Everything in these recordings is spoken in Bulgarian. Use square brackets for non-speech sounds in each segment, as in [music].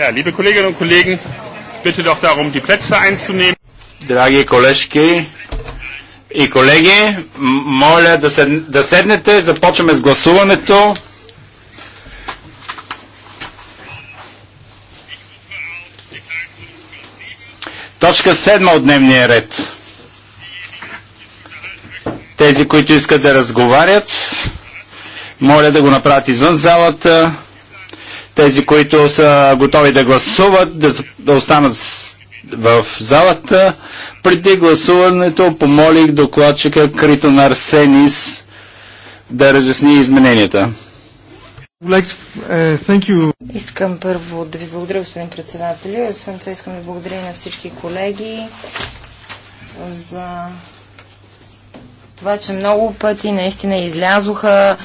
Ja, liebe Kolleginnen und Kollegen, bitte doch darum, die Plätze einzunehmen. Драги колежки и колеги, моля да, сед... да седнете, започваме с гласуването. Точка 7 от дневния ред. Тези, които искат да разговарят, моля да го направят извън залата. Тези, които са готови да гласуват, да, да останат в залата. Преди гласуването помолих докладчика Критон Арсенис да разясни измененията. Uh, искам първо да ви благодаря, господин председател. Освен това искам да благодаря на всички колеги за това, че много пъти наистина излязоха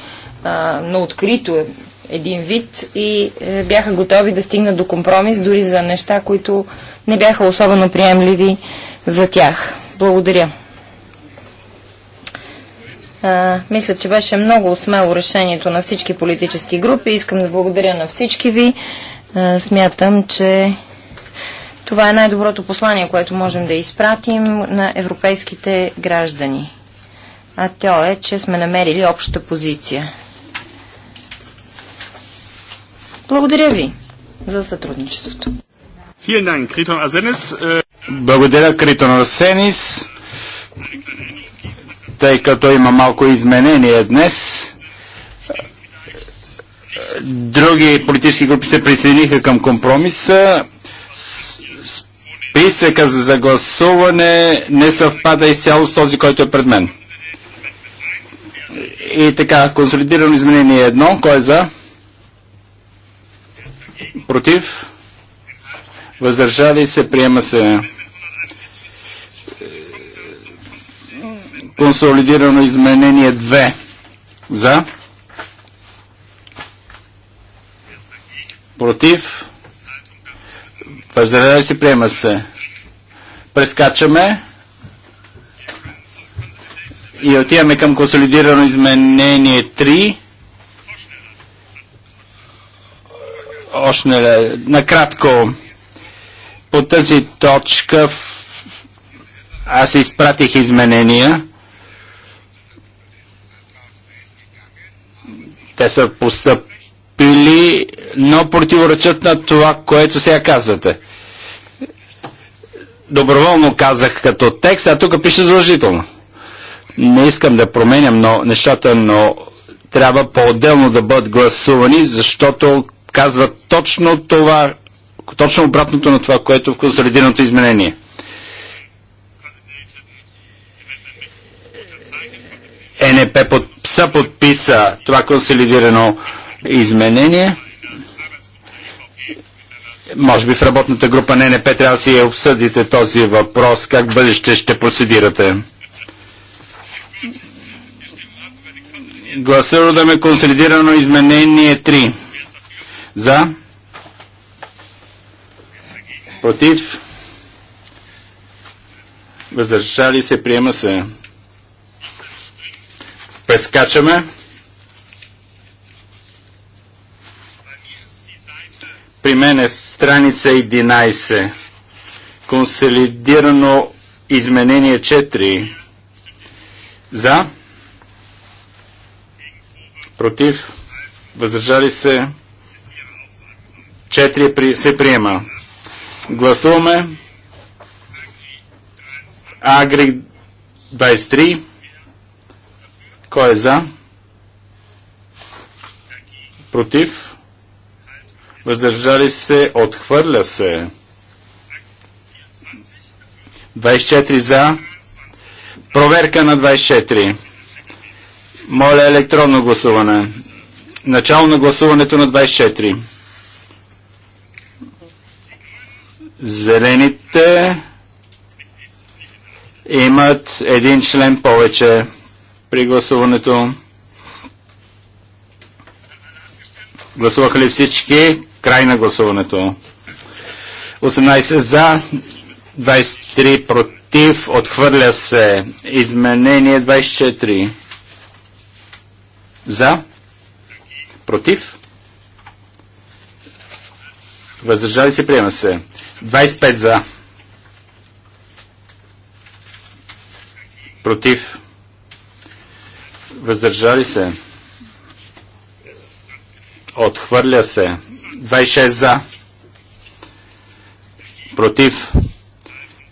на открито един вид и е, бяха готови да стигнат до компромис дори за неща, които не бяха особено приемливи за тях. Благодаря. А, мисля, че беше много смело решението на всички политически групи. Искам да благодаря на всички ви. А, смятам, че това е най-доброто послание, което можем да изпратим на европейските граждани. А то е, че сме намерили обща позиция. Благодаря ви за сътрудничеството. Благодаря, Критон Арсенис. Тъй като има малко изменение днес, други политически групи се присъединиха към компромиса. Списъка за гласуване не съвпада изцяло с този, който е пред мен. И така, консолидирано изменение едно. Кой е за? против, въздържали се, приема се консолидирано изменение 2 за, против, въздържали се, приема се. Прескачаме и отиваме към консолидирано изменение 3 още е, накратко по тази точка аз изпратих изменения. Те са постъпили, но противоречат на това, което сега казвате. Доброволно казах като текст, а тук пише задължително. Не искам да променям но, нещата, но трябва по-отделно да бъдат гласувани, защото казва точно това, точно обратното на това, което в консолидираното изменение. НП под, са подписа това консолидирано изменение. Може би в работната група на НП трябва да си обсъдите този въпрос, как бъдеще ще процедирате. да ме консолидирано изменение 3. За. Против. Въздържали се. Приема се. Прескачаме. При мен е страница 11. Консолидирано изменение 4. За. Против. Въздържали се. 4 се приема. Гласуваме. Агри 23. Кой е за? Против? Въздържали се? Отхвърля се. 24 за. Проверка на 24. Моля електронно гласуване. Начало на гласуването на 24. Зелените имат един член повече при гласуването. Гласуваха ли всички? Край на гласуването. 18 за, 23 против, отхвърля се. Изменение 24. За? Против? Въздържали се, приема се. 25 за. Против. Въздържали се. Отхвърля се. 26 за. Против.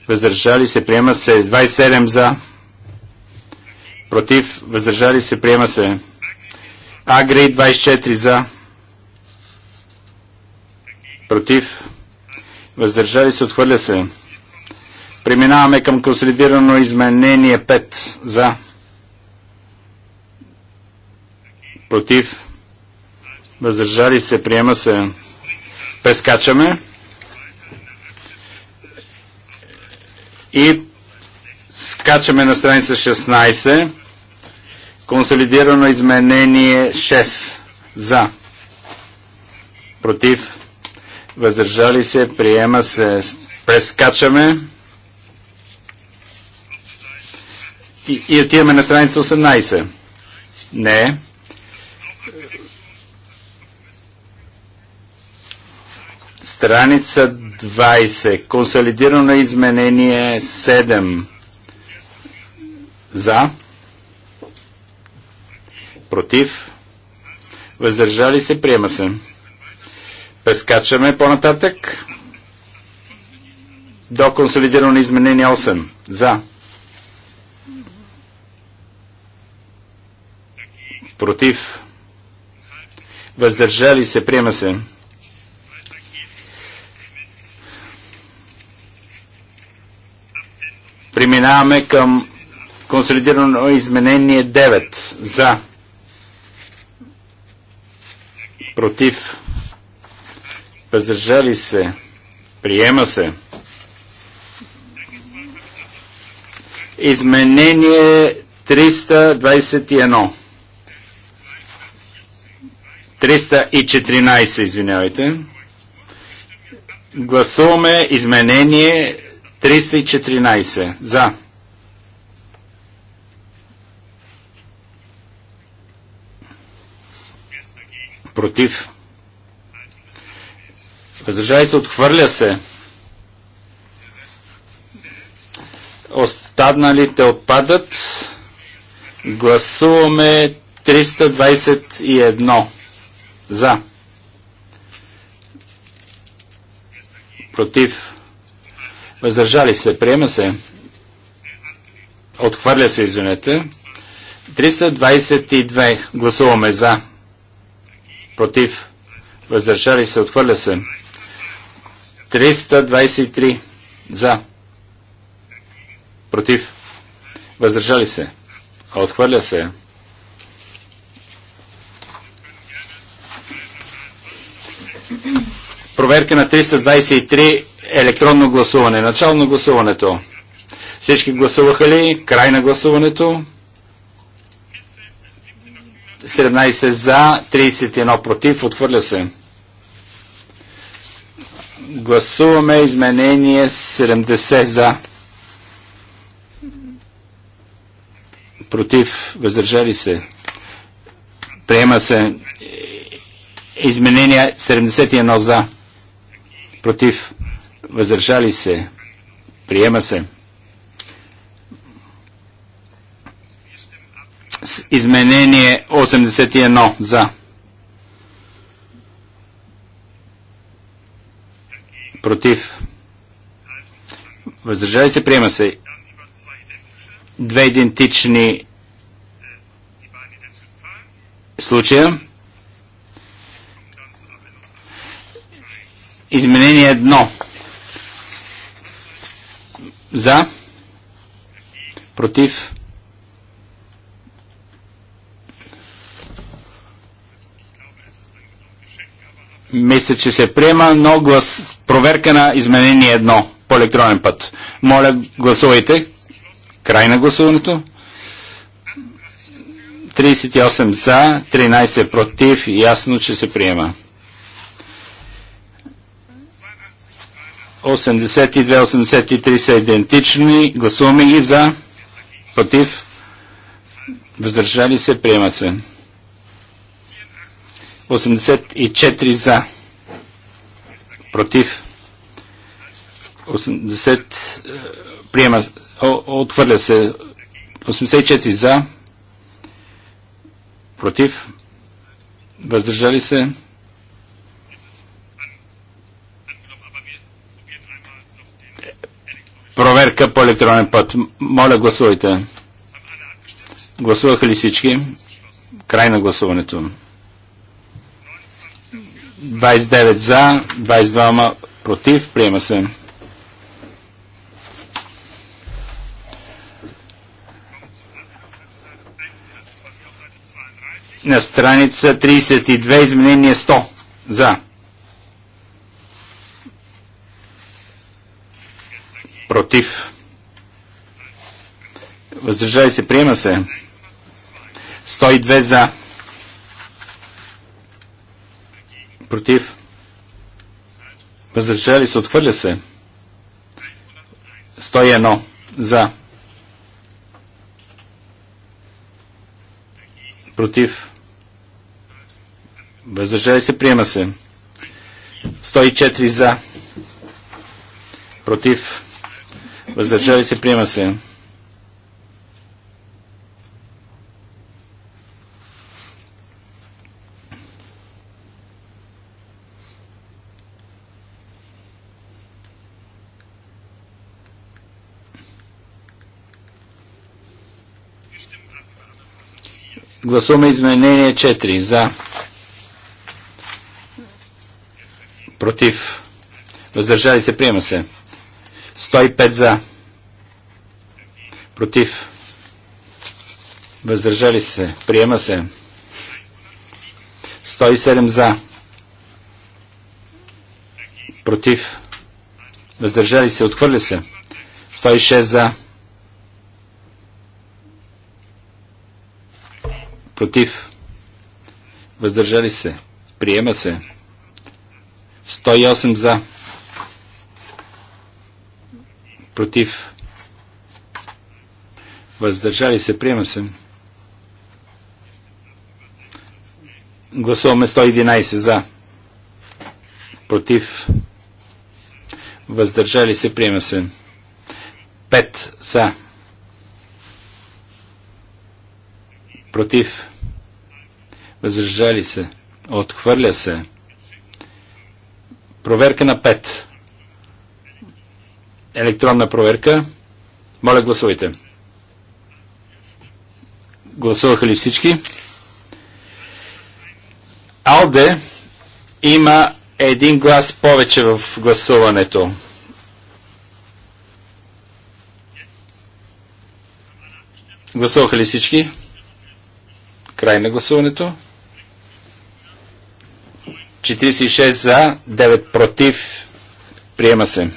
Въздържали се. Приема се. 27 за. Против. Въздържали се. Приема се. Агри 24 за. Против въздържали се, отхвърля се. Преминаваме към консолидирано изменение 5 за против въздържали се, приема се. Прескачаме и скачаме на страница 16 консолидирано изменение 6 за против въздържали се, приема се, прескачаме и, и отиваме на страница 18. Не. Страница 20. Консолидирано изменение 7. За. Против. Въздържали се, приема се. Прескачаме по-нататък до консолидирано изменение 8. За. Против. Въздържали се. Приема се. Преминаваме към консолидирано изменение 9. За. Против. Въздържали се. Приема се. Изменение 321. 314, извинявайте. Гласуваме изменение 314. За. Против. Въздържали се, отхвърля се. Останалите отпадат. Гласуваме 321 за. Против. Въздържали се. Приема се. Отхвърля се, извинете. 322. Гласуваме за. Против. Въздържали се. Отхвърля се. 323 за. Против. Въздържали се. Отхвърля се. Проверка на 323 електронно гласуване. Начало на гласуването. Всички гласуваха ли? Край на гласуването. 17 за, 31 против. Отхвърля се. Гласуваме изменение 70 за. Против. Въздържали се. Приема се изменение 71 за. Против. Въздържали се. Приема се. Изменение 81 за против, въздържали се, приема се. Две идентични случая. Изменение едно. За. Против. Мисля, че се приема, но глас... проверка на изменение едно по електронен път. Моля, гласувайте. Край на гласуването. 38 за, 13 против. Ясно, че се приема. 82-83 са идентични. Гласуваме ги за, против, въздържали се, приемат се. 84 за. Против. 80 е, приема. Отхвърля се. 84 за. Против. Въздържали се. Проверка по електронен път. Моля, гласувайте. Гласуваха ли всички? Край на гласуването. 29 за, 22 против. Приема се. На страница 32 изменение 100 за. Против. Въздържай се. Приема се. 102 за. против, въздържали се, отхвърля се. 101 за, против, въздържали се, приема се. 104 за, против, въздържали се, приема се. Гласуваме изменение 4. За. Против. Въздържали се. Приема се. 105 за. Против. Въздържали се. Приема се. 107 за. Против. Въздържали се. Отхвърля се. 106 за. Против. Въздържали се. Приема се. 108 за. Против. Въздържали се. Приема се. Гласуваме 111 за. Против. Въздържали се. Приема се. 5 за против, възражали се, отхвърля се. Проверка на 5. Електронна проверка. Моля, гласувайте. Гласуваха ли всички? Алде има един глас повече в гласуването. Гласуваха ли всички? Край на гласуването. 46 за, 9 против. Приема се.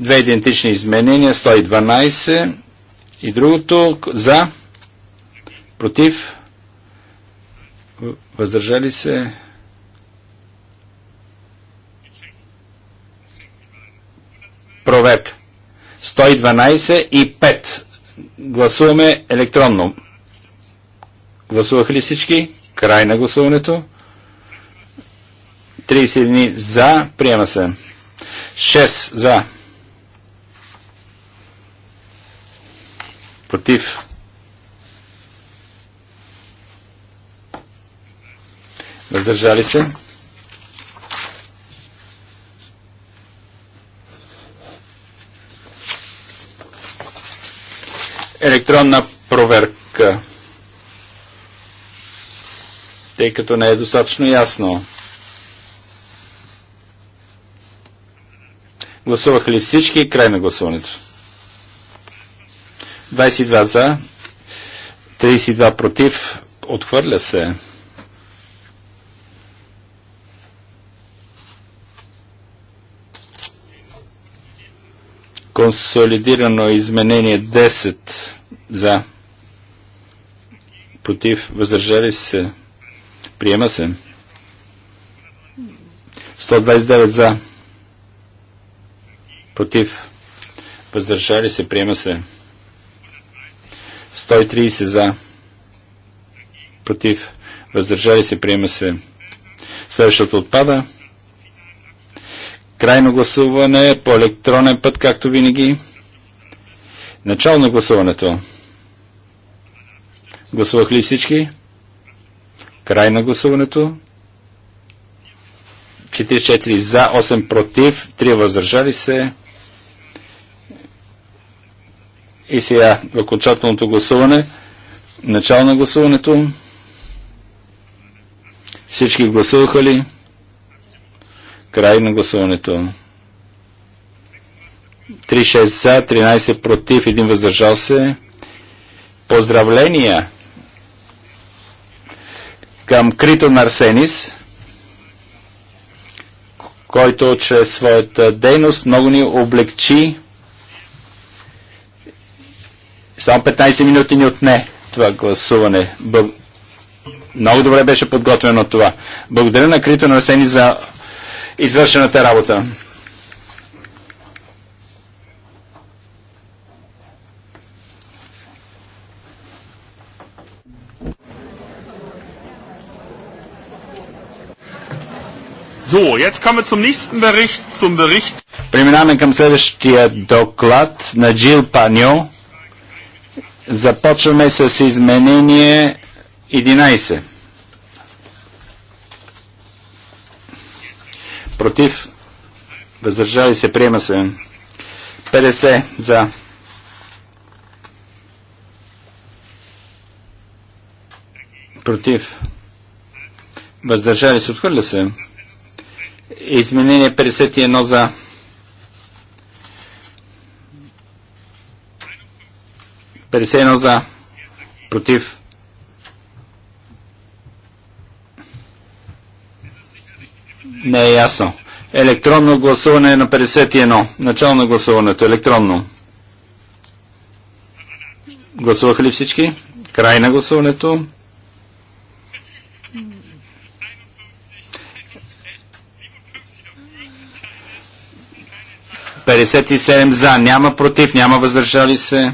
Две идентични изменения, 112 и другото за, против, въздържали се. Проверка. 112 и 5. Гласуваме електронно. Гласуваха ли всички? Край на гласуването. 30 дни за. Приема се. 6 за. Против. Въздържали се. Електронна проверка тъй като не е достатъчно ясно. Гласуваха ли всички? Край на гласуването. 22 за, 32 против, отхвърля се. Консолидирано изменение 10 за, против, въздържали се Приема се. 129 за. Против. Въздържали се. Приема се. 130 за. Против. Въздържали се. Приема се. Следващото отпада. Крайно гласуване по електронен път, както винаги. Начало на гласуването. Гласувах ли всички? Край на гласуването. 44 за, 8 против, 3 въздържали се. И сега в окончателното гласуване. Начало на гласуването. Всички гласуваха ли? Край на гласуването. 36 за, 13 против, 1 въздържал се. Поздравления! към Критон Арсенис, който чрез своята дейност много ни облегчи. Само 15 минути ни отне това гласуване. Бъл... Много добре беше подготвено това. Благодаря на Критон Арсенис за извършената работа. So, jetzt kommen wir zum nächsten Bericht, zum Bericht. Преминаваме към следващия доклад на Джил Паньо. Започваме с изменение 11. Против. Въздържали се. Приема се. 50 за. Против. Въздържали се. Отхвърля се. Изменение 51 за. Пересено за. Против. Не е ясно. Електронно гласуване на 51. Начало на гласуването. Електронно. Гласуваха ли всички? Край на гласуването. 57 за, няма против, няма въздържали се.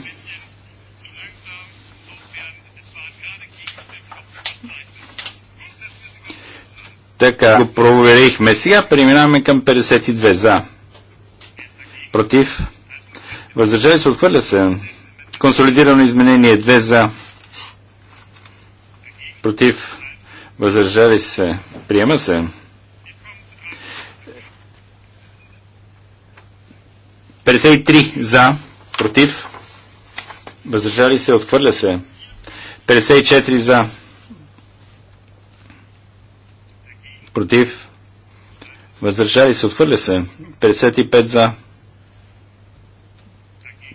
Така, го проверихме. Сега преминаваме към 52 за. Против. Въздържали се, отхвърля се. Консолидирано изменение 2 за. Против. Въздържали се. Приема се. 53 за, против, въздържали се, отхвърля се. 54 за, против, въздържали се, отхвърля се. 55 за,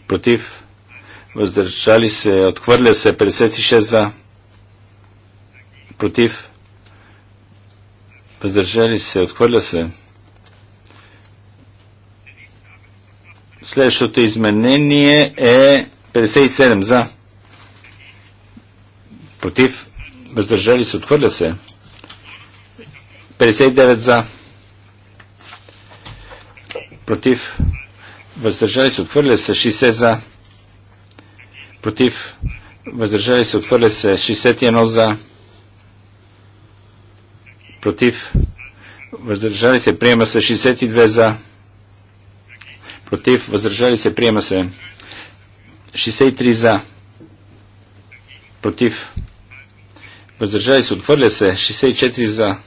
против, въздържали се, отхвърля се. 56 за, против, въздържали се, отхвърля се. Следващото изменение е 57 за. Против. Въздържали се. Отхвърля се. 59 за. Против. Въздържали се. Отхвърля се. 60 за. Против. Въздържали се. Отхвърля се. 61 за. Против. Въздържали се. Приема се. 62 за против, въздържали се, приема се. 63 за, против, въздържали се, отхвърля се. 64 за,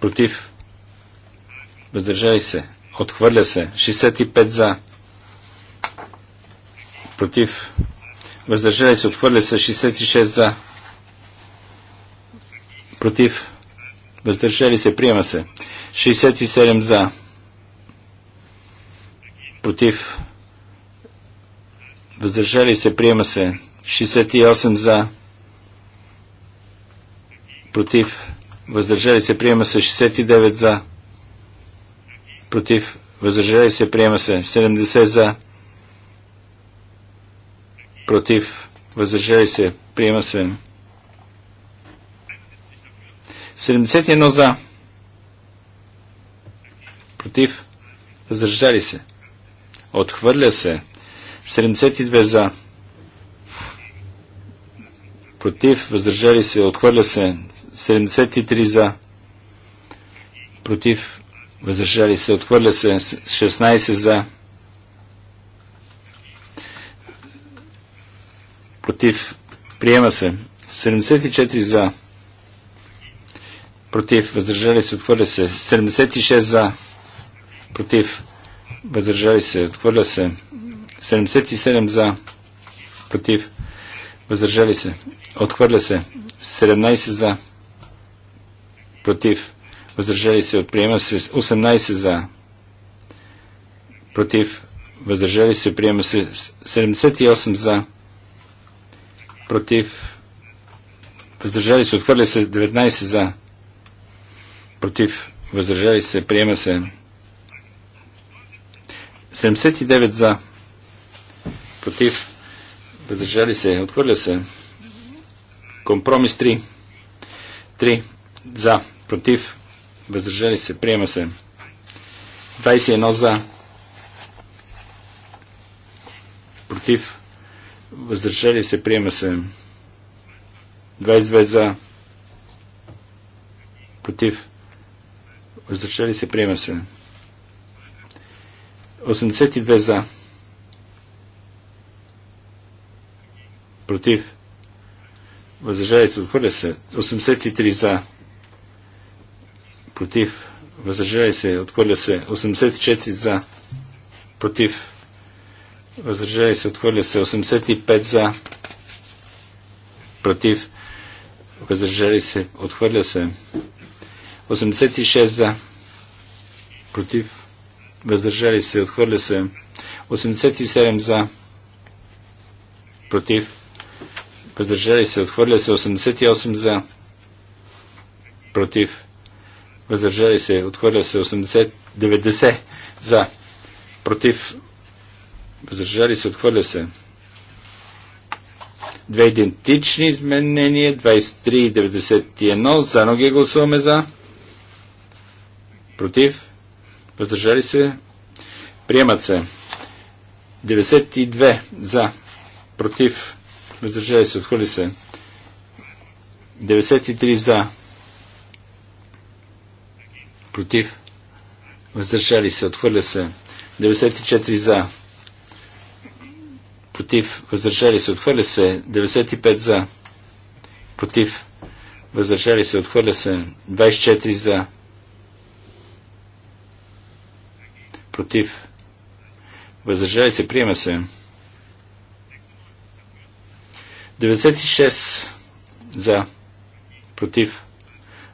против, въздържали се, отхвърля се. 65 за, против, въздържали се, отхвърля се. 66 за, против, въздържали се, приема се. 67 за. Против. Въздържали се. Приема се. 68 за. Против. Въздържали се. Приема се. 69 за. Против. Въздържали се. Приема се. 70 за. Против. Въздържали се. Приема се. 71 за против, въздържали се, отхвърля се, 72 за, против, въздържали се, отхвърля се, 73 за, против, въздържали се, отхвърля се, 16 за, против, приема се, 74 за, против, въздържали се, отхвърля се, 76 за, против, въздържали се, отхвърля се. 77 за, против, въздържали се, отхвърля се. 17 за, против, въздържали се, отприема се. 18 за, против, въздържали се, приема се. 78 за, против, въздържали се, отхвърля се. 19 за, против, въздържали се, приема се. 79 за. Против. Въздържали се. Отхвърля се. Компромис 3. 3. За. Против. Въздържали се. Приема се. 21 за. Против. Въздържали се. Приема се. 22 за. Против. Въздържали се. Приема се. 82 за. Против. Въздържалите отхвърля се. 83 за. Против. Въздържали се. Отхвърля се. 84 за. Против. Въздържали се. Отхвърля се. 85 за. Против. Въздържали се. Отхвърля се. 86 за. Против въздържали се, отхвърля се. 87 за, против, въздържали се, отхвърля се. 88 за, против, въздържали се, отхвърля се. 80, 90 за, против, въздържали се, отхвърля се. Две идентични изменения, 23 и 91, заедно ги гласуваме за, против, въздържали се, приемат се. 92 за, против, въздържали се, отхвърли се. 93 за, против, въздържали се, отхвърля се. 94 за, против, въздържали се, отхвърля се. 95 за, против, въздържали се, отхвърля се. 24 за, против, въздържали се, приема се. 96 за, против,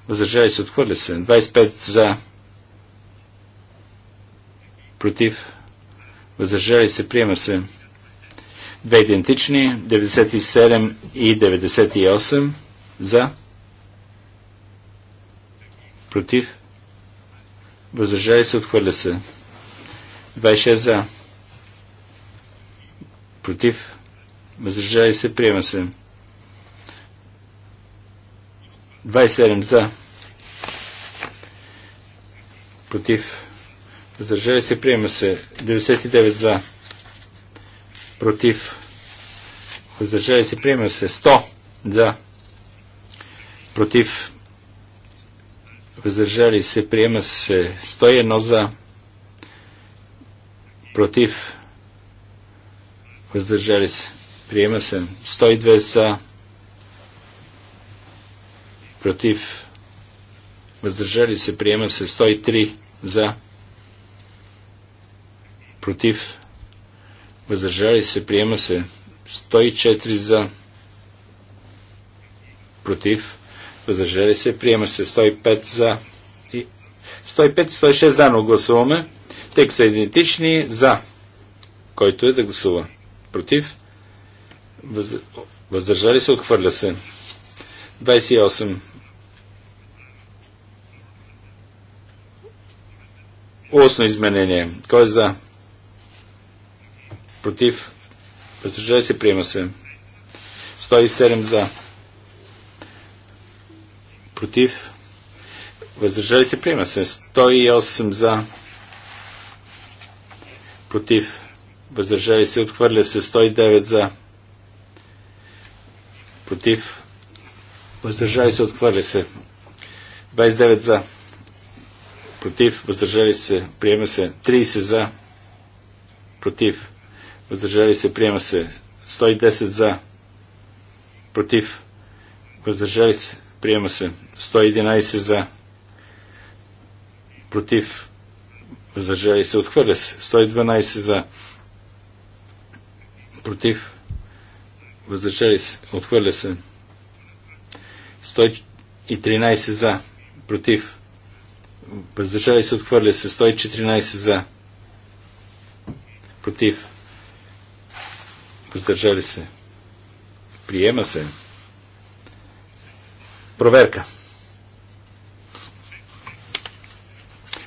въздържали се, отхвърля се. 25 за, против, въздържали се, приема се. Две идентични, 97 и 98 за, против, въздържали се, отхвърля се. 26 за. Против. Въздържали се. Приема се. 27 за. Против. Въздържали се. Приема се. 99 за. Против. Въздържали се. Приема се. 100 за. Против. Въздържали се. Приема се. 101 за против, въздържали се, приема се 102 за, против, въздържали се, приема се 103 за, против, въздържали се, приема се 104 за, против, въздържали се, приема се 105 за и 105-106 но гласуваме. Тек са идентични за. Който е да гласува. Против. Въздържали се, отхвърля се. 28. Осно изменение. Кой е за? Против. Въздържали се, приема се. 107 за. Против. Въздържали се, приема се. 108 за против, въздържали се, отхвърля се 109 за, против, въздържали се, отхвърля се 29 за, против, въздържали се, приема се 30 за, против, въздържали се, приема се 110 за, против, въздържали се, приема се 111 за, против, въздържали се, отхвърля се. 112 за, против, въздържали се, отхвърля се. 113 за, против, въздържали се, отхвърля се. 114 за, против, въздържали се. Приема се. Проверка.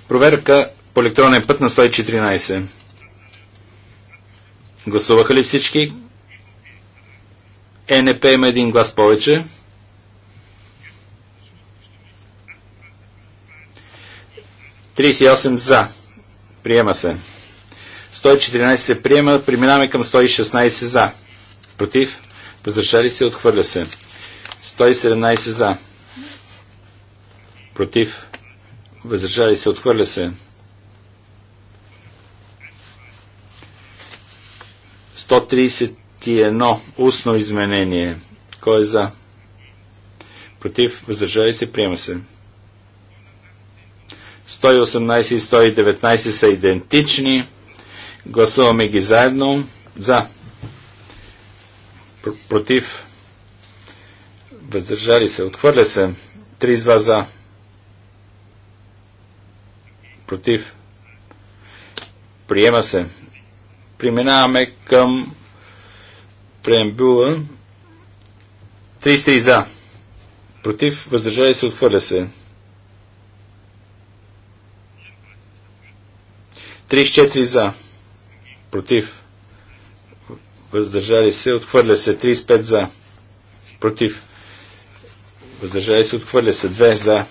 Проверка по електронен път на 114. Гласуваха ли всички? ЕНП има един глас повече. за. Приема се. 114 се приема. Преминаваме към 116 за. Против. Въздържали се. Отхвърля се. 117 за. Против. Въздържали се. Отхвърля се. 131 устно изменение. Кой е за? Против, въздържали се, приема се. 118 и 119 са идентични. Гласуваме ги заедно. За. Пр против. Въздържали се. Отхвърля се. 32 за. Против. Приема се. Преминаваме към преембюла. 30 и за. Против, въздържали се, отхвърля се. 34 за. Против. Въздържали се, отхвърля се. 35 за. Против. Въздържали се, отхвърля се. 2 за.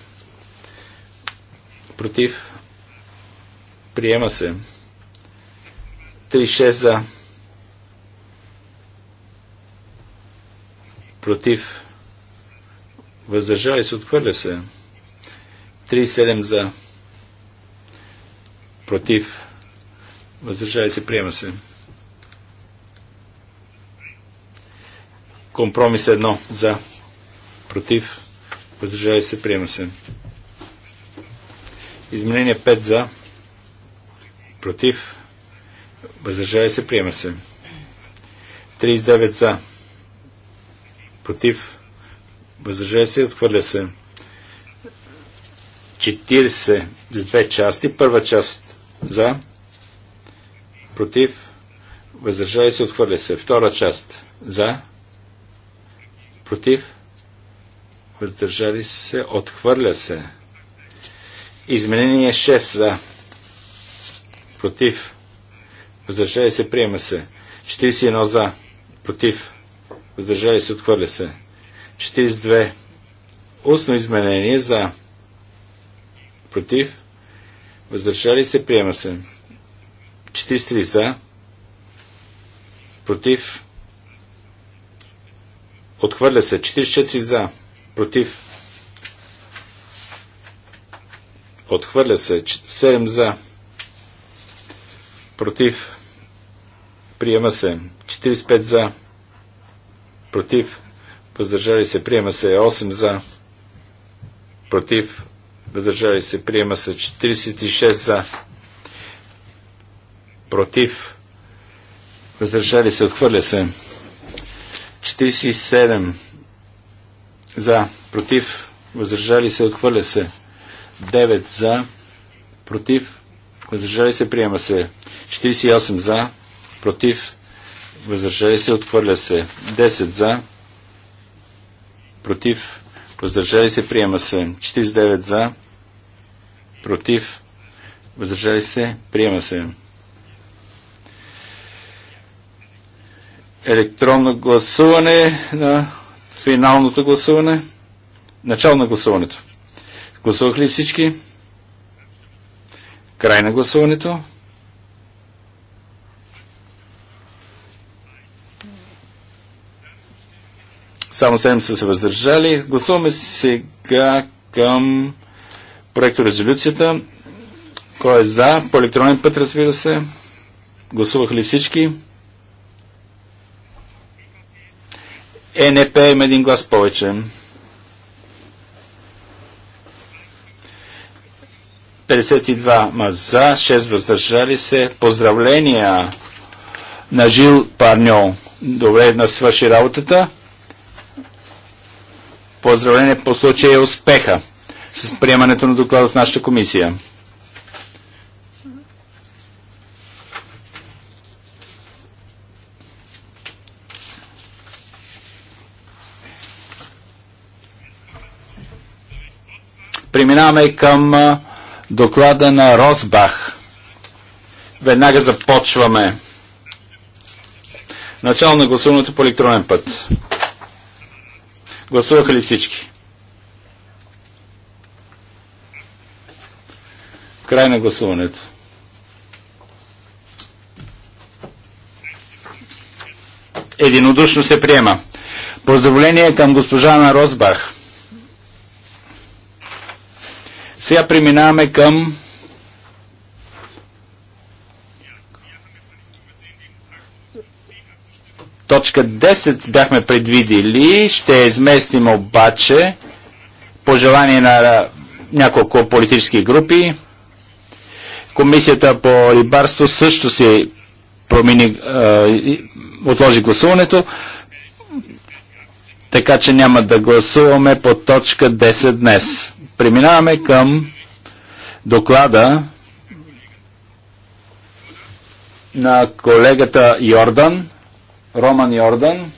Против. Приема се. 3-6 за. Против. Въздържали се. Отхвърля се. 3-7 за. Против. Въздържали се. Приема се. Компромис 1 за. Против. Въздържали се. Приема се. Изменение 5 за. Против Въздържали се, приема се. 39 за. Против. Въздържали се, отхвърля се. 40 за две части. Първа част за. Против. Въздържали се, отхвърля се. Втора част за. Против. Въздържали се, отхвърля се. Изменение 6 за. Против въздържали се, приема се. 41 за, против, въздържали се, отхвърля се. 42 устно изменение за, против, въздържали се, приема се. 43 за, против, отхвърля се. 44 за, против, отхвърля се. 7 за, против, Приема се. 45 за. Против. Въздържали се. Приема се. 8 за. Против. Въздържали се. Приема се. 46 за. Против. Въздържали се. Отхвърля се. 47 за. Против. Въздържали се. Отхвърля се. 9 за. Против. Въздържали се. Приема се. 48 за против, въздържали се, отхвърля се. 10 за, против, въздържали се, приема се. 49 за, против, въздържали се, приема се. Електронно гласуване на финалното гласуване. Начало на гласуването. Гласувах ли всички? Край на гласуването. Само 7 са се въздържали. Гласуваме сега към проекто резолюцията. Кой е за? По електронен път, разбира се. Гласуваха ли всички? ЕНП има един глас повече. 52 ма за, 6 въздържали се. Поздравления на Жил Парньо. Добре, да свърши работата. Поздравление по случая успеха с приемането на доклада в нашата комисия. Преминаваме към доклада на Росбах. Веднага започваме. Начало на гласуването по електронен път. Гласуваха ли всички? Край на гласуването. Единодушно се приема. Поздравление към госпожа Ана Розбах. Сега преминаваме към Точка 10 бяхме предвидили, ще изместим обаче пожелание на няколко политически групи. Комисията по рибарство също си промени, е, отложи гласуването, така че няма да гласуваме по точка 10 днес. Преминаваме към доклада на колегата Йордан. Роман Йордан.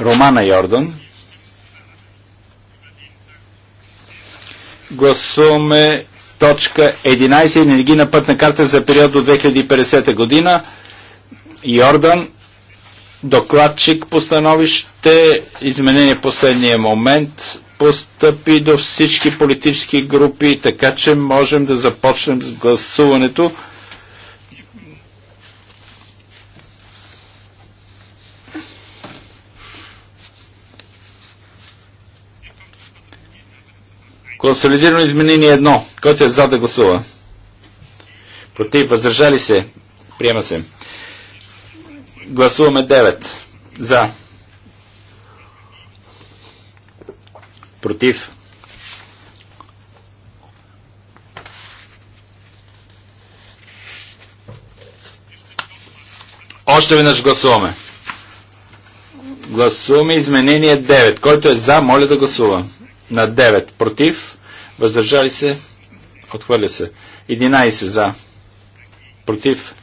Романа Йордан. Гласуваме точка 11 енергийна пътна карта за период до 2050 година. Йордан, докладчик по становище, изменение последния момент, постъпи до всички политически групи, така че можем да започнем с гласуването. Консолидирано изменение едно. Който е за да гласува? Против, възражали се? Приема се. Гласуваме 9. За. Против. Още веднъж гласуваме. Гласуваме изменение 9. Който е за, моля да гласува. На 9. Против. Въздържали се. Отхвърля се. 11 за. Против.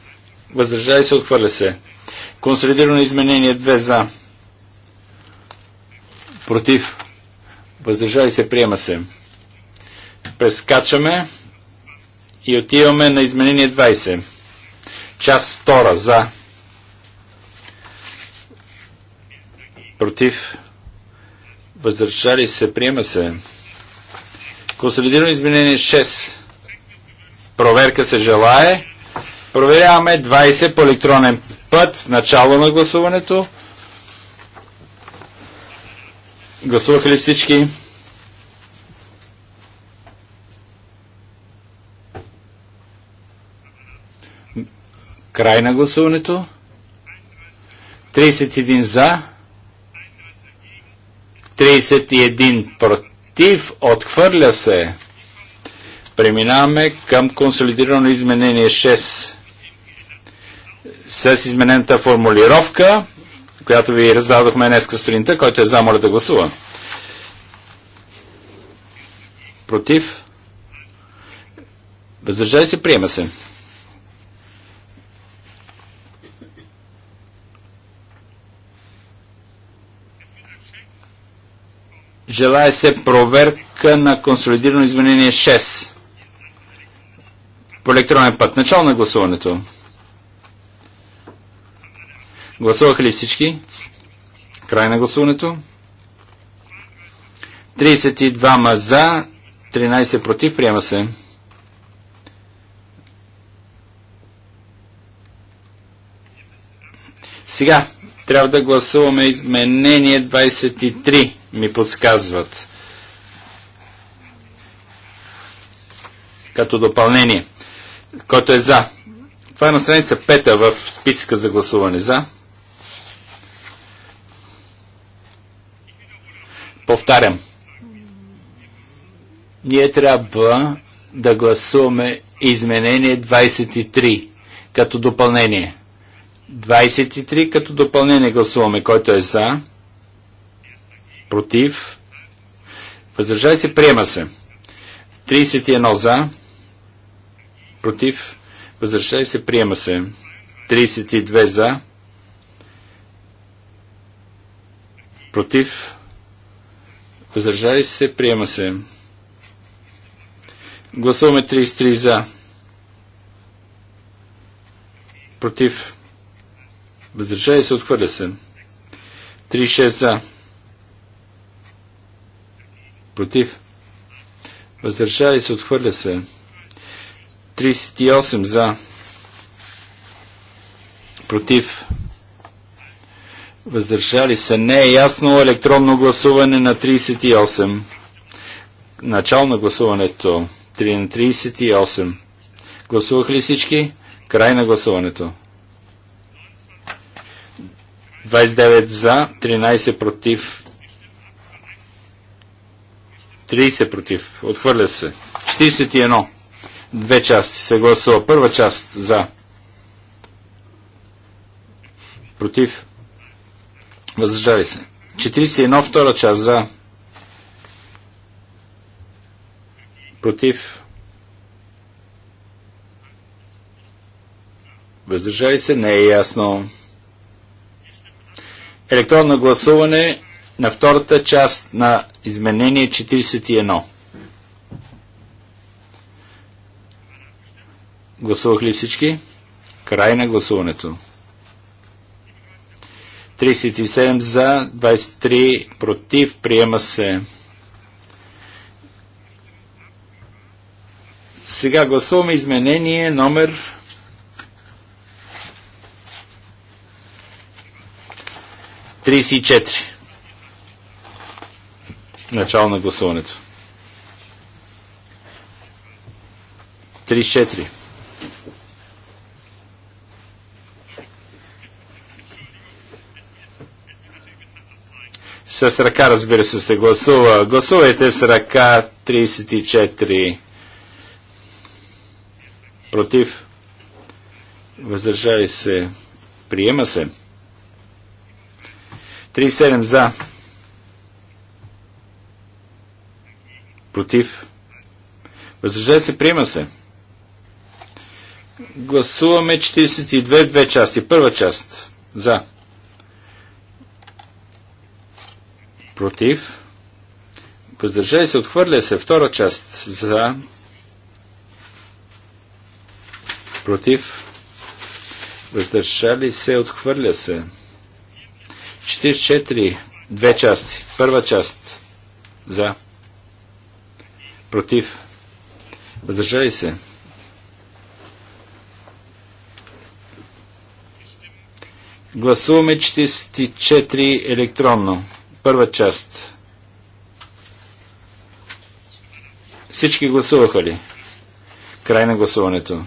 Въздържали се. Отхвърля се. Консолидирано изменение 2 за. Против. Въздържали се, приема се. Прескачаме и отиваме на изменение 20. Част втора за. Против. Въздържали се, приема се. Консолидирано изменение 6. Проверка се желае. Проверяваме 20 по електронен път. Начало на гласуването. Гласуваха ли всички? Край на гласуването. 31 за, 31 против, отхвърля се. Преминаваме към консолидирано изменение 6 с изменената формулировка която ви раздадохме днес сутринта, който е за, моля да гласува. Против? Въздържай се, приема се. Желая се проверка на консолидирано изменение 6 по електронен път. Начало на гласуването. Гласуваха ли всички? Край на гласуването. 32 ма за, 13 против. Приема се. Сега трябва да гласуваме изменение 23, ми подсказват. Като допълнение. Който е за. Това е на страница 5 в списка за гласуване. За. Повтарям, ние трябва да гласуваме изменение 23 като допълнение. 23 като допълнение гласуваме, който е за, против, Въздържай се, приема се. 31 за, против, Въздържай се, приема се. 32 за, против, Въздържали се, приема се. Гласуваме 33 за. Против. Въздържали се, отхвърля се. 36 за. Против. Въздържали се, отхвърля се. 38 за. Против. Въздържали се. Не е ясно електронно гласуване на 38. Начало на гласуването. 3 на 38. Гласувах ли всички? Край на гласуването. 29 за, 13 против. 30 против. Отхвърля се. 41. Две части се гласува. Първа част за. Против. Въздържали се. 41 втора част за. Против. Въздържали се. Не е ясно. Електронно гласуване на втората част на изменение 41. Гласувах ли всички? Край на гласуването. 37 за, 23 против. Приема се. Сега гласуваме изменение номер 34. Начало на гласуването. 34. С ръка, разбира се, се гласува. Гласувайте с ръка 34. Против. Въздържали се. Приема се. 37 за. Против. Въздържали се. Приема се. Гласуваме 42 две части. Първа част. За. против, въздържали се, отхвърля се. Втора част за, против, въздържали се, отхвърля се. 44, две части. Първа част за, против, въздържали се. Гласуваме 44 електронно. Първа част. Всички гласуваха ли? Край на гласуването.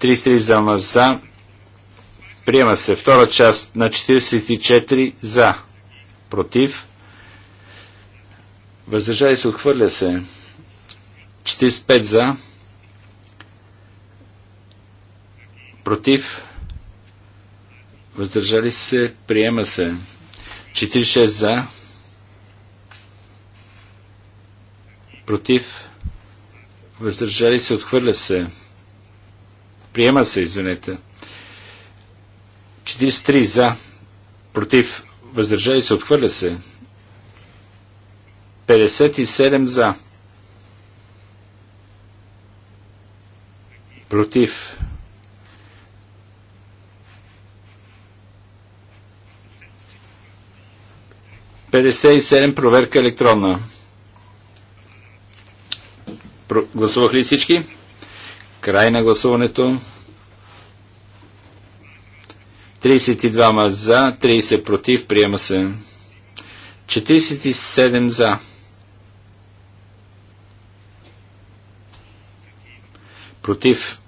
33 зама за. Приема се. Втора част на 44 за. Против. Въздържали се. Отхвърля се. 45 за. Против. Въздържали се. Приема се. 46 за. Против. Въздържали се. Отхвърля се. Приема се, извинете. 43 за. Против. Въздържали се. Отхвърля се. 57 за. Против. 57 проверка електронна. Про... Гласувах ли всички? Край на гласуването. 32 за, 30 против, приема се. 47 за. Против.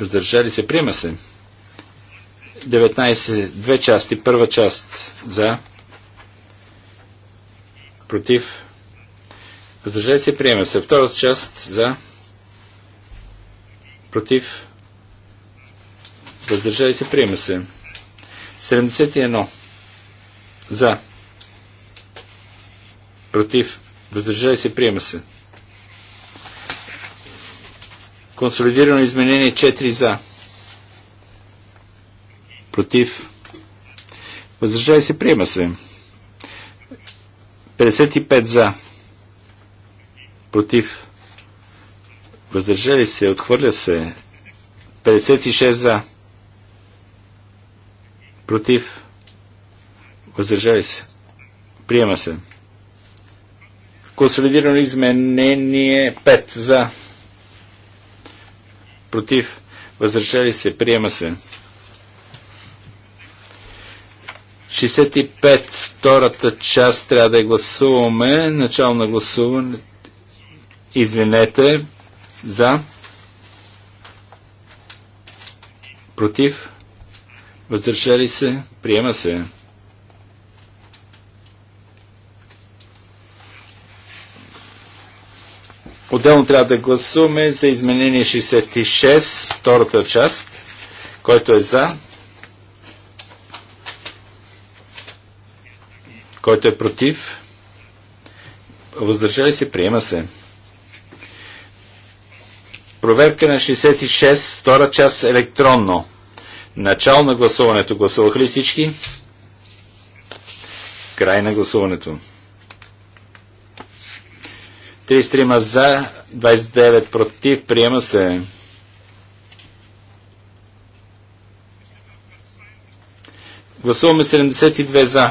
Въздържали се, приема се. 19, две части, първа част за против, въздържали се, приема се. Втората част за, против, въздържали се, приема се. 71 за, против, въздържали се, приема се. Консолидирано изменение 4 за. Против. Въздържай се, приема се. 55 за. Против. Въздържали се. Отхвърля се. 56 за. Против. Въздържали се. Приема се. Консолидирано изменение 5 за. Против. Въздържали се. Приема се. 65, втората част трябва да гласуваме. Начало на гласуване. Извинете. За. Против. Въздържали се. Приема се. Отделно трябва да гласуваме за изменение 66, втората част, който е за, Който е против? Въздържали се? Приема се. Проверка на 66, втора част електронно. Начало на гласуването. Гласуваха ли всички? Край на гласуването. 33 за, 29 против. Приема се. Гласуваме 72 за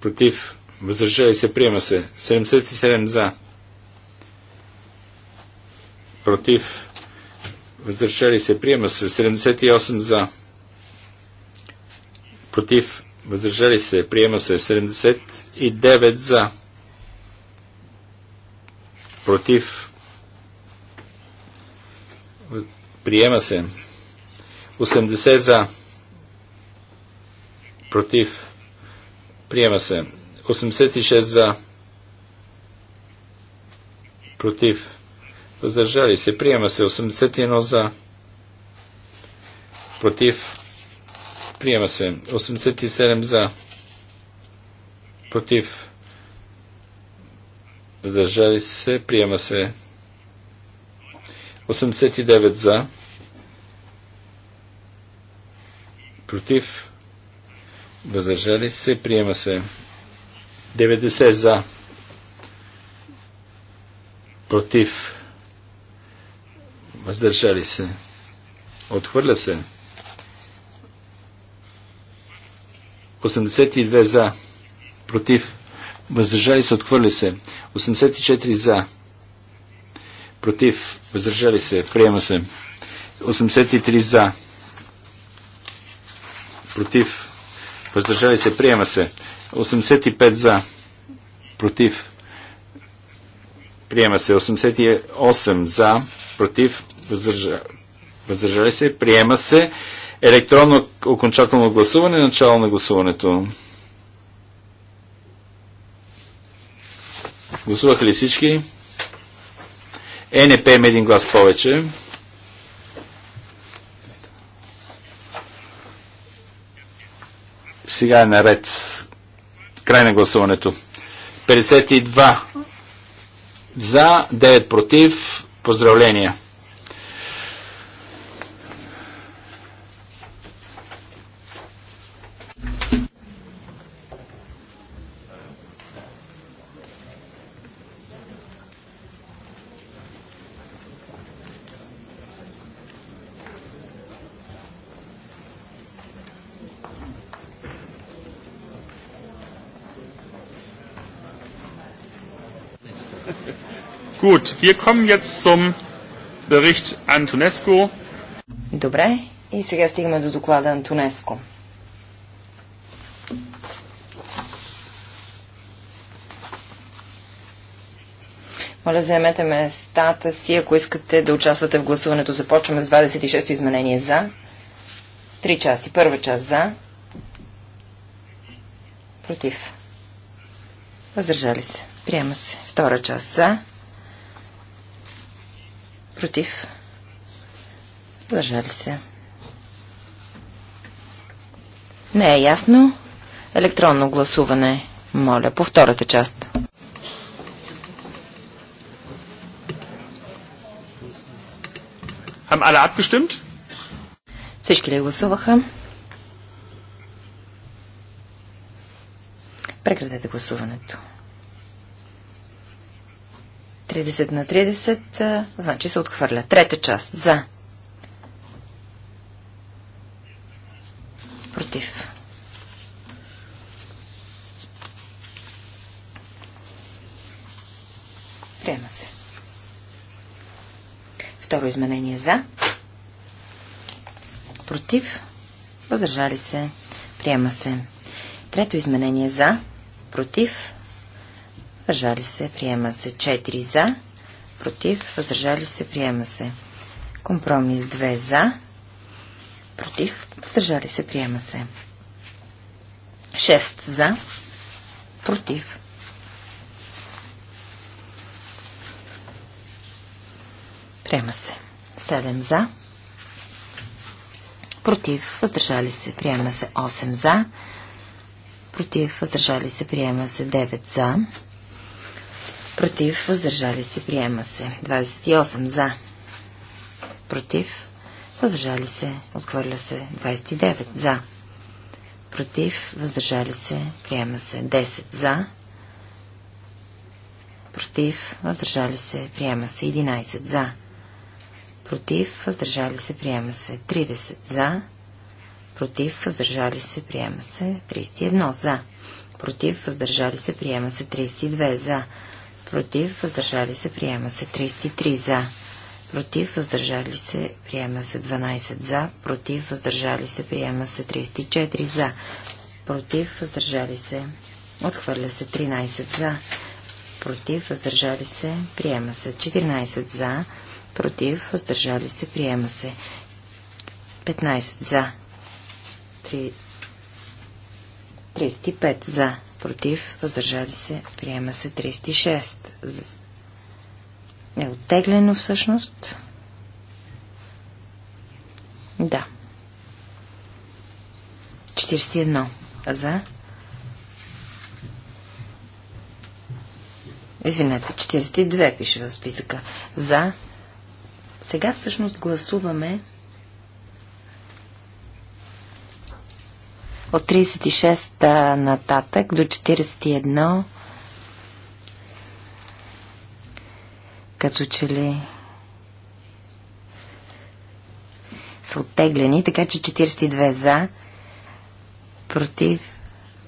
против, въздържали се, приема се. 77 за, против, въздържали се, приема се. 78 за, против, въздържали се, приема се. 79 за, против, приема се. 80 за, против, Приема се. 86 за. Против. Въздържали се. Приема се. 81 за. Против. Приема се. 87 за. Против. Въздържали се. Приема се. 89 за. Против. Въздържали се. Приема се. 90 за. Против. Въздържали се. Отхвърля се. 82 за. Против. Въздържали се. Отхвърля се. 84 за. Против. Въздържали се. Приема се. 83 за. Против въздържали се, приема се. 85 за, против, приема се. 88 за, против, въздържа, въздържали се, приема се. Електронно окончателно гласуване, начало на гласуването. Гласуваха ли всички? ЕНП има един глас повече. Сега е наред. Край на гласуването. 52 за, 9 против. Поздравления! Gut, wir kommen jetzt zum Bericht Antonescu. Добре, и сега стигаме до доклада Антонеско. Моля, заемете местата си, ако искате да участвате в гласуването. Започваме с 26-то изменение за. Три части. Първа част за. Против. Въздържали се. Приема се. Втора част за. Против. Въздържали се. Не е ясно. Електронно гласуване. Моля, по втората част. Haben alle abgestimmt? Всички ли гласуваха? Прекратете гласуването. 30 на 30, значи се отхвърля. Трета част. За. Против. Приема се. Второ изменение за. Против. Въздържали се. Приема се. Трето изменение за. Против въздържали се, приема се. 4 за, против, въздържали се, приема се. Компромис 2 за, против, въздържали се, приема се. 6 за, против. Приема се. 7 за. Против. Въздържали се. Приема се 8 за. Против. Въздържали се. Приема се 9 за. Против. Въздържали се. Приема се. 28. За. Против. Въздържали се. Отхвърля се. 29. За. Против. Въздържали се. Приема се. 10. За. Против. Въздържали се. Приема се. 11. За. Против. Въздържали се. Приема се. 30. За. Против. Въздържали се. Приема се. 31. За. Против. Въздържали се. Приема се. 32. За против, въздържали се, приема се 33 за, против, въздържали се, приема се 12 за, против, въздържали се, приема се 34 за, против, въздържали се, отхвърля се 13 за, против, въздържали се, приема се 14 за, против, въздържали се, приема се 15 за, 3... 35 за, против, въздържали се, приема се 36. Е оттеглено всъщност. Да. 41. За. Извинете, 42 пише в списъка. За. Сега всъщност гласуваме От 36 нататък до 41 като че ли са оттеглени, така че 42 за, против,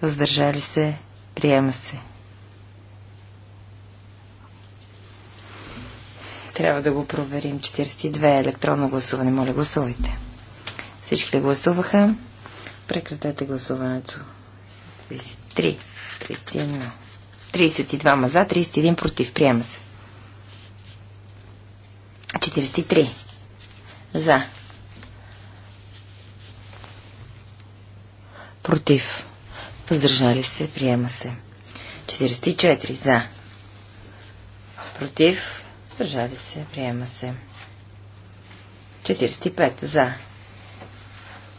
въздържали се, приема се. Трябва да го проверим. 42 електронно гласуване. Моля, гласувайте. Всички ли гласуваха? Прекратете гласуването. 33. 31. 32 маза, за, 31 против. Приема се. 43. За. Против. Въздържали се. Приема се. 44. За. Против. Въздържали се. Приема се. 45. За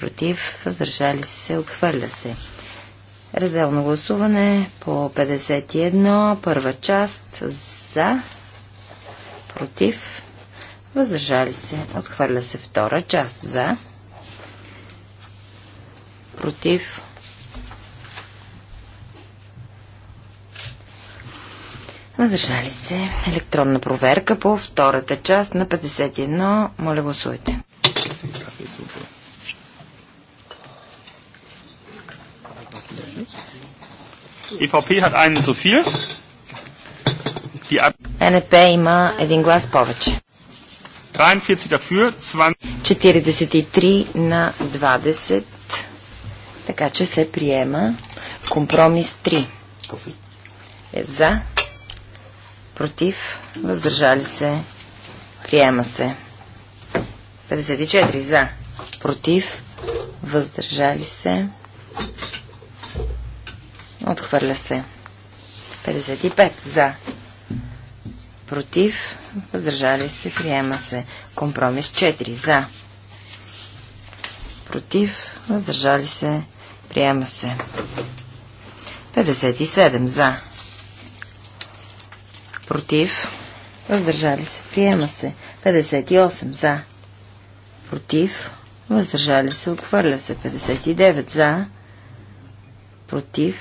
против, въздържали се, отхвърля се. Разделно гласуване по 51, първа част, за, против, въздържали се, отхвърля се втора част, за, против, Въздържали се. Електронна проверка по втората част на 51. Моля Thank you. EVP hat einen zu viel. Die НП има един глас повече. 43 43 на 20. Така че се приема компромис 3. Е за, против, въздържали се, приема се. 54 за, против, въздържали се, Отхвърля се. 55 за. Против. Въздържали се. Приема се. Компромис 4 за. Против. Въздържали се. Приема се. 57 за. Против. Въздържали се. Приема се. 58 за. Против. Въздържали се. Отхвърля се. 59 за. Против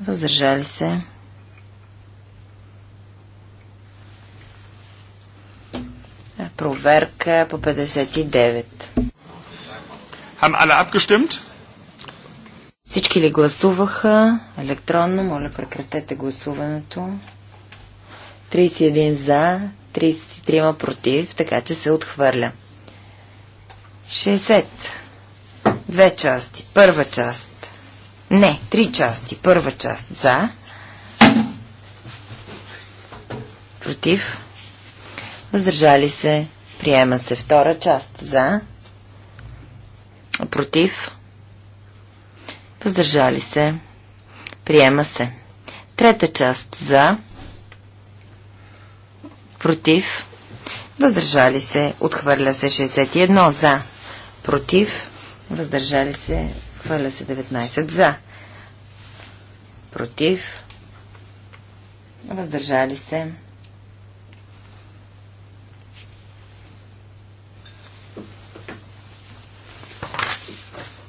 въздържали се. Е, проверка по 59. Haben alle abgestimmt? Всички ли гласуваха електронно? Моля, прекратете гласуването. 31 за, 33 против, така че се отхвърля. 60. Две части. Първа част. Не, три части. Първа част за, против, въздържали се, приема се. Втора част за, против, въздържали се, приема се. Трета част за, против, въздържали се, отхвърля се 61 за, против, въздържали се, Хвърля се 19 за. Против. Въздържали се.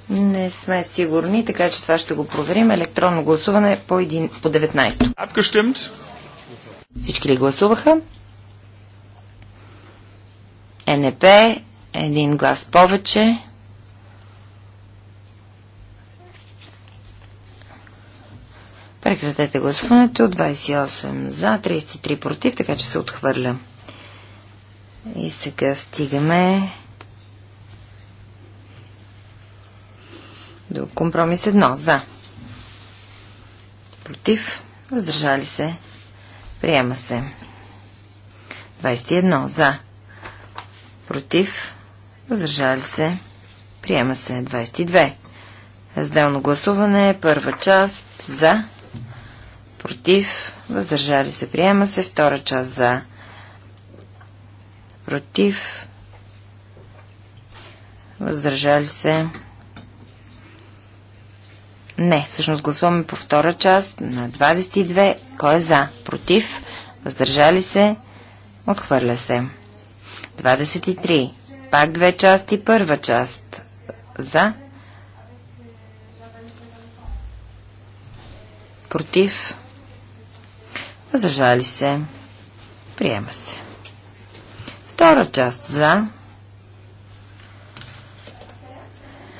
Не сме сигурни, така че това ще го проверим. Електронно гласуване по, един, по 19. Абгъщемт. Всички ли гласуваха? Е, НП, един глас повече. Прекратете гласуването. 28 за, 33 против, така че се отхвърля. И сега стигаме до компромис 1 за. Против, въздържали се, приема се. 21 за. Против, въздържали се, приема се. 22. Разделно гласуване, първа част за против, въздържали се, приема се, втора част за, против, въздържали се. Не, всъщност гласуваме по втора част на 22. Кой е за? Против? Въздържали се? Отхвърля се. 23. Пак две части. Първа част. За? Против? Въздържали се. Приема се. Втора част за.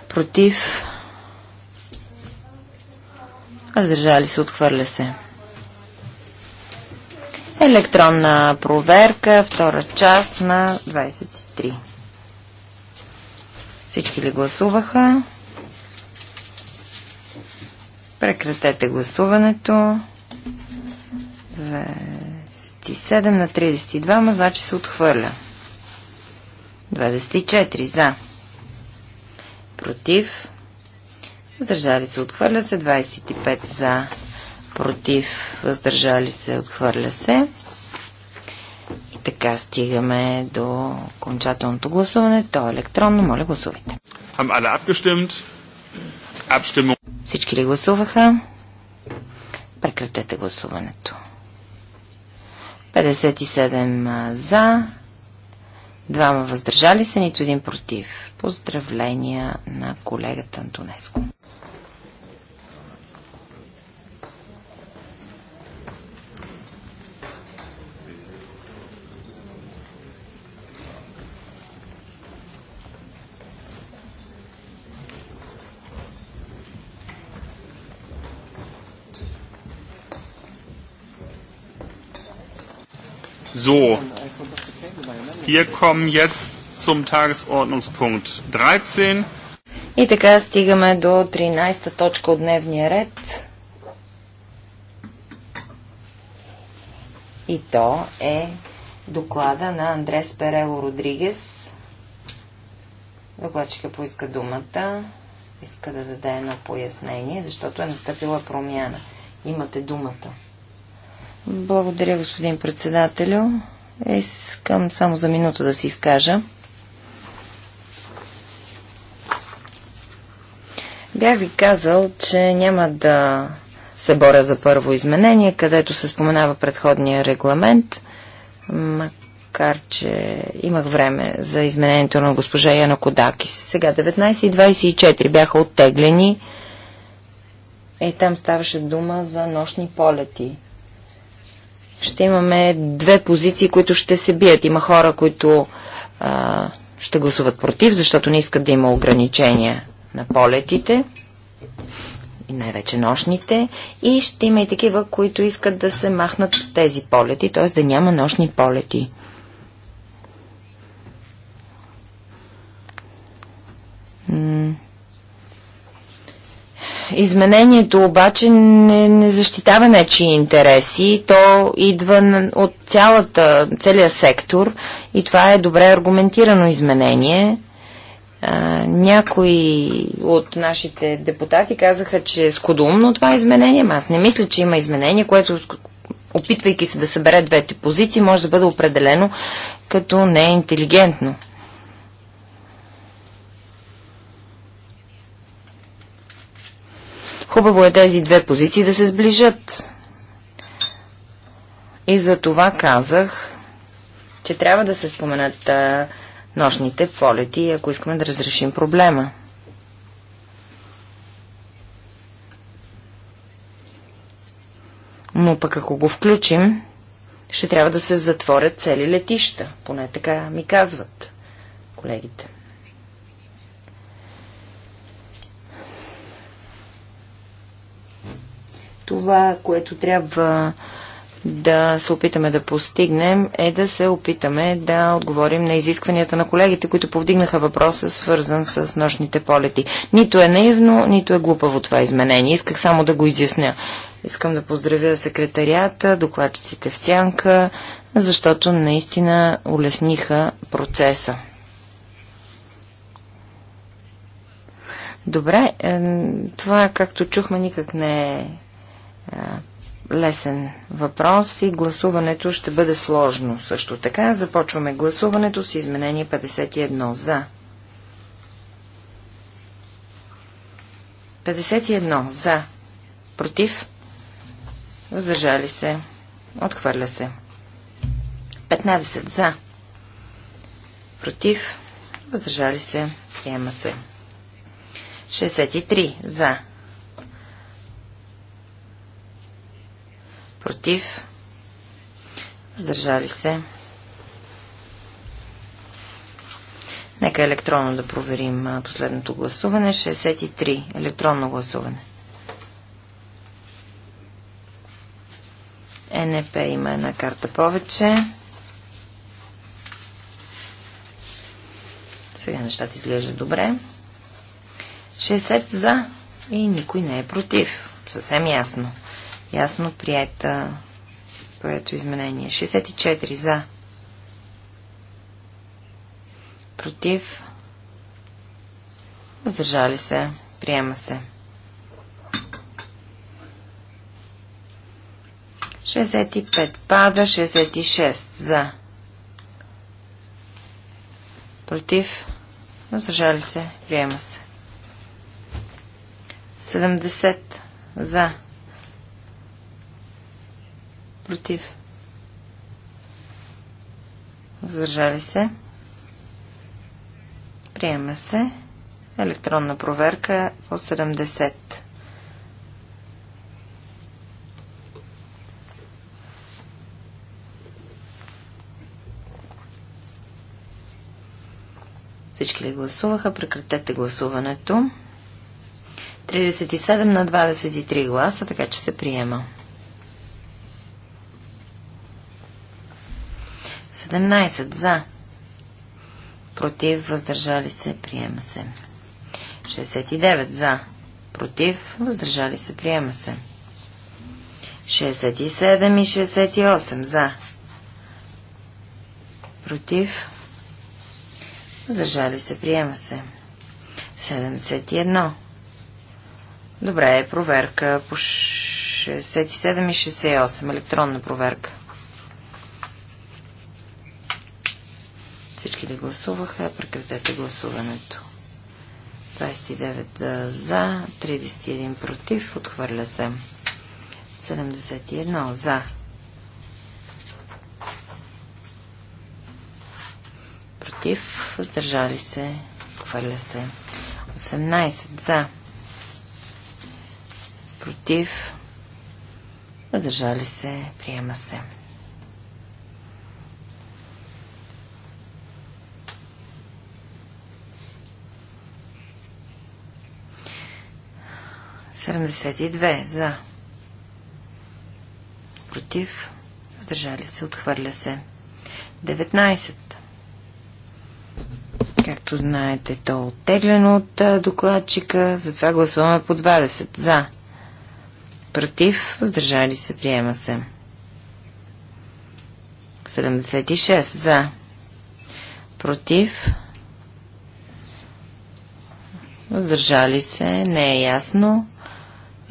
Против. Въздържали се. Отхвърля се. Електронна проверка. Втора част на 23. Всички ли гласуваха? Прекратете гласуването. 27 на 32, ма значи се отхвърля. 24 за. Против. Въздържали се, отхвърля се. 25 за. Против. Въздържали се, отхвърля се. И така стигаме до окончателното гласуване. То е електронно. Моля, гласувайте. Всички ли гласуваха? Прекратете гласуването. 57 за, двама въздържали се, нито един против. Поздравления на колегата Антонеско. So, wir kommen jetzt zum Tagesordnungspunkt 13. И така стигаме до 13-та точка от дневния ред. И то е доклада на Андрес Перело Родригес. Докладчика поиска думата, иска да даде едно пояснение, защото е настъпила промяна. Имате думата. Благодаря, господин председателю. Искам само за минута да си изкажа. Бях ви казал, че няма да се боря за първо изменение, където се споменава предходния регламент, макар че имах време за изменението на госпожа Яна Кодакис. Сега 19 и 24 бяха оттеглени. Е, там ставаше дума за нощни полети ще имаме две позиции, които ще се бият. Има хора, които а, ще гласуват против, защото не искат да има ограничения на полетите и най-вече нощните. И ще има и такива, които искат да се махнат тези полети, т.е. да няма нощни полети. М- Изменението обаче не, не защитава нечи интереси, то идва от цялата, целия сектор и това е добре аргументирано изменение. А, някои от нашите депутати казаха, че е скудумно това е изменение, аз не мисля, че има изменение, което опитвайки се да събере двете позиции, може да бъде определено като не интелигентно. Хубаво е тези две позиции да се сближат. И за това казах, че трябва да се споменат а, нощните полети, ако искаме да разрешим проблема. Но пък ако го включим, ще трябва да се затворят цели летища. Поне така ми казват колегите. Това, което трябва да се опитаме да постигнем, е да се опитаме да отговорим на изискванията на колегите, които повдигнаха въпроса, свързан с нощните полети. Нито е наивно, нито е глупаво това изменение. Исках само да го изясня. Искам да поздравя секретарията, докладчиците в сянка, защото наистина улесниха процеса. Добре, това, както чухме, никак не е е, лесен въпрос и гласуването ще бъде сложно. Също така започваме гласуването с изменение 51 за. 51 за. Против. Въздържали се. Отхвърля се. 15 за. Против. Въздържали се. Приема се. 63 за. против, Сдържали се. Нека електронно да проверим последното гласуване. 63. Електронно гласуване. Е НП има една карта повече. Сега нещата изглеждат добре. 60 за и никой не е против. Съвсем ясно. Ясно приета. Поето изменение. 64 за. Против. Въздържали се. Приема се. 65 пада, 66 за. Против. Въздържали се. Приема се. 70 за. Против. Въздържали се. Приема се. Електронна проверка по 70. Всички ли гласуваха? Прекратете гласуването. 37 на 23 гласа, така че се приема. 17 за. Против, въздържали се, приема се. 69 за. Против, въздържали се, приема се. 67 и 68 за. Против, въздържали се, приема се. 71. Добре, проверка по 67 и 68. Електронна проверка. Всички ли гласуваха? Прекратете гласуването. 29 за, 31 против, отхвърля се. 71 за. Против, въздържали се, отхвърля се. 18 за. Против, въздържали се, приема се. 72 за. Против. Въздържали се. Отхвърля се. 19. Както знаете, то е оттеглено от докладчика, затова гласуваме по 20. За. Против. Сдържали се. Приема се. 76. За. Против. Сдържали се. Не е ясно.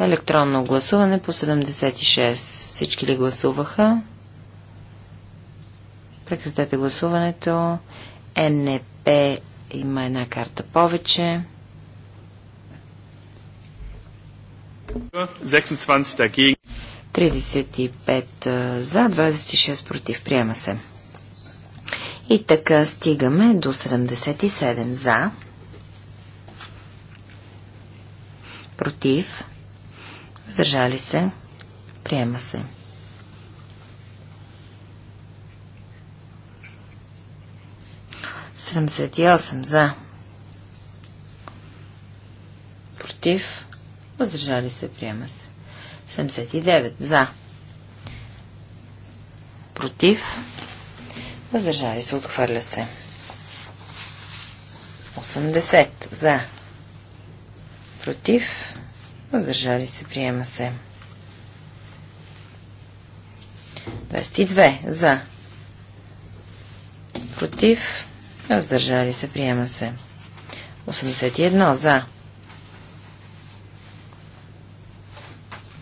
Електронно гласуване по 76. Всички ли гласуваха? Прекратете гласуването. НП има една карта повече. 35 за, 26 против. Приема се. И така стигаме до 77 за, против, Въздържали се. Приема се. Седемдесет и осем за. Против. Въздържали се. Приема се. 79 за. Против. Въздържали се. Отхвърля се. 80 за. Против. Въздържали се. Приема се. 22. За. Против. Въздържали се. Приема се. 81. За.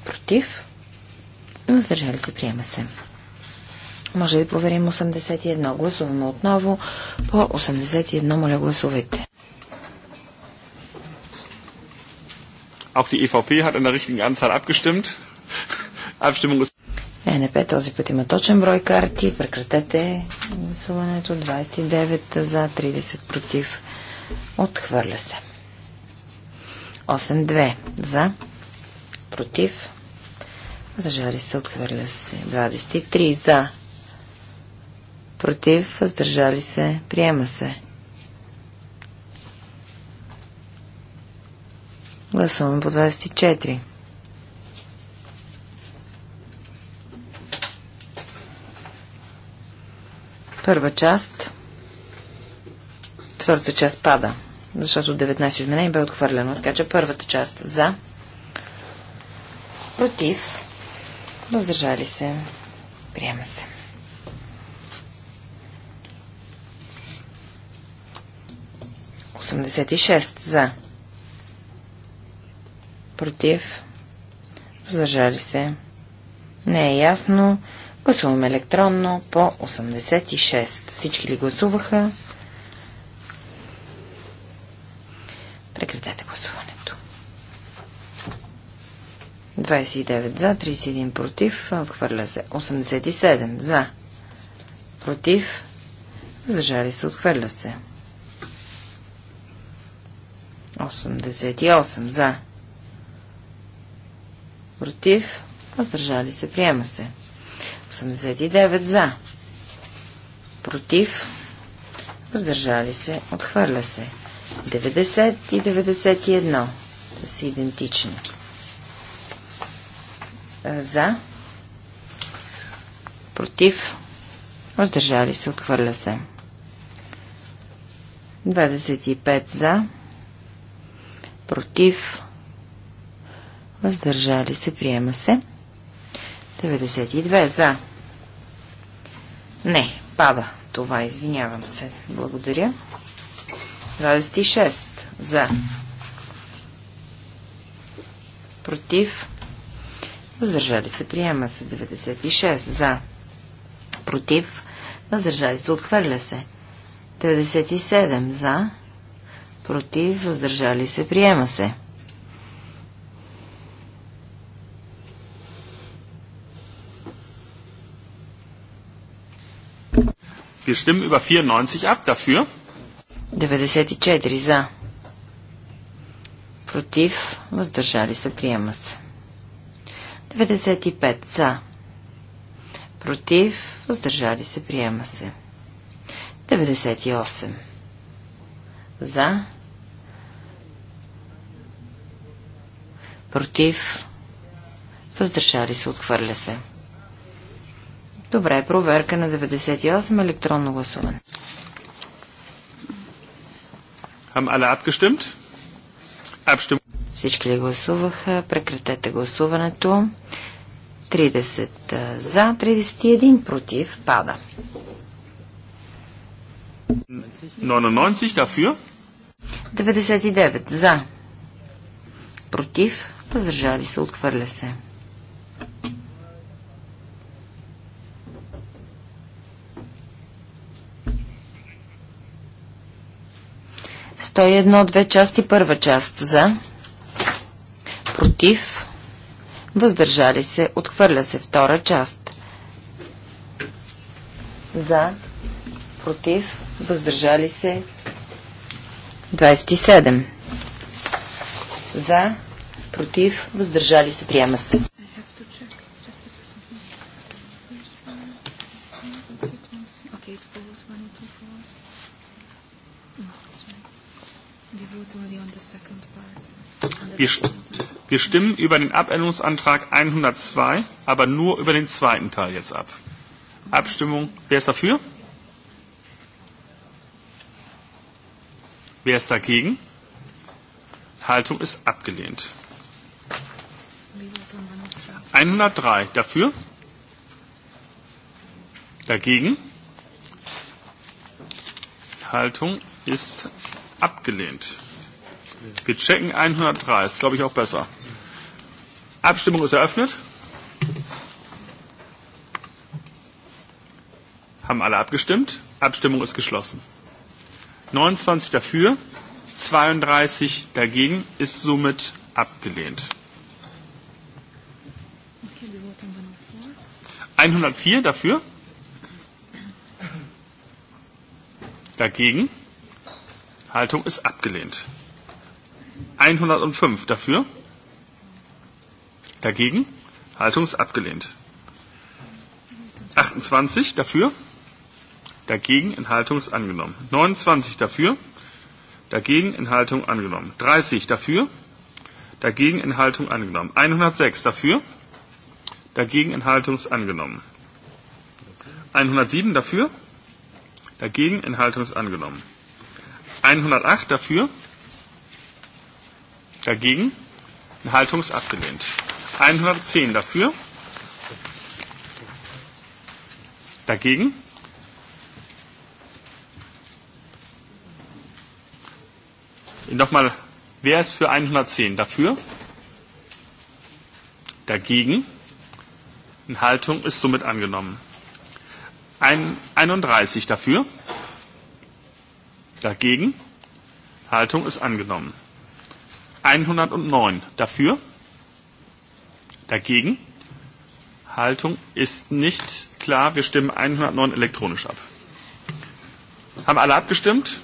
Против. Въздържали се. Приема се. Може да проверим 81. Гласуваме отново по 81. Моля, гласувайте. Auch die EVP hat in der richtigen Anzahl abgestimmt. [laughs] Abstimmung ist... ЕНП този път има точен брой карти. Прекратете гласуването. 29 за, 30 против. Отхвърля се. 8-2 за, против. Зажали се, отхвърля се. 23 за, против, въздържали се, приема се. Гласуваме по 24. Първа част. Втората част пада, защото 19 изменение бе отхвърлено. Така че първата част за. Против. Въздържали се. Приема се. Осемдесет и шест за против, въздържали се. Не е ясно. Гласуваме електронно по 86. Всички ли гласуваха? Прекратете гласуването. 29 за, 31 против, отхвърля се. 87 за, против, зажали се, отхвърля се. 88 за, против, въздържали се, приема се. 89 за, против, въздържали се, отхвърля се. 90 и 91 да са идентични. Е, за, против, въздържали се, отхвърля се. 25 за, против, Въздържали се. Приема се. 92 за. Не, пада това, извинявам се. Благодаря. 26 за. Против. Въздържали се. Приема се. 96 за. Против. Въздържали се. Отхвърля се. 97 за. Против. Въздържали се. Приема се. Wir stimmen über 94 ab. Dafür? 94 за. Против. Въздържали се. Приема се. 95 за. Против. Въздържали се. Приема се. 98 за. Против. Въздържали се. Отхвърля се. Добре, проверка на 98 електронно гласуване. Всички ли гласуваха? Прекратете гласуването. 30 за, 31 против. Пада. 99 99 за. Против. Въздържали се. Отхвърля се. 101, две части, първа част за, против, въздържали се, отхвърля се втора част. За, против, въздържали се, 27. За, против, въздържали се, приема се. Wir, wir stimmen über den Abänderungsantrag 102, aber nur über den zweiten Teil jetzt ab. Abstimmung. Wer ist dafür? Wer ist dagegen? Haltung ist abgelehnt. 103 dafür? Dagegen? Haltung ist Abgelehnt. Wir checken 103. Ist, glaube ich, auch besser. Abstimmung ist eröffnet. Haben alle abgestimmt? Abstimmung ist geschlossen. 29 dafür, 32 dagegen, ist somit abgelehnt. 104 dafür, dagegen, Enthaltung ist abgelehnt. 105 dafür. Dagegen. Haltung ist abgelehnt. 28 dafür. Dagegen. Enthaltung ist angenommen. 29 dafür. Dagegen. Enthaltung angenommen. 30 dafür. Dagegen. Enthaltung angenommen. 106 dafür. Dagegen. Enthaltung ist angenommen. 107 dafür. Dagegen. Enthaltung ist angenommen. 108 dafür. Dagegen. Enthaltung ist abgelehnt. 110 dafür. Dagegen. Nochmal, wer ist für 110 dafür? Dagegen. Enthaltung ist somit angenommen. 31 dafür. Dagegen? Haltung ist angenommen. 109 dafür? Dagegen? Haltung ist nicht klar. Wir stimmen 109 elektronisch ab. Haben alle abgestimmt?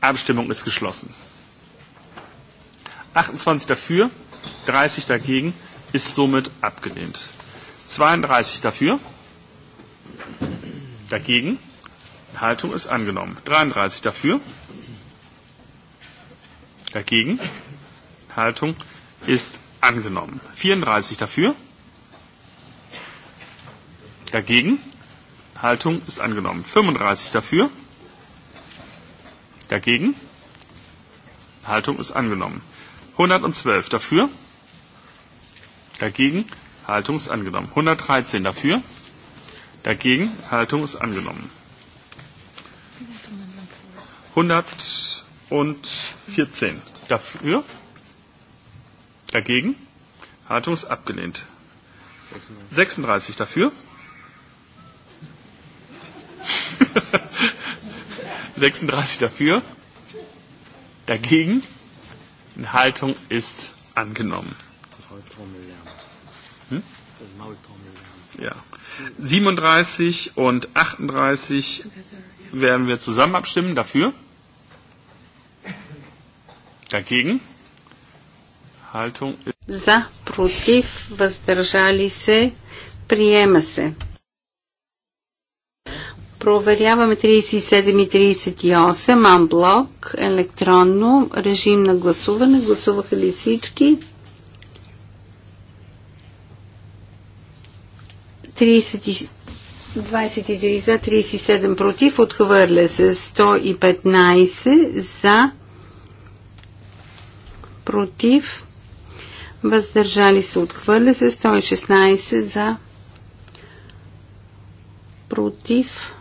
Abstimmung ist geschlossen. 28 dafür, 30 dagegen ist somit abgelehnt. 32 dafür, dagegen, Enthaltung ist angenommen. 33 dafür. Dagegen. Enthaltung ist angenommen. 34 dafür. Dagegen. Enthaltung ist angenommen. 35 dafür. Dagegen. Haltung ist angenommen. 112 dafür. Dagegen. Haltung ist angenommen. 113 dafür. Dagegen. Haltung ist angenommen. 114 dafür, dagegen, Hartungs abgelehnt. 36 dafür. 36 dafür. Dagegen. Haltung ist angenommen. Hm? Ja. 37 und 38 werden wir zusammen abstimmen. Dafür. Dagegen? Haltung. За, против, въздържали се, приема се. Проверяваме 37 и 38, анблок, електронно, режим на гласуване. Гласуваха ли всички? 30, 23 за, 37 против, отхвърля се 115 за, против, въздържали се, отхвърля се, 116 за, против,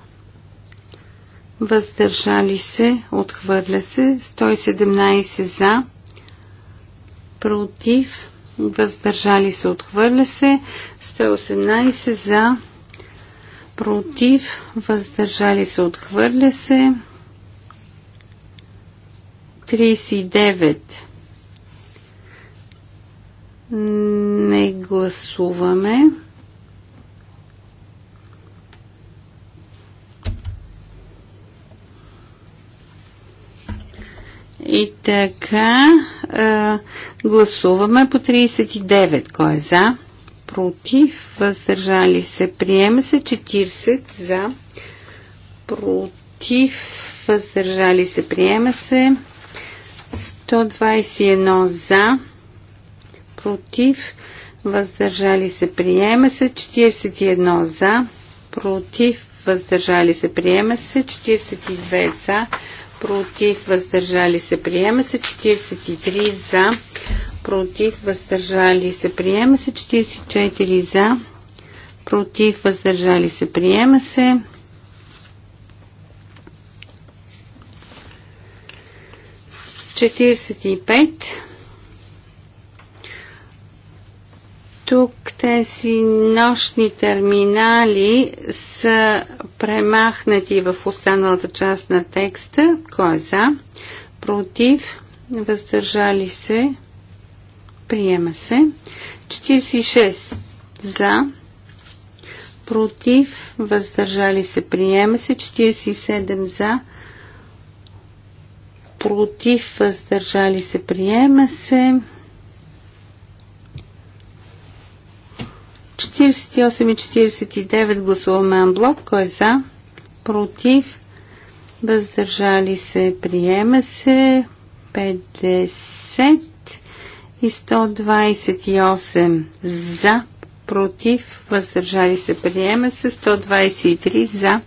въздържали се, отхвърля се, 117 за, против, въздържали се, отхвърля се, 118 за, против, въздържали се, отхвърля се, 39 не гласуваме. И така, гласуваме по 39. Кой е за? Против. Въздържали се. Приема се 40 за. Против. Въздържали се. Приема се. 121 за против, въздържали се, приема се. 41 за, против, въздържали се, приема се. 42 за, против, въздържали се, приема се. 43 за, против, въздържали се, приема се. 44 за, против, въздържали се, приема се. Четирсет и пет Тук тези нощни терминали са премахнати в останалата част на текста. Кой е за? Против? Въздържали се? Приема се. 46 за. Против? Въздържали се? Приема се. 47 за. Против? Въздържали се? Приема се. 48 и 49 гласуваме анблок. Кой е за? Против? Въздържали се? Приема се. 50 и 128 за. Против? Въздържали се? Приема се. 123 за.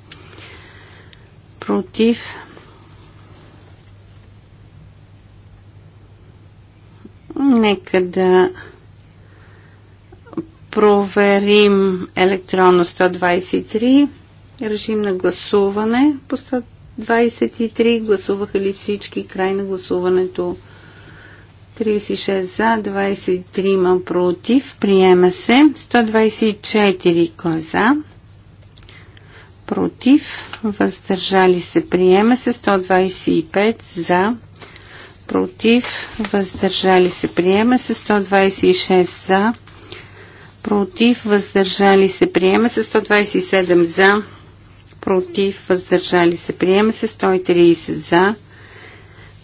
Против? Нека да проверим електронно 123. Режим на гласуване по 123. Гласуваха ли всички? Край на гласуването. 36 за, 23 ма против. Приема се. 124 кой е за? Против. Въздържали се. Приема се. 125 за. Против. Въздържали се. Приема се. 126 за против, въздържали се, приема се 127 за, против, въздържали се, приема се 130 за,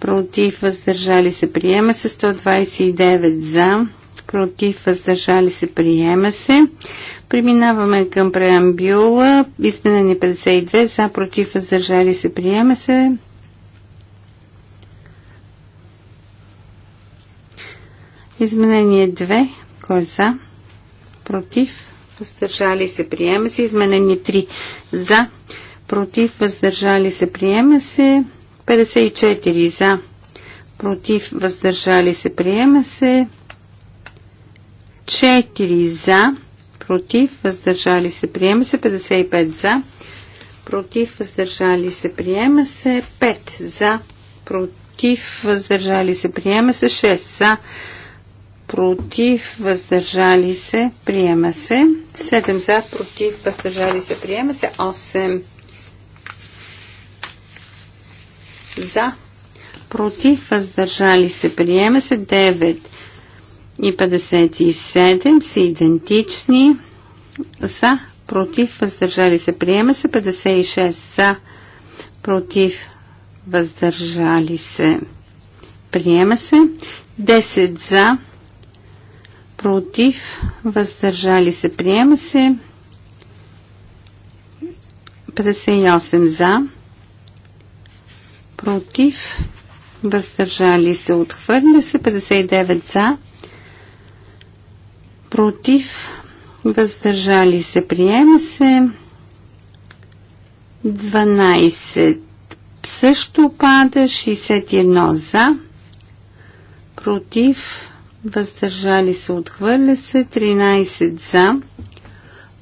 против, въздържали се, приема се 129 за, против, въздържали се, приема се. Преминаваме към преамбюла, изменени 52 за, против, въздържали се, приема се. Изменение 2, кой е за? против, въздържали се, приема се. изменени 3 за, против, въздържали се, приема се. 54 за, против, въздържали се, приема се. 4 за, против, въздържали се, приема се. 55 за, против, въздържали се, приема се. 5 за, против, въздържали се, приема се. 6 за, против, против, въздържали се, приема се. 7 за, против, въздържали се, приема се. 8 за, против, въздържали се, приема се. 9 и 57 са идентични. За, против, въздържали се, приема се. 56 за, против, въздържали се, приема се. 10 за, против, въздържали се, приема се. 58 за, против, въздържали се, отхвърля се. 59 за, против, въздържали се, приема се. 12 също пада, 61 за, против, въздържали се, отхвърля се, 13 за,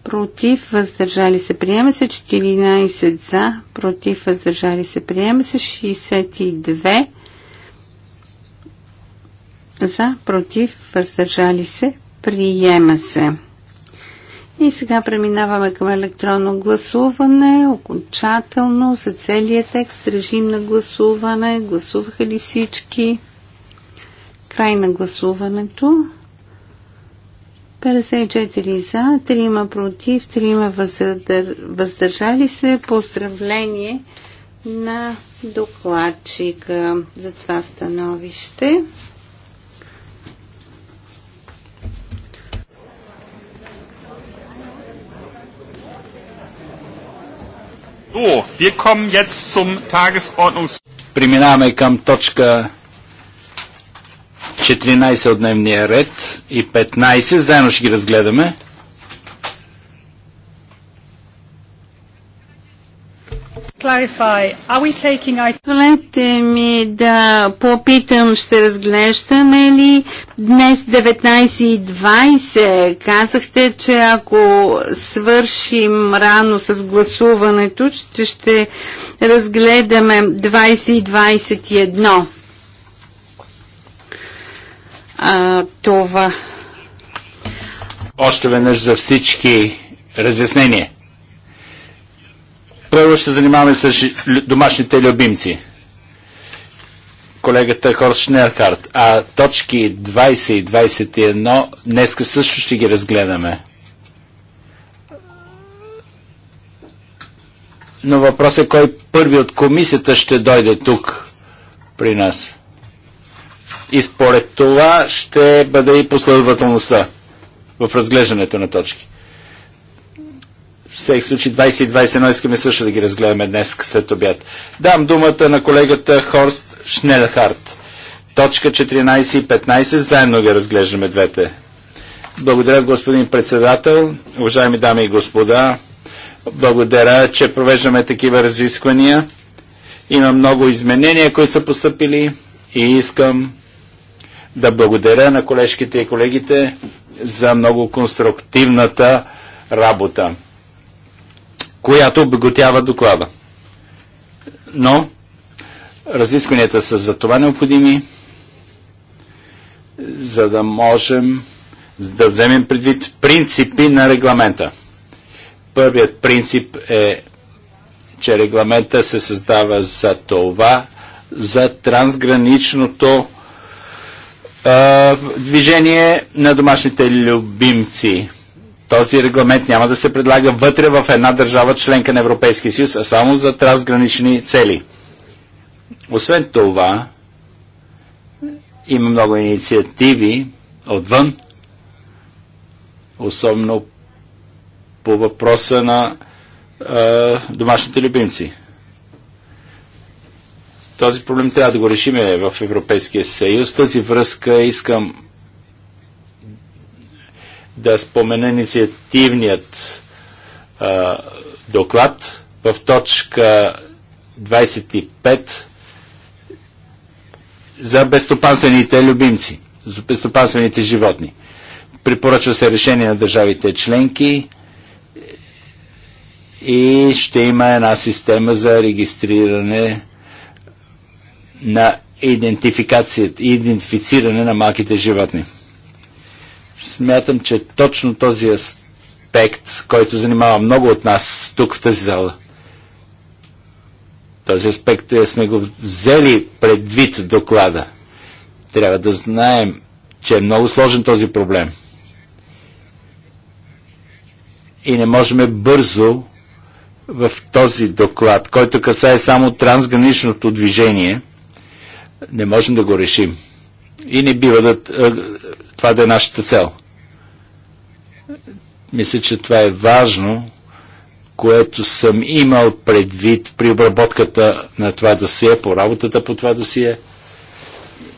против, въздържали се, приема се, 14 за, против, въздържали се, приема се, 62 за, против, въздържали се, приема се. И сега преминаваме към електронно гласуване, окончателно, за целият текст, режим на гласуване, гласуваха ли всички? Край на гласуването. 54 за, 3 против, 3 въздър... въздържали се. Поздравление на докладчика за това становище. So, wir kommen jetzt zum Tagesordnungs... Преминаваме към точка 14 от дневния ред и 15. Заедно ще ги разгледаме. Позволете ми да попитам, ще разглеждаме ли днес 19.20. Казахте, че ако свършим рано с гласуването, че ще разгледаме 20.21 а, това. Още веднъж за всички разяснения. Първо ще се занимаваме с домашните любимци. Колегата Хорст Шнерхарт. А точки 20 и 21 днеска също ще ги разгледаме. Но въпросът е кой първи от комисията ще дойде тук при нас. И според това ще бъде и последователността в разглеждането на точки. Всеки случай 20 и 21 искаме също да ги разгледаме днес след обяд. Дам думата на колегата Хорст Шнелхарт. Точка 14 и 15 заедно ги разглеждаме двете. Благодаря, господин председател, уважаеми дами и господа. Благодаря, че провеждаме такива разисквания. Има много изменения, които са поступили и искам да благодаря на колежките и колегите за много конструктивната работа, която обготява доклада. Но разискванията са за това необходими, за да можем да вземем предвид принципи на регламента. Първият принцип е, че регламента се създава за това, за трансграничното движение на домашните любимци. Този регламент няма да се предлага вътре в една държава членка на Европейския съюз, а само за трансгранични цели. Освен това, има много инициативи отвън, особено по въпроса на е, домашните любимци. Този проблем трябва да го решиме в Европейския съюз. Тази връзка искам да спомена инициативният а, доклад в точка 25 за безстопанствените любимци, за безстопанствените животни. Препоръчва се решение на държавите членки и ще има една система за регистриране на идентификацията и идентифициране на малките животни. Смятам, че точно този аспект, който занимава много от нас тук в тази зала, този аспект е, сме го взели предвид доклада. Трябва да знаем, че е много сложен този проблем. И не можем бързо в този доклад, който касае само трансграничното движение – не можем да го решим. И не бива да, е, това да е нашата цел. Мисля, че това е важно, което съм имал предвид при обработката на това досие, по работата по това досие.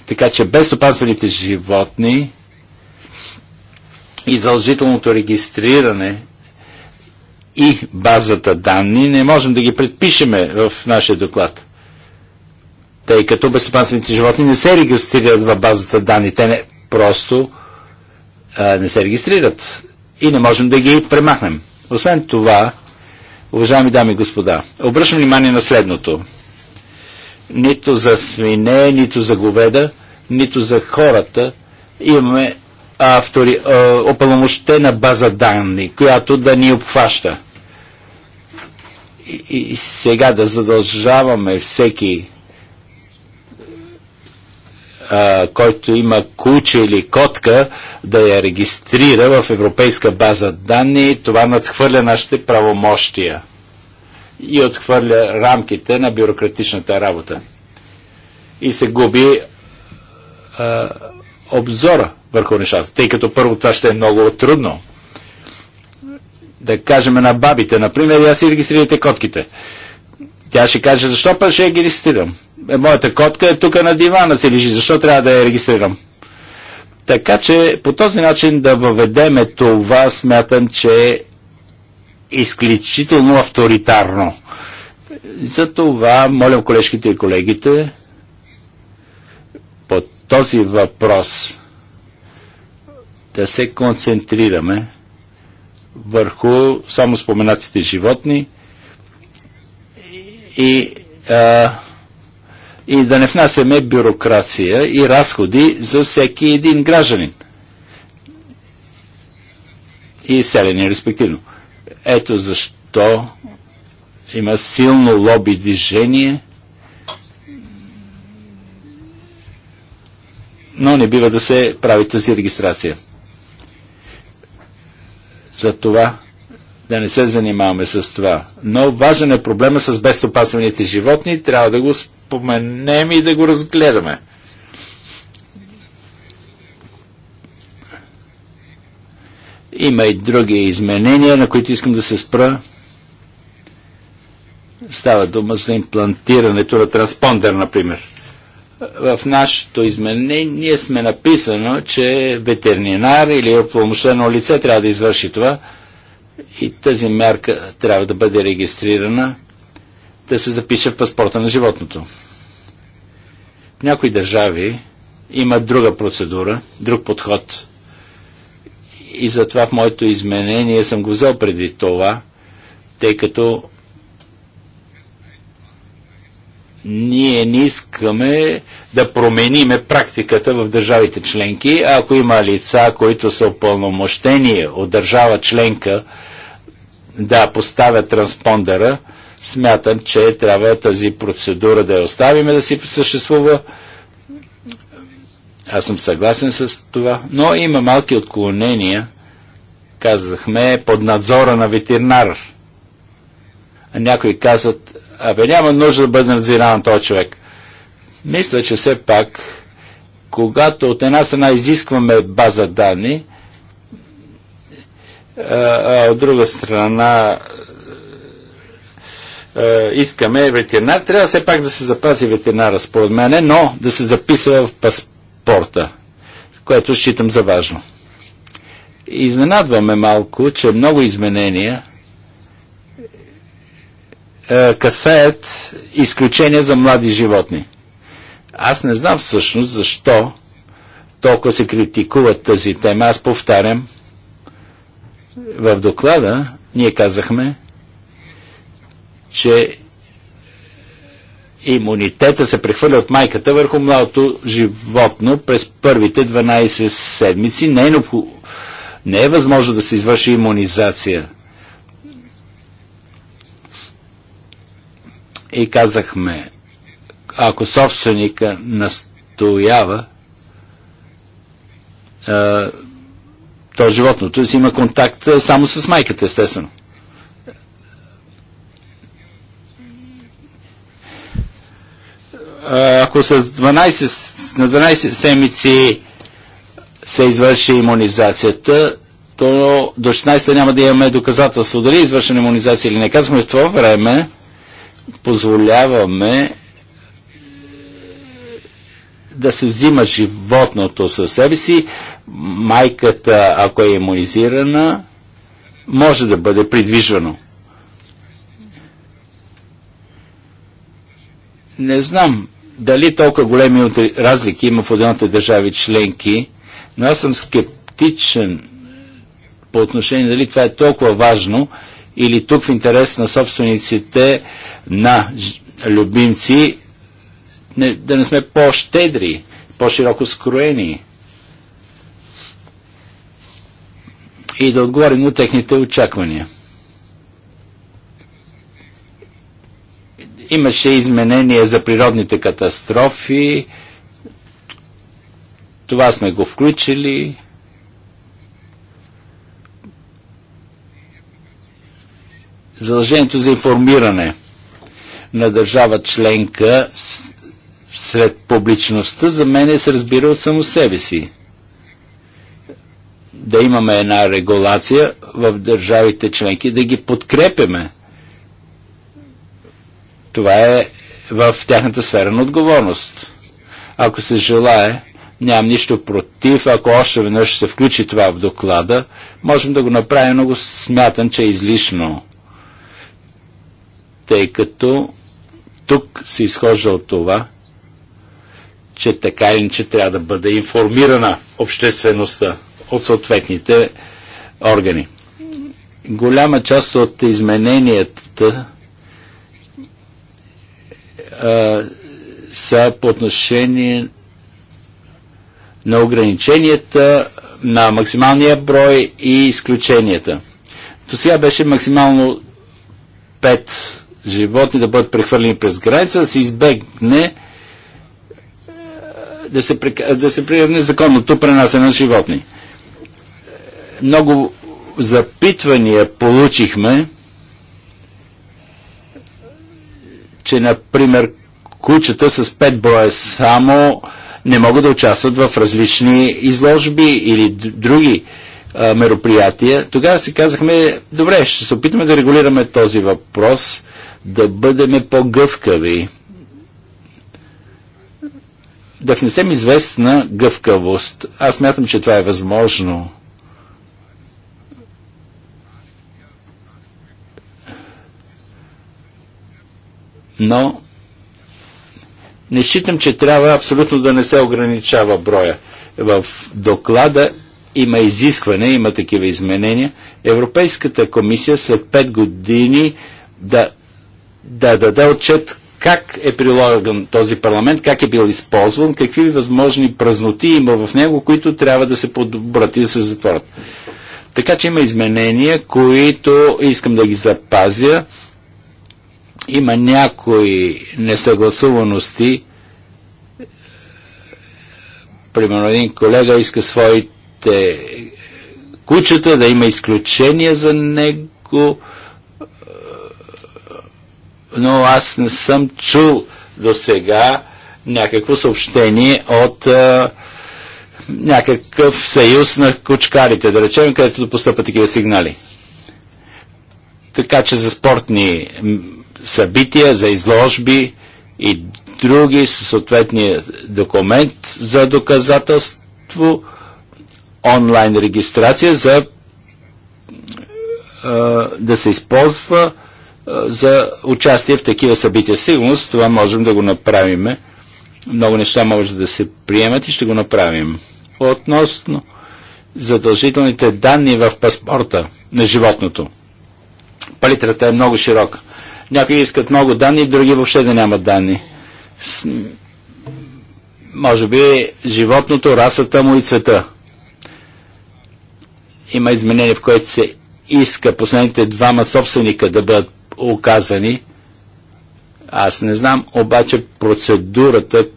Така че без опазваните животни и задължителното регистриране и базата данни не можем да ги предпишеме в нашия доклад тъй като безстопанствените животни не се регистрират в базата данни. Те не, просто а, не се регистрират и не можем да ги премахнем. Освен това, уважаеми дами и господа, обръщам внимание на следното. Нито за свине, нито за говеда, нито за хората имаме автори, опълномощена база данни, която да ни обхваща. И, и сега да задължаваме всеки а, който има куче или котка, да я регистрира в Европейска база данни, това надхвърля нашите правомощия и отхвърля рамките на бюрократичната работа. И се губи а, обзора върху нещата, тъй като първо това ще е много трудно. Да кажем на бабите, например, я си регистрирате котките. Тя ще каже, защо пък ще я регистрирам? Е, моята котка е тук на дивана се лежи, защо трябва да я регистрирам? Така че по този начин да въведеме това, смятам, че е изключително авторитарно. Затова моля колежките и колегите по този въпрос да се концентрираме върху само споменатите животни и а, и да не внасяме бюрокрация и разходи за всеки един гражданин. И селени, респективно. Ето защо има силно лоби движение, но не бива да се прави тази регистрация. За това да не се занимаваме с това. Но важен е проблема с безопасните животни, трябва да го споменем и да го разгледаме. Има и други изменения, на които искам да се спра. Става дума за имплантирането на транспондер, например. В нашето изменение сме написано, че ветеринар или оплъмощено лице трябва да извърши това – и тази мярка трябва да бъде регистрирана, да се запише в паспорта на животното. В някои държави има друга процедура, друг подход и затова в моето изменение съм го взел преди това, тъй като ние не искаме да промениме практиката в държавите членки, а ако има лица, които са упълномощени от държава членка да поставя транспондера, смятам, че трябва тази процедура да я оставим да си съществува. Аз съм съгласен с това, но има малки отклонения, казахме, под надзора на ветеринар. Някои казват, абе няма нужда да бъде надзиран този човек. Мисля, че все пак, когато от една страна изискваме база данни, а от друга страна искаме ветеринар. Трябва все пак да се запази ветеринара, според мене, но да се записва в паспорта, което считам за важно. Изненадваме малко, че много изменения касаят изключения за млади животни. Аз не знам всъщност защо толкова се критикуват тази тема. Аз повтарям, в доклада ние казахме, че имунитета се прехвърля от майката върху младото животно през първите 12 седмици. Не е, не е възможно да се извърши имунизация. И казахме, ако собственика настоява, т.е. животното, си има контакт е, само с майката, естествено. Ако с 12, на 12 седмици се извърши иммунизацията, то до 16-та няма да имаме доказателство дали е извършена иммунизация или не. Казваме в това време позволяваме да се взима животното със себе си, майката, ако е иммунизирана, може да бъде придвижвано. Не знам дали толкова големи разлики има в отделните държави членки, но аз съм скептичен по отношение дали това е толкова важно или тук в интерес на собствениците на любимци не, да не сме по-щедри, по-широко скроени и да отговорим на техните очаквания. Имаше изменения за природните катастрофи, това сме го включили. Задължението за информиране на държава членка сред публичността, за мен е се разбира от само себе си. Да имаме една регулация в държавите членки, да ги подкрепяме. Това е в тяхната сфера на отговорност. Ако се желае, нямам нищо против, ако още веднъж се включи това в доклада, можем да го направим, но го смятам, че е излишно. Тъй като тук се изхожда от това, че така или че трябва да бъде информирана обществеността от съответните органи. Голяма част от измененията а, са по отношение на ограниченията, на максималния брой и изключенията. До сега беше максимално 5 животни да бъдат прехвърлени през граница, да се избегне да се, да се приеме незаконното пренасене на животни. Много запитвания получихме, че, например, кучета с 5 броя само не могат да участват в различни изложби или други а, мероприятия. Тогава си казахме, добре, ще се опитаме да регулираме този въпрос, да бъдем по-гъвкави да внесем известна гъвкавост. Аз мятам, че това е възможно. Но не считам, че трябва абсолютно да не се ограничава броя. В доклада има изискване, има такива изменения. Европейската комисия след 5 години да, да даде отчет как е прилаган този парламент, как е бил използван, какви възможни празноти има в него, които трябва да се подобрат и да се затворят. Така че има изменения, които искам да ги запазя. Има някои несъгласуваности. Примерно един колега иска своите кучета да има изключение за него но аз не съм чул до сега някакво съобщение от а, някакъв съюз на кучкарите, да речем, където постъпват такива сигнали. Така че за спортни събития, за изложби и други съответния документ за доказателство, онлайн регистрация за а, да се използва за участие в такива събития. Сигурност това можем да го направим. Много неща може да се приемат и ще го направим. Относно задължителните данни в паспорта на животното. Палитрата е много широка. Някои искат много данни, други въобще да нямат данни. С... Може би животното, расата му и цвета. Има изменение, в което се иска последните двама собственика да бъдат оказани. Аз не знам обаче процедурата,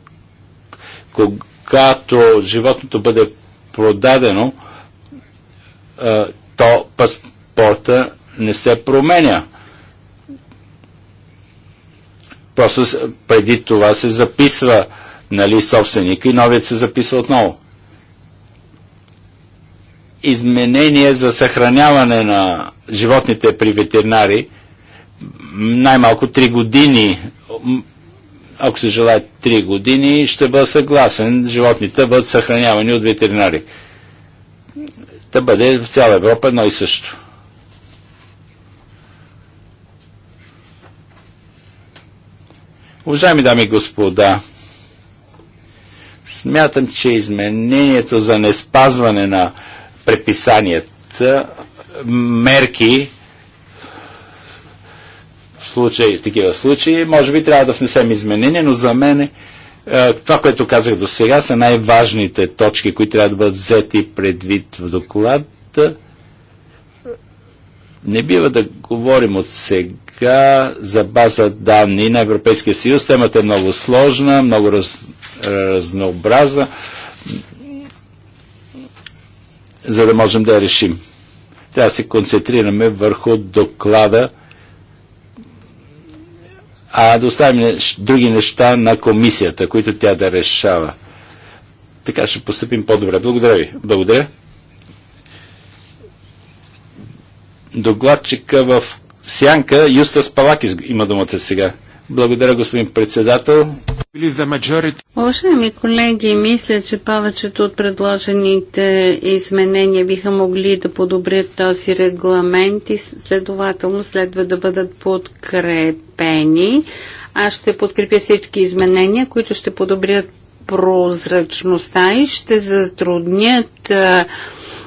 когато животното бъде продадено, то паспорта не се променя. Просто преди това се записва нали, собственик и новият се записва отново. Изменение за съхраняване на животните при ветеринари – най-малко 3 години, ако се желая 3 години, ще бъда съгласен, животните бъдат съхранявани от ветеринари. Да бъде в цяла Европа едно и също. Уважаеми дами и господа, смятам, че изменението за неспазване на преписанията мерки случаи, такива случаи. Може би трябва да внесем изменения, но за мен е, това, което казах до сега, са най-важните точки, които трябва да бъдат взети предвид в доклад. Не бива да говорим от сега за база данни на Европейския съюз. Темата е много сложна, много раз, разнообразна, за да можем да я решим. Трябва да се концентрираме върху доклада а да оставим други неща на комисията, които тя да решава. Така ще поступим по-добре. Благодаря ви. Благодаря. Докладчика в Сянка Юстас Палакис има думата сега. Благодаря, господин председател. Уважаеми колеги, мисля, че повечето от предложените изменения биха могли да подобрят този регламент и следователно следва да бъдат подкрепени. Аз ще подкрепя всички изменения, които ще подобрят прозрачността и ще затруднят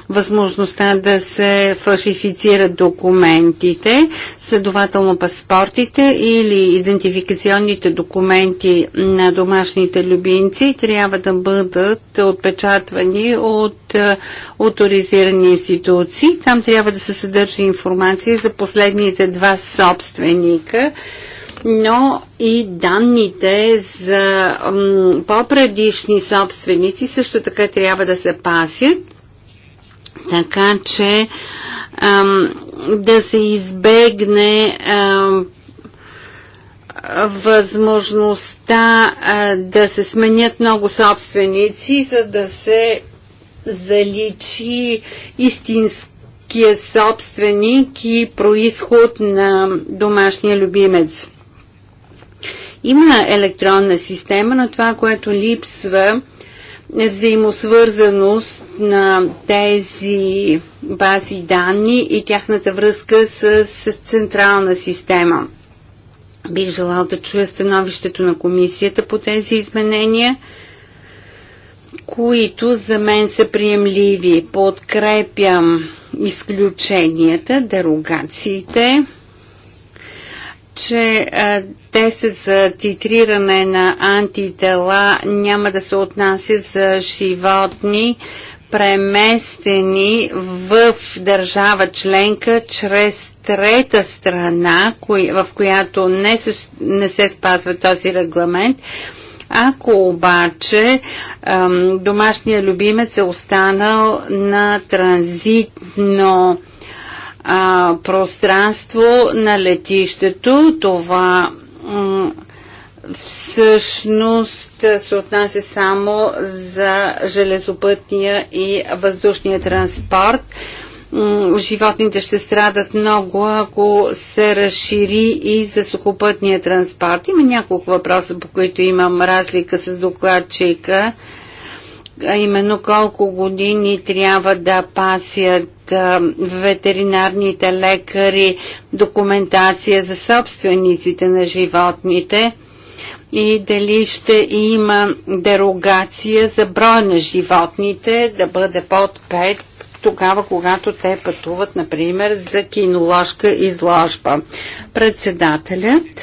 възможността да се фалшифицират документите, следователно паспортите или идентификационните документи на домашните любимци трябва да бъдат отпечатвани от е, авторизирани институции. Там трябва да се съдържа информация за последните два собственика но и данните за по-предишни собственици също така трябва да се пасят така че ам, да се избегне ам, възможността а, да се сменят много собственици, за да се заличи истинския собственик и происход на домашния любимец. Има електронна система, но това, което липсва взаимосвързаност на тези бази данни и тяхната връзка с, с централна система. Бих желал да чуя становището на комисията по тези изменения, които за мен са приемливи. Подкрепям изключенията, дерогациите, че а, тестът за титриране на антитела няма да се отнася за животни, преместени в държава членка чрез трета страна, кои, в която не се, не се спазва този регламент. Ако обаче ам, домашния любимец е останал на транзитно а, пространство на летището. Това всъщност се отнася само за железопътния и въздушния транспорт. Животните ще страдат много, ако се разшири и за сухопътния транспорт. Има няколко въпроса, по които имам разлика с докладчика а именно колко години трябва да пасят ветеринарните лекари документация за собствениците на животните и дали ще има дерогация за броя на животните да бъде под 5 тогава, когато те пътуват, например, за киноложка изложба. Председателят.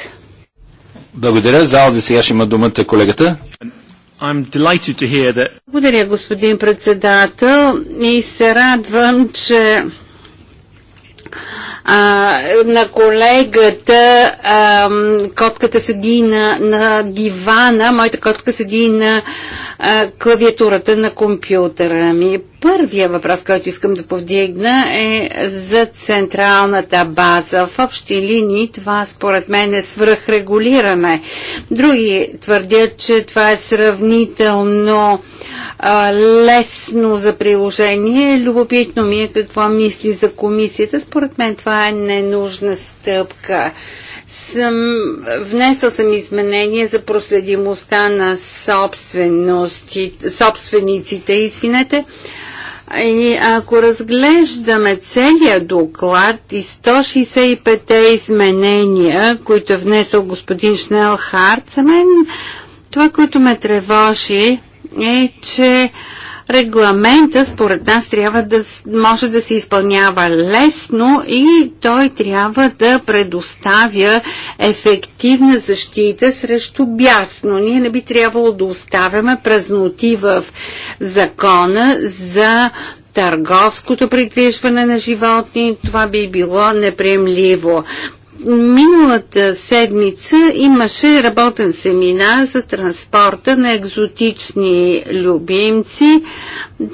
Благодаря. Зал да сега ще има думата колегата. That... Благодаря, господин председател, и се радвам, че а, на колегата а, котката седи на, на дивана, моята котка седи на а, клавиатурата на компютъра ми. Първия въпрос, който искам да повдигна е за централната база. В общи линии това според мен е свръхрегулиране. Други твърдят, че това е сравнително а, лесно за приложение. Любопитно ми е какво мисли за комисията. Според мен това е ненужна стъпка съм, внесъл съм изменение за проследимостта на собствениците. Извинете, и ако разглеждаме целия доклад и 165-те изменения, които е внесъл господин Шнелхард, за мен това, което ме тревожи е, че Регламента, според нас, трябва да може да се изпълнява лесно и той трябва да предоставя ефективна защита срещу бясно. Ние не би трябвало да оставяме празноти в закона за търговското придвижване на животни, това би било неприемливо. Миналата седмица имаше работен семинар за транспорта на екзотични любимци.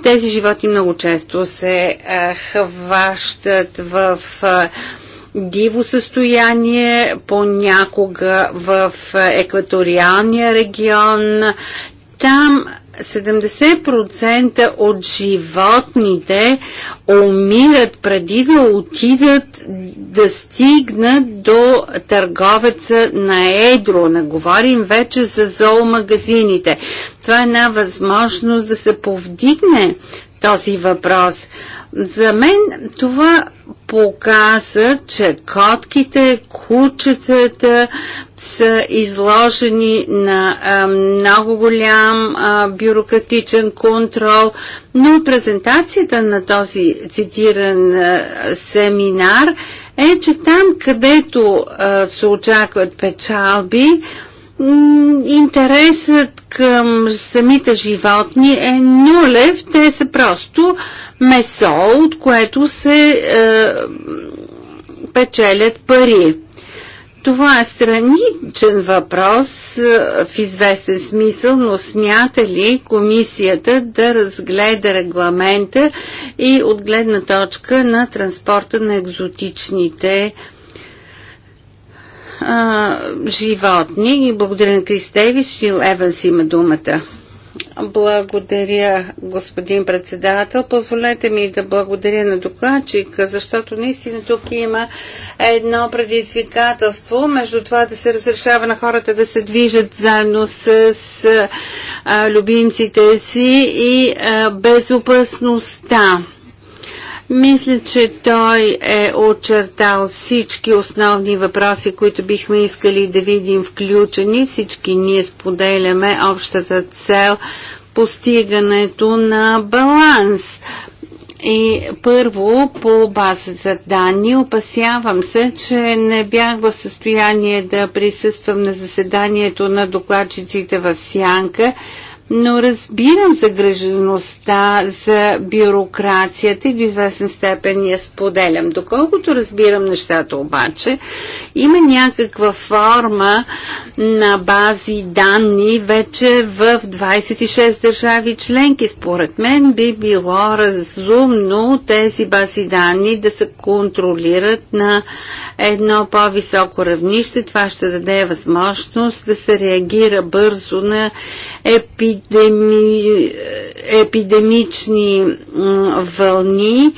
Тези животни много често се а, хващат в а, диво състояние, понякога в екваториалния регион. Там 70% от животните умират преди да отидат да стигнат до търговеца на едро. Не говорим вече за зоомагазините. Това е една възможност да се повдигне този въпрос. За мен това показа, че котките, кучетата са изложени на а, много голям а, бюрократичен контрол, но презентацията на този цитиран а, семинар е, че там, където а, се очакват печалби, а, интересът към самите животни е нулев. Те са просто месо, от което се е, печелят пари. Това е страничен въпрос е, в известен смисъл, но смята ли комисията да разгледа регламента и от гледна точка на транспорта на екзотичните е, животни. И благодаря на Крис Дейвис. Фил Еванс има думата. Благодаря, господин председател. Позволете ми да благодаря на докладчика, защото наистина тук има едно предизвикателство между това да се разрешава на хората да се движат заедно с, с а, любимците си и а, безопасността. Мисля, че той е очертал всички основни въпроси, които бихме искали да видим включени. Всички ние споделяме общата цел постигането на баланс. И първо, по базата данни, опасявам се, че не бях в състояние да присъствам на заседанието на докладчиците в Сянка но разбирам загрежеността за бюрокрацията и в известен степен я споделям. Доколкото разбирам нещата обаче, има някаква форма на бази данни вече в 26 държави членки. Според мен би било разумно тези бази данни да се контролират на едно по-високо равнище. Това ще даде възможност да се реагира бързо на епидемията епидеми, епидемични вълни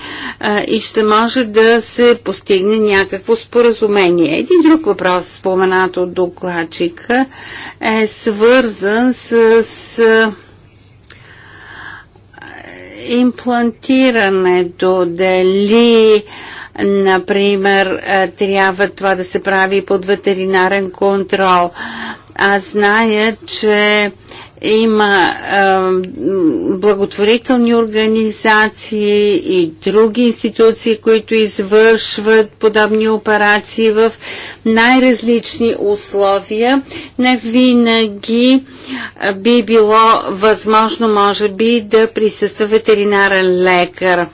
и ще може да се постигне някакво споразумение. Един друг въпрос, споменат от докладчика, е свързан с, с имплантирането, дали например, трябва това да се прави под ветеринарен контрол. Аз зная, че има а, благотворителни организации и други институции, които извършват подобни операции в най-различни условия. Не винаги би било възможно, може би, да присъства ветеринарен лекар.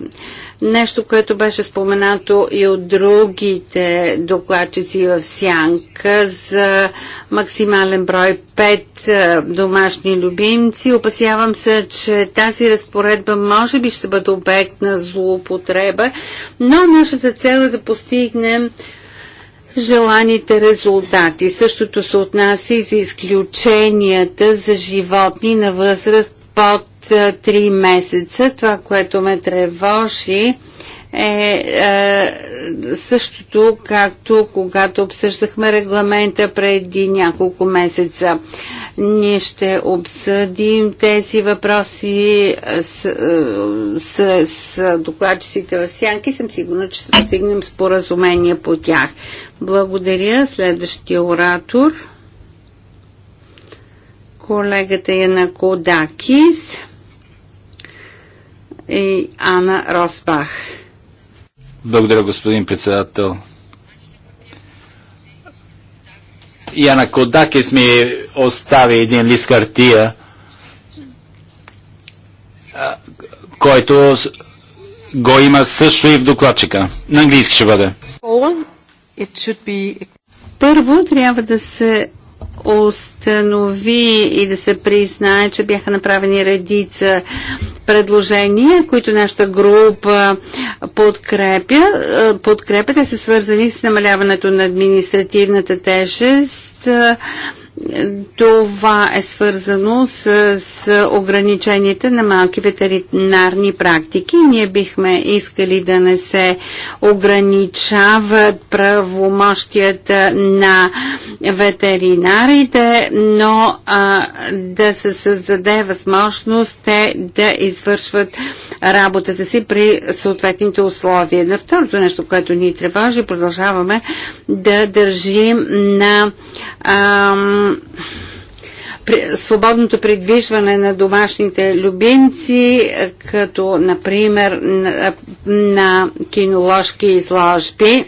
Нещо, което беше споменато и от другите докладчици в Сянка за максимален брой 5 е, домашни любимци. Опасявам се, че тази разпоредба може би ще бъде обект на злоупотреба, но нашата цел е да постигнем желаните резултати. Същото се отнася и за изключенията за животни на възраст под Три месеца. Това, което ме тревожи, е, е същото, както когато обсъждахме регламента преди няколко месеца. Ние ще обсъдим тези въпроси с, с, с докладчиците в Сянки. Съм сигурна, че ще постигнем споразумение по тях. Благодаря. Следващия оратор. Колегата е на Кодакис и Анна Росбах. Благодаря, господин председател. Яна Кодакис ми остави един лист хартия, който го има също и в докладчика. На английски ще бъде. Първо трябва да се установи и да се признае, че бяха направени редица предложения, които нашата група подкрепя. Е, Подкрепите са свързани с намаляването на административната тежест е, това е свързано с, с ограниченията на малки ветеринарни практики. Ние бихме искали да не се ограничават правомощията на ветеринарите, но а, да се създаде възможност те да извършват работата си при съответните условия. На второто нещо, което ни тревожи, продължаваме да държим на ам, свободното придвижване на домашните любимци, като, например, на, на киноложки изложби.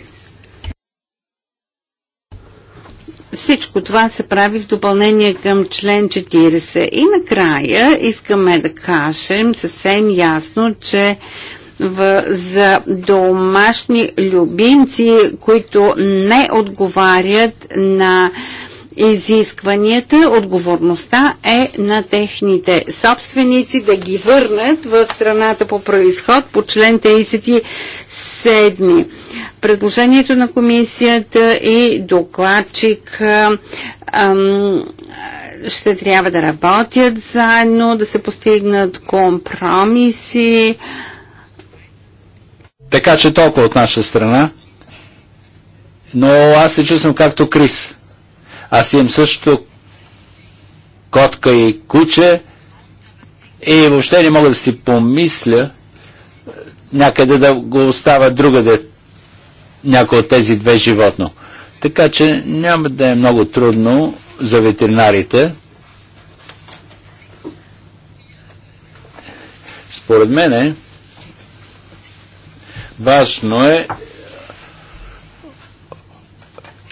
Всичко това се прави в допълнение към член 40. И накрая искаме да кажем съвсем ясно, че в, за домашни любимци, които не отговарят на изискванията, отговорността е на техните собственици да ги върнат в страната по происход по член 37. Предложението на комисията и докладчик ам, ще трябва да работят заедно, да се постигнат компромиси. Така че толкова от наша страна. Но аз се чувствам както Крис аз имам също котка и куче и въобще не мога да си помисля е, някъде да го остава другаде някои от тези две животно. Така че няма да е много трудно за ветеринарите. Според мен важно е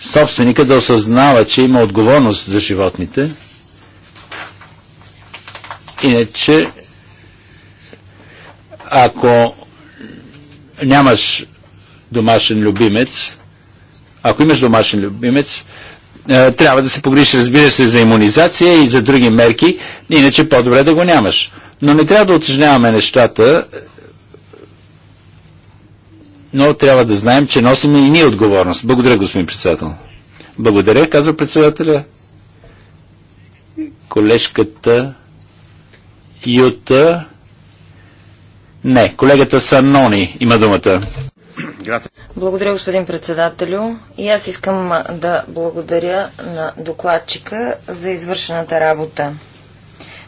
собственика да осъзнава, че има отговорност за животните. Иначе, ако нямаш домашен любимец, ако имаш домашен любимец, е, трябва да се погрижиш, разбира се, за иммунизация и за други мерки, иначе по-добре да го нямаш. Но не трябва да отежняваме нещата но трябва да знаем, че носим и ние отговорност. Благодаря, господин председател. Благодаря, казва председателя. Колежката Юта. Не, колегата Санони има думата. Благодаря, господин председателю. И аз искам да благодаря на докладчика за извършената работа.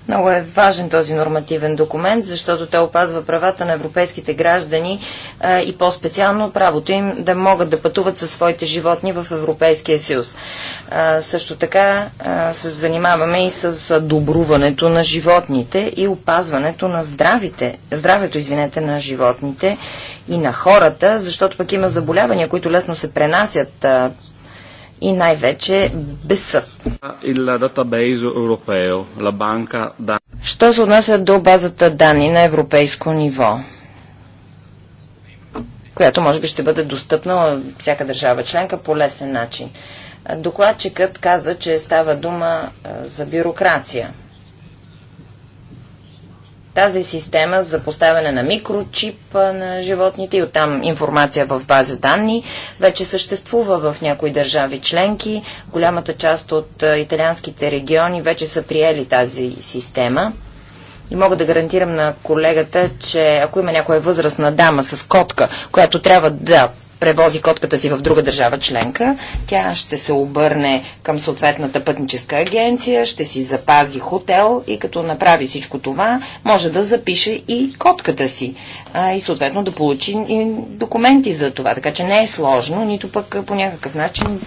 Много е важен този нормативен документ, защото те опазва правата на европейските граждани а, и по-специално правото им да могат да пътуват със своите животни в Европейския съюз. А, също така а, се занимаваме и с добруването на животните и опазването на здравите, здравето извинете, на животните и на хората, защото пък има заболявания, които лесно се пренасят и най-вече БЕСът. Що се отнася до базата данни на европейско ниво? която може би ще бъде достъпна всяка държава членка по лесен начин. Докладчикът каза, че става дума за бюрокрация. Тази система за поставяне на микрочип на животните и оттам информация в база данни вече съществува в някои държави членки. Голямата част от италианските региони вече са приели тази система. И мога да гарантирам на колегата, че ако има някоя възрастна дама с котка, която трябва да превози котката си в друга държава членка, тя ще се обърне към съответната пътническа агенция, ще си запази хотел и като направи всичко това, може да запише и котката си а, и съответно да получи и документи за това. Така че не е сложно, нито пък по някакъв начин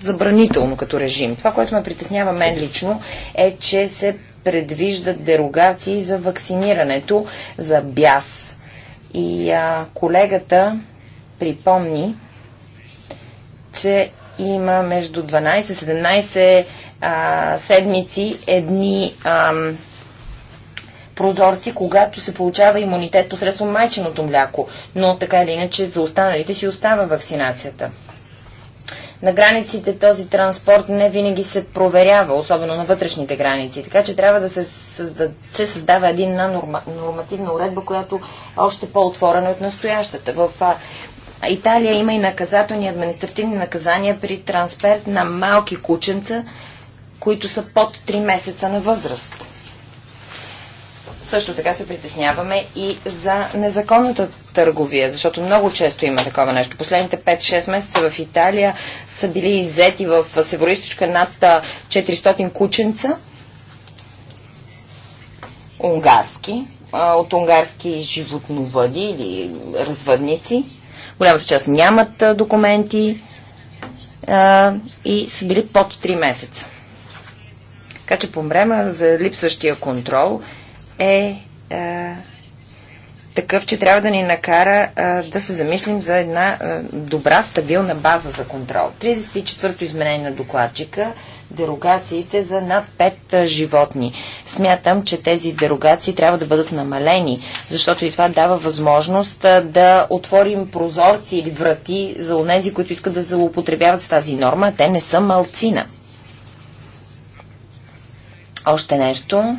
забранително като режим. Това, което ме притеснява мен лично е, че се предвиждат дерогации за вакцинирането за бяс. И а, колегата припомни, че има между 12-17 седмици едни а, прозорци, когато се получава имунитет посредством майченото мляко, но така или иначе за останалите си остава вакцинацията. На границите този транспорт не винаги се проверява, особено на вътрешните граници, така че трябва да се, създа, се създава една норма, нормативна уредба, която е още по-отворена от настоящата. В Италия има и наказателни административни наказания при трансфер на малки кученца, които са под 3 месеца на възраст. Също така се притесняваме и за незаконната търговия, защото много често има такова нещо. Последните 5-6 месеца в Италия са били иззети в североисточка над 400 кученца, унгарски, от унгарски животновъди или развъдници голямата част нямат документи а, и са били под 3 месеца. Така че време за липсващия контрол е а, такъв, че трябва да ни накара а, да се замислим за една а, добра, стабилна база за контрол. 34-то изменение на докладчика дерогациите за над 5 животни. Смятам, че тези дерогации трябва да бъдат намалени, защото и това дава възможност да отворим прозорци или врати за онези, които искат да злоупотребяват с тази норма, те не са малцина. Още нещо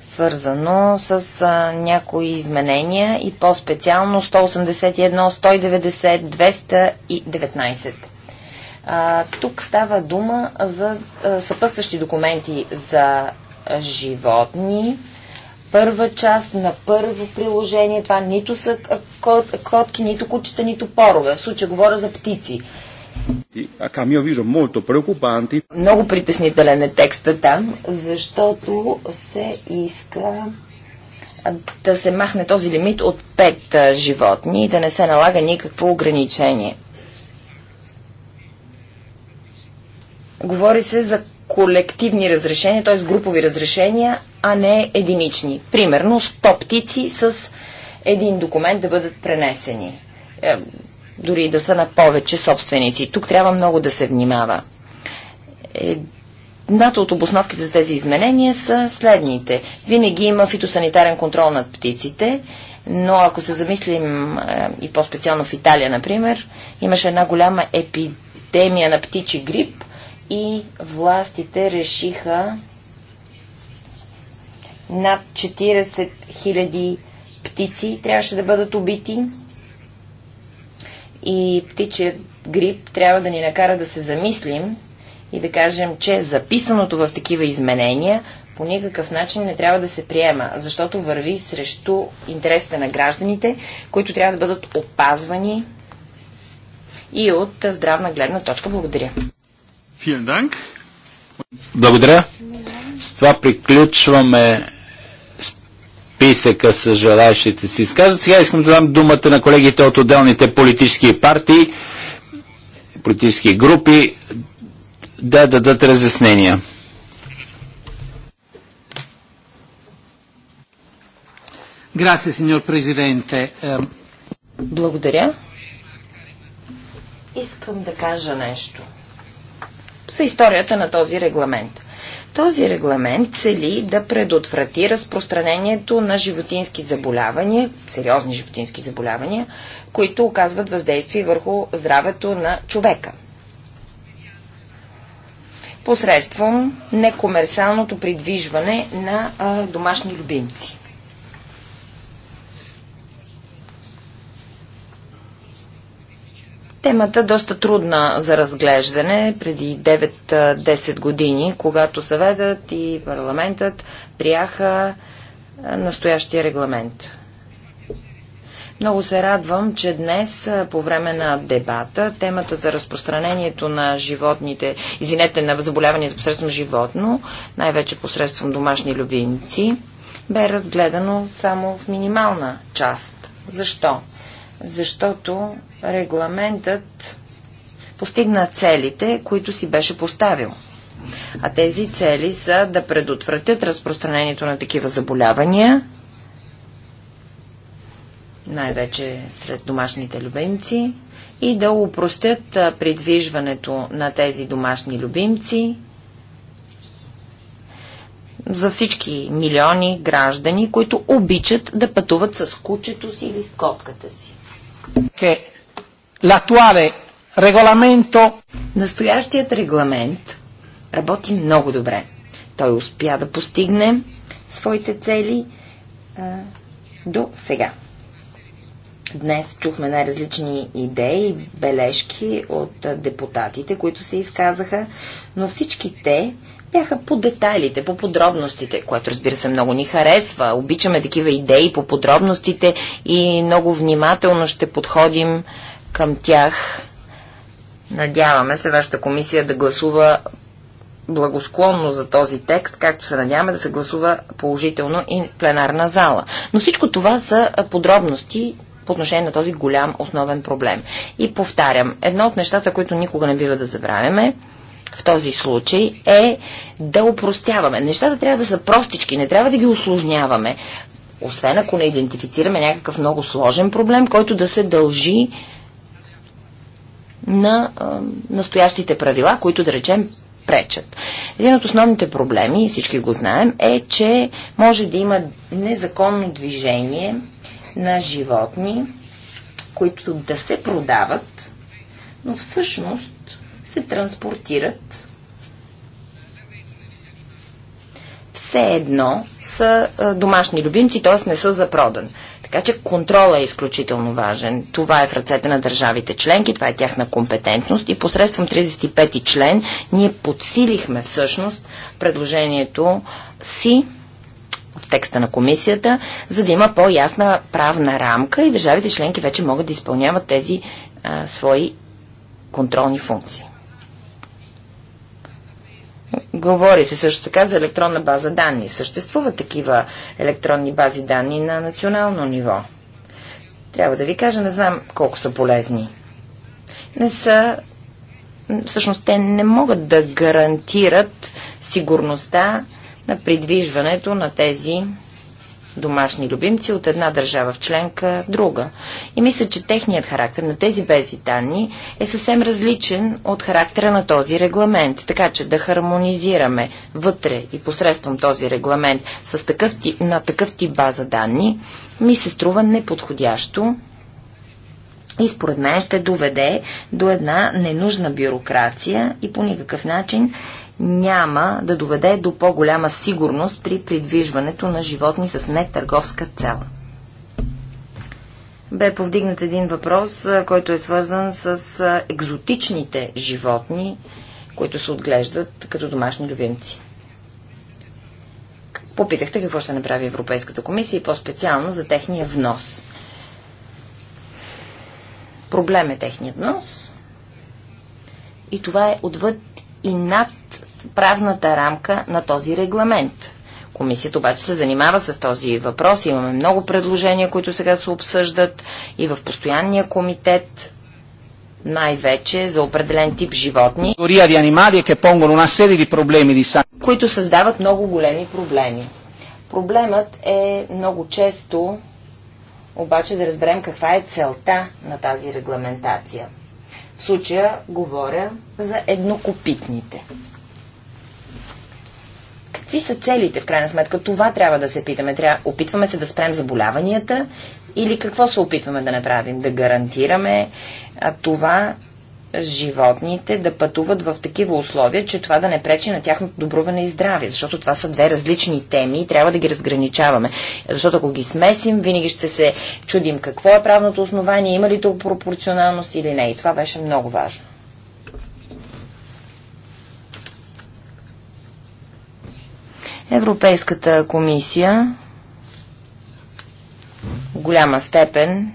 свързано с а, някои изменения и по-специално 181, 190, 219. А, тук става дума за а, съпъстващи документи за животни. Първа част на първо приложение, това нито са кот, котки, нито кучета, нито порове. В случая говоря за птици. A mio avviso molto преокупанти. Много притеснителен е текста там, защото се иска да се махне този лимит от 5 животни и да не се налага никакво ограничение. Говори се за колективни разрешения, т.е. групови разрешения, а не единични. Примерно 100 птици с един документ да бъдат пренесени. Е, дори да са на повече собственици. Тук трябва много да се внимава. Едната от обосновките за тези изменения са следните. Винаги има фитосанитарен контрол над птиците, но ако се замислим е, и по-специално в Италия, например, имаше една голяма епидемия на птичи грип – и властите решиха над 40 000 птици трябваше да бъдат убити и птичият грип трябва да ни накара да се замислим и да кажем, че записаното в такива изменения по никакъв начин не трябва да се приема, защото върви срещу интересите на гражданите, които трябва да бъдат опазвани и от здравна гледна точка. Благодаря. Благодаря. С това приключваме списъка с желаящите си изказват. Сега искам да дам думата на колегите от отделните политически партии, политически групи, да дадат разяснения. сеньор президенте. Ehm, Благодаря. Искам да кажа нещо за историята на този регламент. Този регламент цели да предотврати разпространението на животински заболявания, сериозни животински заболявания, които оказват въздействие върху здравето на човека. Посредством некомерсалното придвижване на а, домашни любимци. Темата е доста трудна за разглеждане преди 9-10 години, когато съветът и парламентът прияха настоящия регламент. Много се радвам, че днес по време на дебата темата за разпространението на животните, извинете, на заболяванията посредством животно, най-вече посредством домашни любимци, бе разгледано само в минимална част. Защо? защото регламентът постигна целите, които си беше поставил. А тези цели са да предотвратят разпространението на такива заболявания, най-вече сред домашните любимци, и да упростят придвижването на тези домашни любимци за всички милиони граждани, които обичат да пътуват с кучето си или с котката си. Che l'attuale регламенто... Настоящият регламент работи много добре. Той успя да постигне своите цели а, до сега. Днес чухме най-различни идеи, бележки от депутатите, които се изказаха, но всички те бяха по детайлите, по подробностите, което разбира се много ни харесва. Обичаме такива идеи по подробностите и много внимателно ще подходим към тях. Надяваме се вашата комисия да гласува благосклонно за този текст, както се надяваме да се гласува положително и пленарна зала. Но всичко това са подробности по отношение на този голям основен проблем. И повтарям, едно от нещата, които никога не бива да забравяме, в този случай е да упростяваме. Нещата трябва да са простички, не трябва да ги усложняваме. Освен ако не идентифицираме някакъв много сложен проблем, който да се дължи на а, настоящите правила, които да речем пречат. Един от основните проблеми, всички го знаем, е, че може да има незаконно движение на животни, които да се продават, но всъщност се транспортират. Все едно са домашни любимци, т.е. не са за продан. Така че контрола е изключително важен. Това е в ръцете на държавите членки, това е тяхна компетентност и посредством 35-ти член ние подсилихме всъщност предложението си в текста на комисията, за да има по-ясна правна рамка и държавите членки вече могат да изпълняват тези а, свои контролни функции. Говори се също така за електронна база данни. Съществуват такива електронни бази данни на национално ниво. Трябва да ви кажа, не знам колко са полезни. Не са... Всъщност те не могат да гарантират сигурността на придвижването на тези домашни любимци от една държава в членка в друга. И мисля, че техният характер на тези бези данни е съвсем различен от характера на този регламент. Така че да хармонизираме вътре и посредством този регламент с такъв тип, на такъв тип база данни, ми се струва неподходящо и според мен ще доведе до една ненужна бюрокрация и по никакъв начин няма да доведе до по-голяма сигурност при придвижването на животни с нетърговска цел. Бе повдигнат един въпрос, който е свързан с екзотичните животни, които се отглеждат като домашни любимци. Попитахте какво ще направи Европейската комисия и по-специално за техния внос. Проблем е техният внос и това е отвъд и над правната рамка на този регламент. Комисията обаче се занимава с този въпрос. Имаме много предложения, които сега се обсъждат и в постоянния комитет най-вече за определен тип животни, е, които създават много големи проблеми. Проблемът е много често обаче да разберем каква е целта на тази регламентация – случая говоря за еднокопитните. Какви са целите, в крайна сметка? Това трябва да се питаме. Трябва, опитваме се да спрем заболяванията или какво се опитваме да направим? Да гарантираме а, това, животните да пътуват в такива условия, че това да не пречи на тяхното добруване и здраве, защото това са две различни теми и трябва да ги разграничаваме. Защото ако ги смесим, винаги ще се чудим какво е правното основание, има ли тук пропорционалност или не. И това беше много важно. Европейската комисия в голяма степен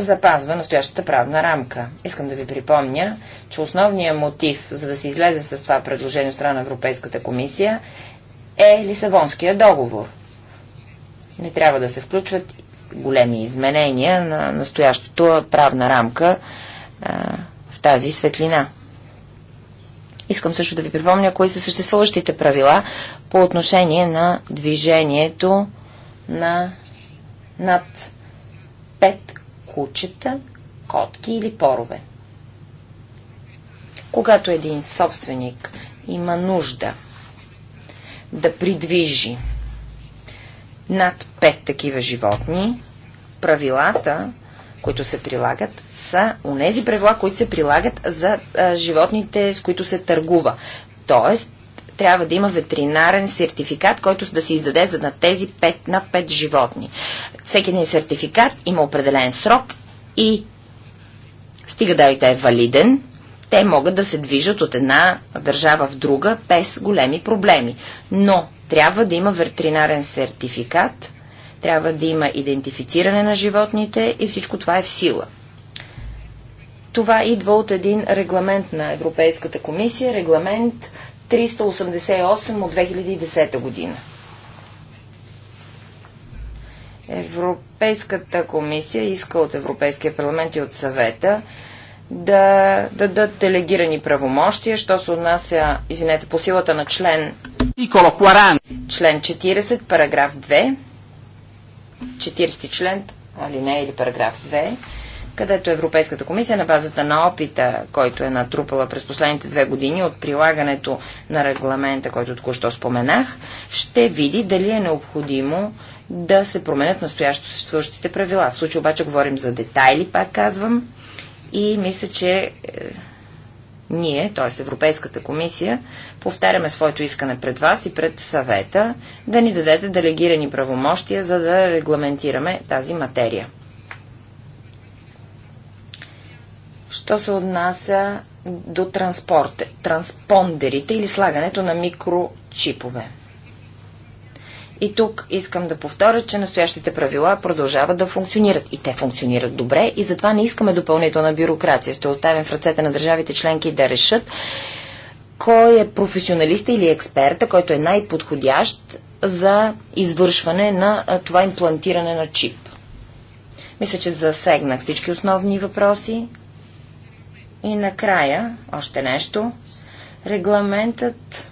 запазва настоящата правна рамка. Искам да ви припомня, че основният мотив за да се излезе с това предложение от страна на Европейската комисия е Лисабонския договор. Не трябва да се включват големи изменения на настоящото правна рамка а, в тази светлина. Искам също да ви припомня кои са съществуващите правила по отношение на движението на над кучета, котки или порове. Когато един собственик има нужда да придвижи над пет такива животни, правилата, които се прилагат, са унези правила, които се прилагат за а, животните, с които се търгува. Тоест, трябва да има ветеринарен сертификат, който да се издаде за над тези 5, над 5 животни. Всеки един сертификат има определен срок и стига да е валиден, те могат да се движат от една държава в друга без големи проблеми. Но трябва да има ветеринарен сертификат, трябва да има идентифициране на животните и всичко това е в сила. Това идва от един регламент на Европейската комисия, регламент 388 от 2010 година. Европейската комисия иска от Европейския парламент и от съвета да дадат делегирани правомощия, що се отнася, извинете, по силата на член, член 40, параграф 2, 40 член, алинея или параграф 2, където Европейската комисия на базата на опита, който е натрупала през последните две години от прилагането на регламента, който току-що споменах, ще види дали е необходимо да се променят настоящо съществуващите правила. В случай обаче говорим за детайли, пак казвам, и мисля, че е, ние, т.е. Европейската комисия, повтаряме своето искане пред вас и пред съвета да ни дадете делегирани правомощия, за да регламентираме тази материя. що се отнася до транспорте, транспондерите или слагането на микрочипове. И тук искам да повторя, че настоящите правила продължават да функционират. И те функционират добре и затова не искаме допълнителна бюрокрация. Ще оставим в ръцете на държавите членки да решат кой е професионалиста или експерта, който е най-подходящ за извършване на това имплантиране на чип. Мисля, че засегнах всички основни въпроси. И накрая, още нещо, регламентът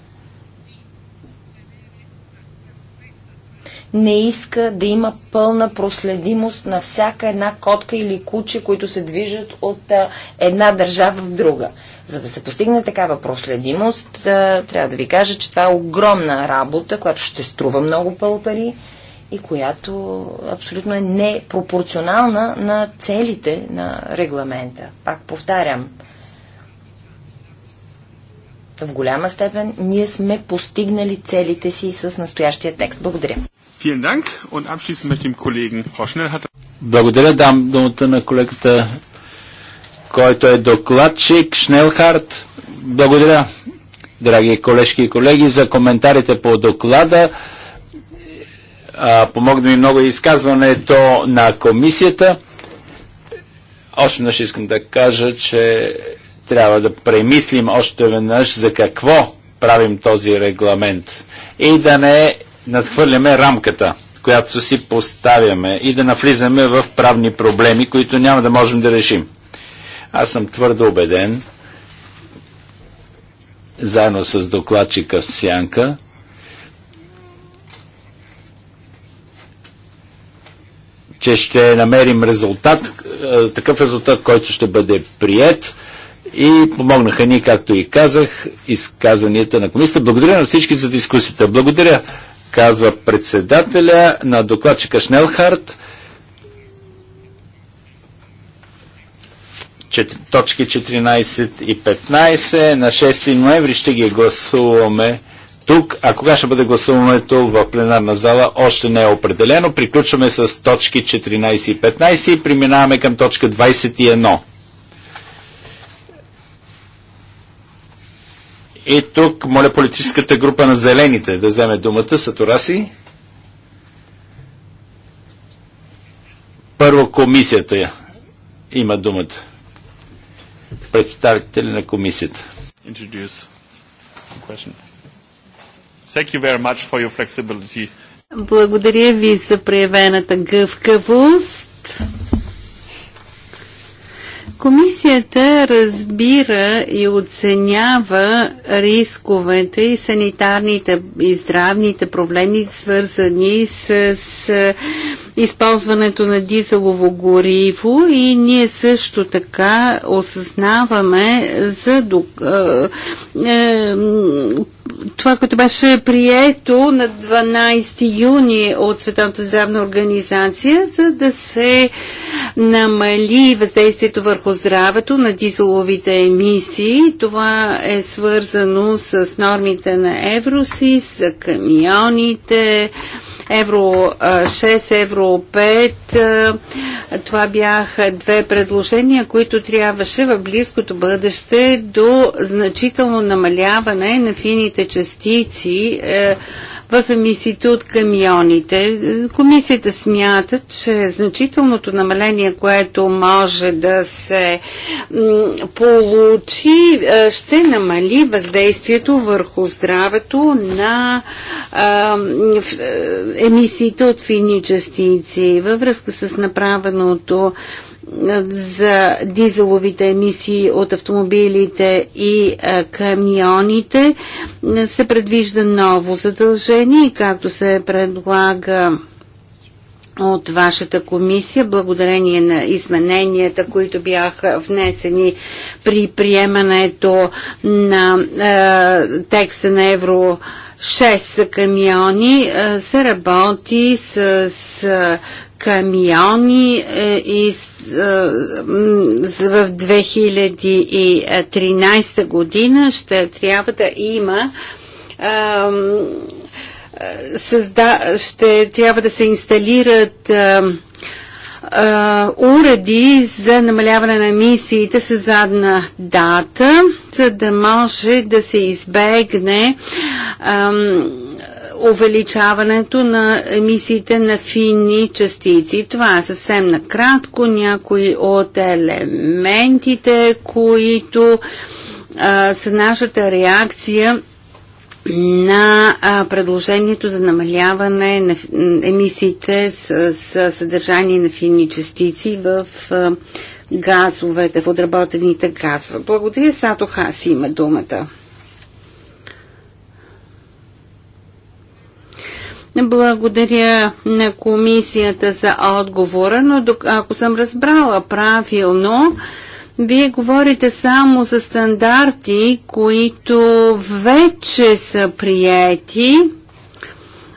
не иска да има пълна проследимост на всяка една котка или куче, които се движат от една държава в друга. За да се постигне такава проследимост, трябва да ви кажа, че това е огромна работа, която ще струва много пари и която абсолютно е непропорционална на целите на регламента. Пак повтарям, в голяма степен ние сме постигнали целите си с настоящия текст. Благодаря. Благодаря. Дам думата на колегата, който е докладчик Шнелхарт. Благодаря, драги колежки и колеги, за коментарите по доклада. Помогна ми много изказването на комисията. Още веднъж искам да кажа, че трябва да премислим още веднъж за какво правим този регламент и да не надхвърляме рамката, която си поставяме и да навлизаме в правни проблеми, които няма да можем да решим. Аз съм твърдо убеден, заедно с докладчика Сянка, че ще намерим резултат, е, такъв резултат, който ще бъде прият и помогнаха ни, както и казах, изказванията на комисията. Благодаря на всички за дискусията. Благодаря, казва председателя на докладчика Шнелхарт. точки 14 и 15. На 6 ноември ще ги гласуваме тук, а кога ще бъде гласуването в пленарна зала още не е определено. Приключваме с точки 14 и 15 и преминаваме към точка 21. И тук моля политическата група на зелените да вземе думата. Сатораси. Първо комисията има думата. Представители на комисията. Благодаря ви за проявената гъвкавост. Комисията разбира и оценява рисковете и санитарните и здравните проблеми, свързани с, с е, използването на дизелово гориво и ние също така осъзнаваме за е, е, това, което беше прието на 12 юни от Световната здравна организация, за да се намали въздействието върху здравето на дизеловите емисии. Това е свързано с нормите на Евросис, за камионите, Евро 6, Евро 5. Това бяха две предложения, които трябваше в близкото бъдеще до значително намаляване на фините частици е, в емисиите от камионите. Комисията смята, че значителното намаление, което може да се получи, е, ще намали въздействието върху здравето на е, е, емисиите от фини частици. Във връзка с направеното за дизеловите емисии от автомобилите и камионите се предвижда ново задължение, както се предлага от вашата комисия, благодарение на измененията, които бяха внесени при приемането на е, текста на Евро 6 камиони, е, се работи с, с камиони е, е, и в 2013 година ще трябва да има е, създа, ще трябва да се инсталират уреди за намаляване на емисиите с задна дата, за да може да се избегне а, увеличаването на емисиите на фини частици. Това е съвсем накратко някои от елементите, които а, са нашата реакция на а, предложението за намаляване на емисиите с, с съдържание на фини частици в а, газовете, в отработените газове. Благодаря, Сато Хаси има думата. Благодаря на комисията за отговора, но ако съм разбрала правилно, вие говорите само за стандарти, които вече са приети.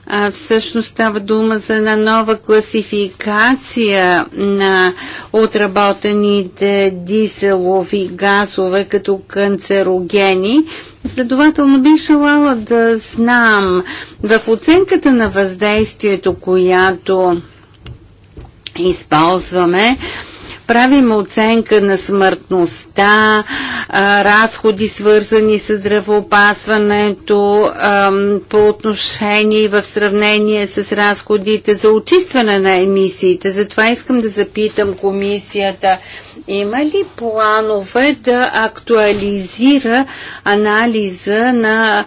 А, всъщност става дума за една нова класификация на отработените диселови газове като канцерогени. Следователно бих желала да знам в оценката на въздействието, която използваме, правим оценка на смъртността, разходи свързани с здравеопасването по отношение в сравнение с разходите за очистване на емисиите. Затова искам да запитам комисията, има ли планове да актуализира анализа на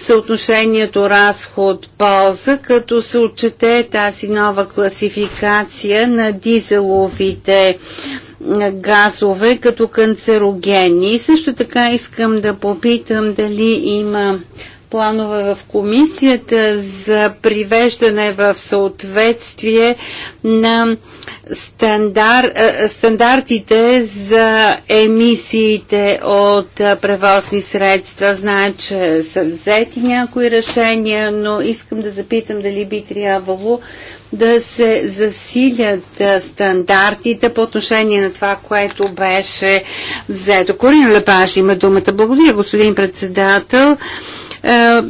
съотношението разход-полза, като се отчете тази нова класификация на дизеловите газове като канцерогени. също така искам да попитам дали има планове в комисията за привеждане в съответствие на стандар, стандартите за емисиите от превозни средства. Знае, че са взети някои решения, но искам да запитам дали би трябвало да се засилят стандартите по отношение на това, което беше взето. Корин Лепаш има думата. Благодаря, господин председател. Е,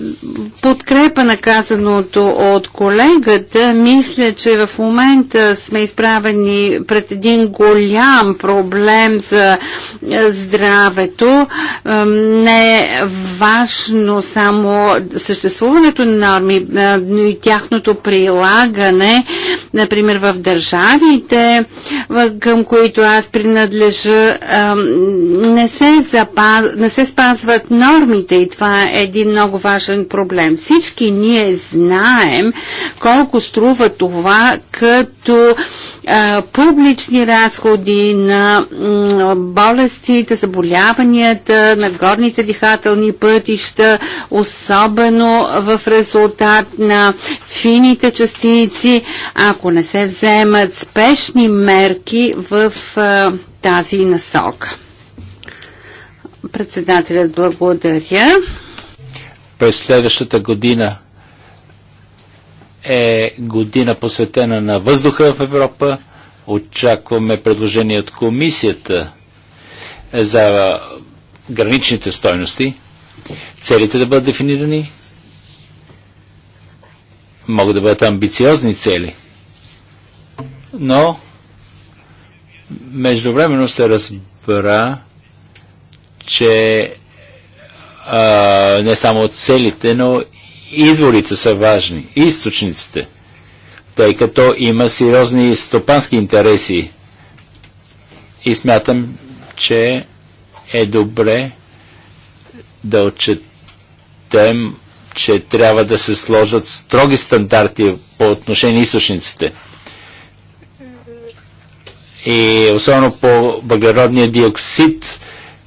подкрепа на казаното от колегата, мисля, че в момента сме изправени пред един голям проблем за е, здравето. Е, не е важно само съществуването на норми, но и тяхното прилагане, например в държавите, към които аз принадлежа, не се, запаз... не се спазват нормите и това е един много важен проблем. Всички ние знаем колко струва това като а, публични разходи на болестите, заболяванията, на горните дихателни пътища, особено в резултат на фините частици, ако не се вземат спешни мерки в а, тази насока. Председателят благодаря през следващата година е година посветена на въздуха в Европа. Очакваме предложение от комисията за граничните стойности, целите да бъдат дефинирани. Могат да бъдат амбициозни цели, но междувременно се разбра, че а, не само целите, но изворите са важни, източниците, тъй като има сериозни стопански интереси. И смятам, че е добре да отчетем, че трябва да се сложат строги стандарти по отношение на източниците. И особено по въглеродния диоксид,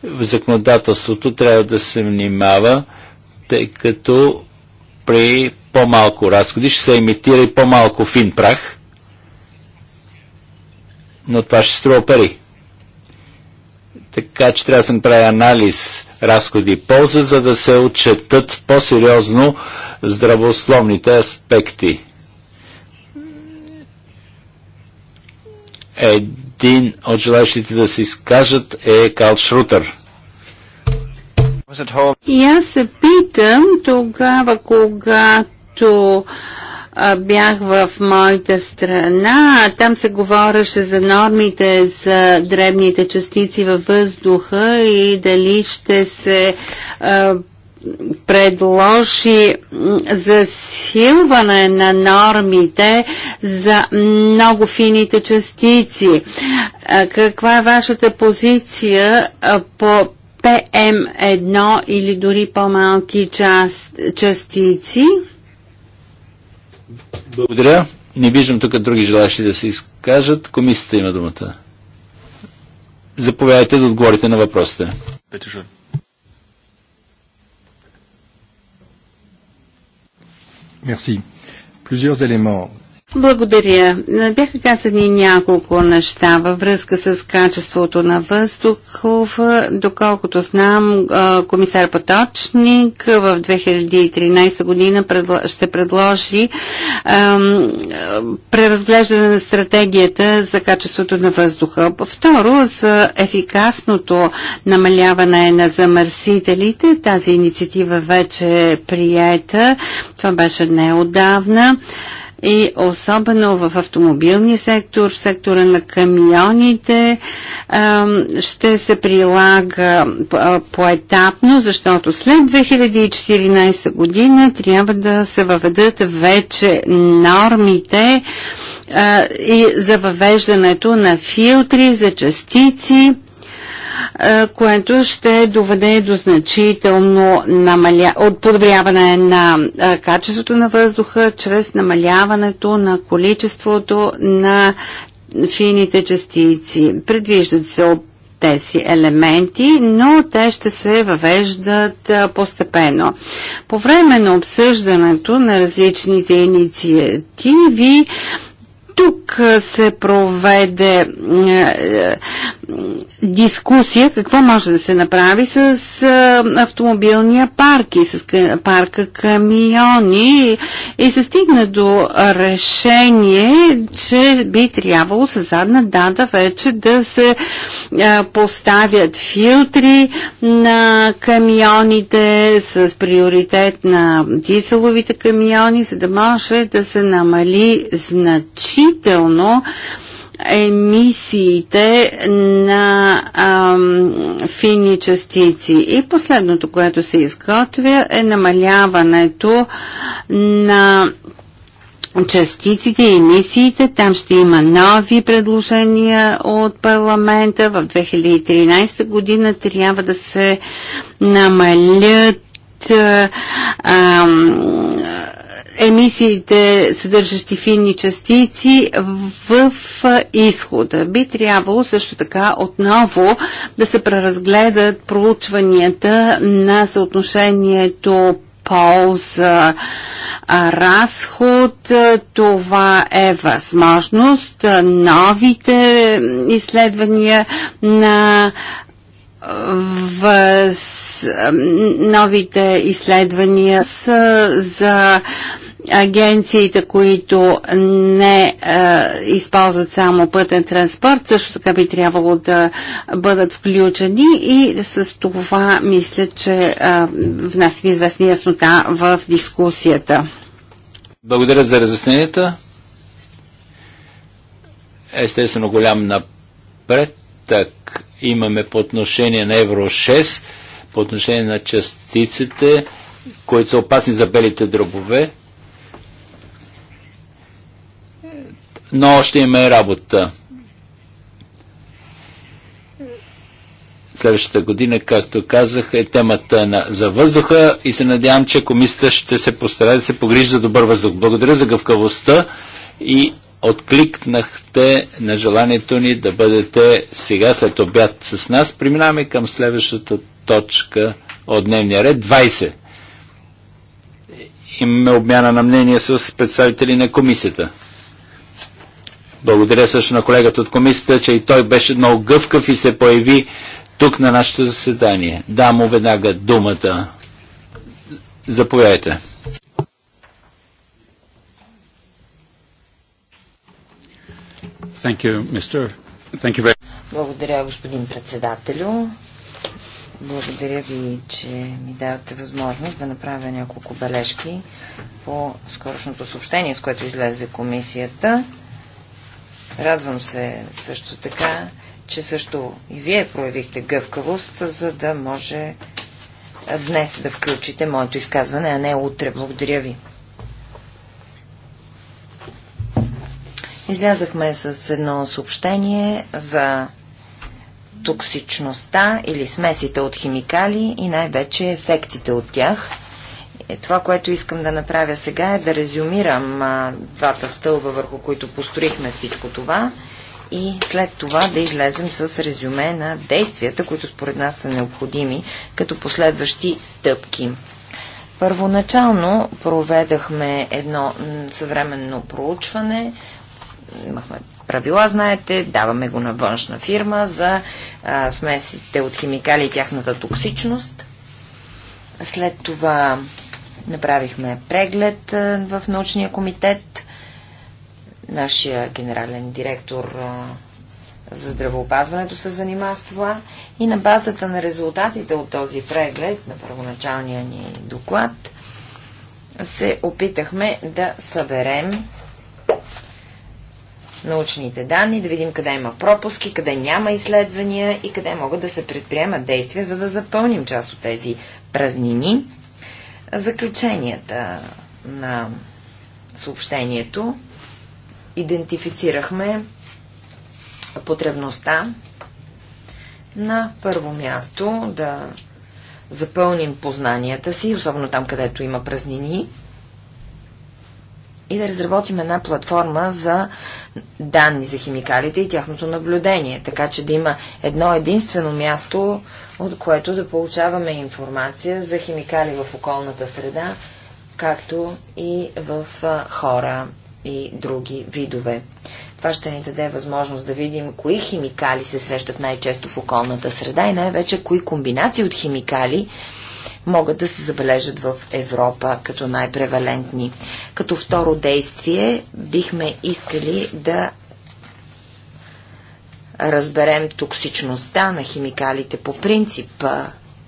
в законодателството трябва да се внимава, тъй като при по-малко разходи ще се имитира и по-малко фин прах, но това ще струва пари. Така че трябва да се направи анализ разходи и полза, за да се отчетат по-сериозно здравословните аспекти. Един от желаящите да се изкажат е Карл Шрутер. И аз се питам тогава, когато бях в моята страна, там се говореше за нормите за дребните частици във въздуха и дали ще се а, предложи засилване на нормите за много фините частици. Каква е вашата позиция по ПМ1 или дори по-малки част, частици? Благодаря. Не виждам тук други желащи да се изкажат. Комисията има думата. Заповядайте да отговорите на въпросите. Merci. Plusieurs éléments. Благодаря. Бяха казани няколко неща във връзка с качеството на въздух. Доколкото знам, комисар Поточник в 2013 година ще предложи преразглеждане на стратегията за качеството на въздуха. Второ, за ефикасното намаляване на замърсителите. Тази инициатива вече е приета. Това беше неодавна. отдавна и особено в автомобилния сектор, в сектора на камионите ще се прилага поетапно, защото след 2014 година трябва да се въведат вече нормите и за въвеждането на филтри за частици е, което ще доведе до значително намаля... от подобряване на е, качеството на въздуха чрез намаляването на количеството на фините частици. Предвиждат се от тези елементи, но те ще се въвеждат е, постепенно. По време на обсъждането на различните инициативи, тук се проведе дискусия какво може да се направи с а, автомобилния парк и с парка камиони и се стигна до решение, че би трябвало с задна дата вече да се а, поставят филтри на камионите с приоритет на дизеловите камиони, за да може да се намали значително а, емисиите на ам, фини частици. И последното, което се изготвя е намаляването на частиците и емисиите. Там ще има нови предложения от парламента. В 2013 година трябва да се намалят ам, емисиите, съдържащи финни частици в изхода. Би трябвало също така отново да се преразгледат проучванията на съотношението полза разход. Това е възможност новите изследвания на в новите изследвания са за агенциите, които не е, използват само пътен транспорт, също така би трябвало да бъдат включени и с това мисля, че е, внасяме известна яснота в дискусията. Благодаря за разясненията. Естествено голям напредък имаме по отношение на Евро 6, по отношение на частиците, които са опасни за белите дробове. Но още има и работа. Следващата година, както казах, е темата на, за въздуха и се надявам, че комисията ще се постарае да се погрижи за добър въздух. Благодаря за гъвкавостта и откликнахте на желанието ни да бъдете сега след обяд с нас. Преминаваме към следващата точка от дневния ред 20. Имаме обмяна на мнение с представители на комисията. Благодаря също на колегата от комисията, че и той беше много гъвкав и се появи тук на нашето заседание. Дам му веднага думата. Заповядайте. You, very... Благодаря, господин председателю. Благодаря ви, че ми давате възможност да направя няколко бележки по скорошното съобщение, с което излезе комисията. Радвам се също така, че също и вие проявихте гъвкавост, за да може днес да включите моето изказване, а не утре. Благодаря ви. Излязахме с едно съобщение за токсичността или смесите от химикали и най-вече ефектите от тях. Е, това, което искам да направя сега е да резюмирам а, двата стълба, върху които построихме всичко това и след това да излезем с резюме на действията, които според нас са необходими като последващи стъпки. Първоначално проведахме едно съвременно проучване имахме правила, знаете, даваме го на външна фирма за а, смесите от химикали и тяхната токсичност. След това направихме преглед а, в научния комитет. Нашия генерален директор а, за здравеопазването се занима с това и на базата на резултатите от този преглед, на първоначалния ни доклад, се опитахме да съберем научните данни, да видим къде има пропуски, къде няма изследвания и къде могат да се предприемат действия, за да запълним част от тези празнини. Заключенията на съобщението идентифицирахме потребността на първо място да запълним познанията си, особено там, където има празнини, и да разработим една платформа за данни за химикалите и тяхното наблюдение, така че да има едно единствено място, от което да получаваме информация за химикали в околната среда, както и в хора и други видове. Това ще ни даде възможност да видим кои химикали се срещат най-често в околната среда и най-вече кои комбинации от химикали могат да се забележат в Европа като най-превалентни. Като второ действие бихме искали да разберем токсичността на химикалите по принцип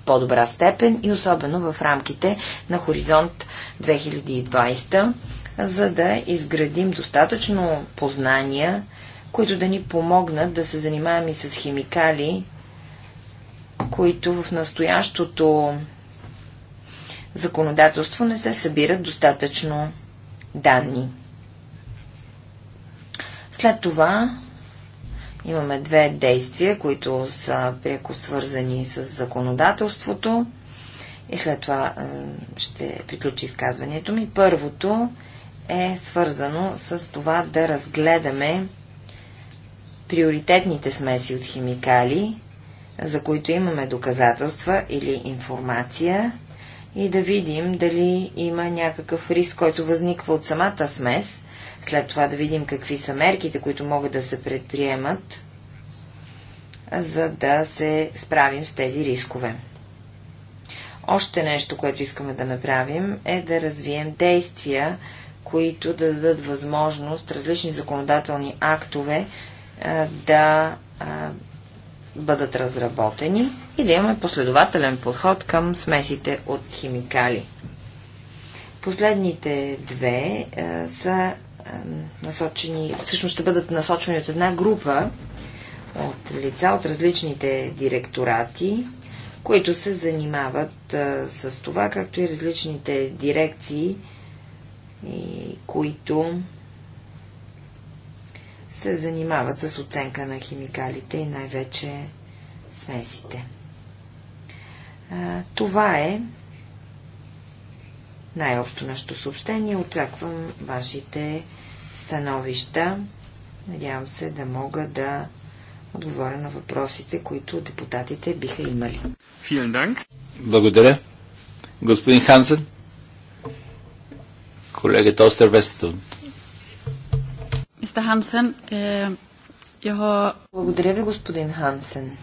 по-добра степен и особено в рамките на Хоризонт 2020, за да изградим достатъчно познания, които да ни помогнат да се занимаваме с химикали, които в настоящото законодателство не се събират достатъчно данни. След това имаме две действия, които са пряко свързани с законодателството. И след това е, ще приключи изказването ми. Първото е свързано с това да разгледаме приоритетните смеси от химикали, за които имаме доказателства или информация и да видим дали има някакъв риск, който възниква от самата смес. След това да видим какви са мерките, които могат да се предприемат, за да се справим с тези рискове. Още нещо, което искаме да направим, е да развием действия, които да дадат възможност различни законодателни актове да бъдат разработени и да имаме последователен подход към смесите от химикали. Последните две е, са е, насочени, всъщност ще бъдат насочени от една група от лица от различните директорати, които се занимават а, е, с това, както и различните дирекции, и които се занимават с оценка на химикалите и най-вече смесите. Това е най-общо нашето съобщение. Очаквам вашите становища. Надявам се да мога да отговоря на въпросите, които депутатите биха имали. Благодаря. Господин Хансен, колегата Остер Вестетон. Мистер Хансен, я е, Благодаря ви, господин Хансен.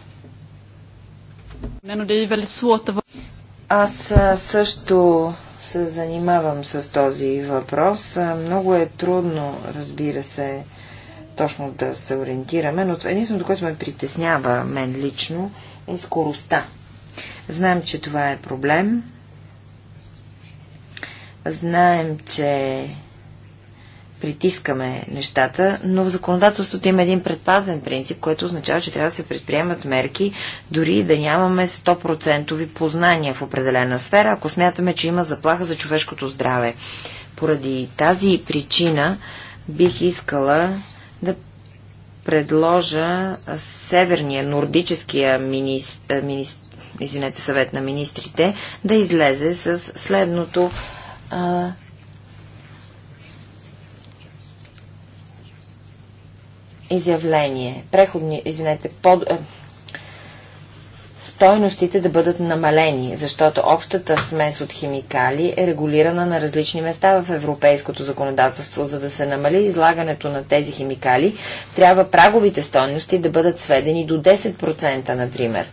Аз също се занимавам с този въпрос. Много е трудно, разбира се, точно да се ориентираме, но единственото, което ме притеснява мен лично, е скоростта. Знаем, че това е проблем. Знаем, че притискаме нещата, но в законодателството има един предпазен принцип, което означава, че трябва да се предприемат мерки, дори да нямаме 100% познания в определена сфера, ако смятаме, че има заплаха за човешкото здраве. Поради тази причина бих искала да предложа северния, нордическия министр, е, министр, извинете, съвет на министрите да излезе с следното а, изявление. Преходни, извинете, под, е, стойностите да бъдат намалени, защото общата смес от химикали е регулирана на различни места в европейското законодателство. За да се намали излагането на тези химикали, трябва праговите стойности да бъдат сведени до 10%, например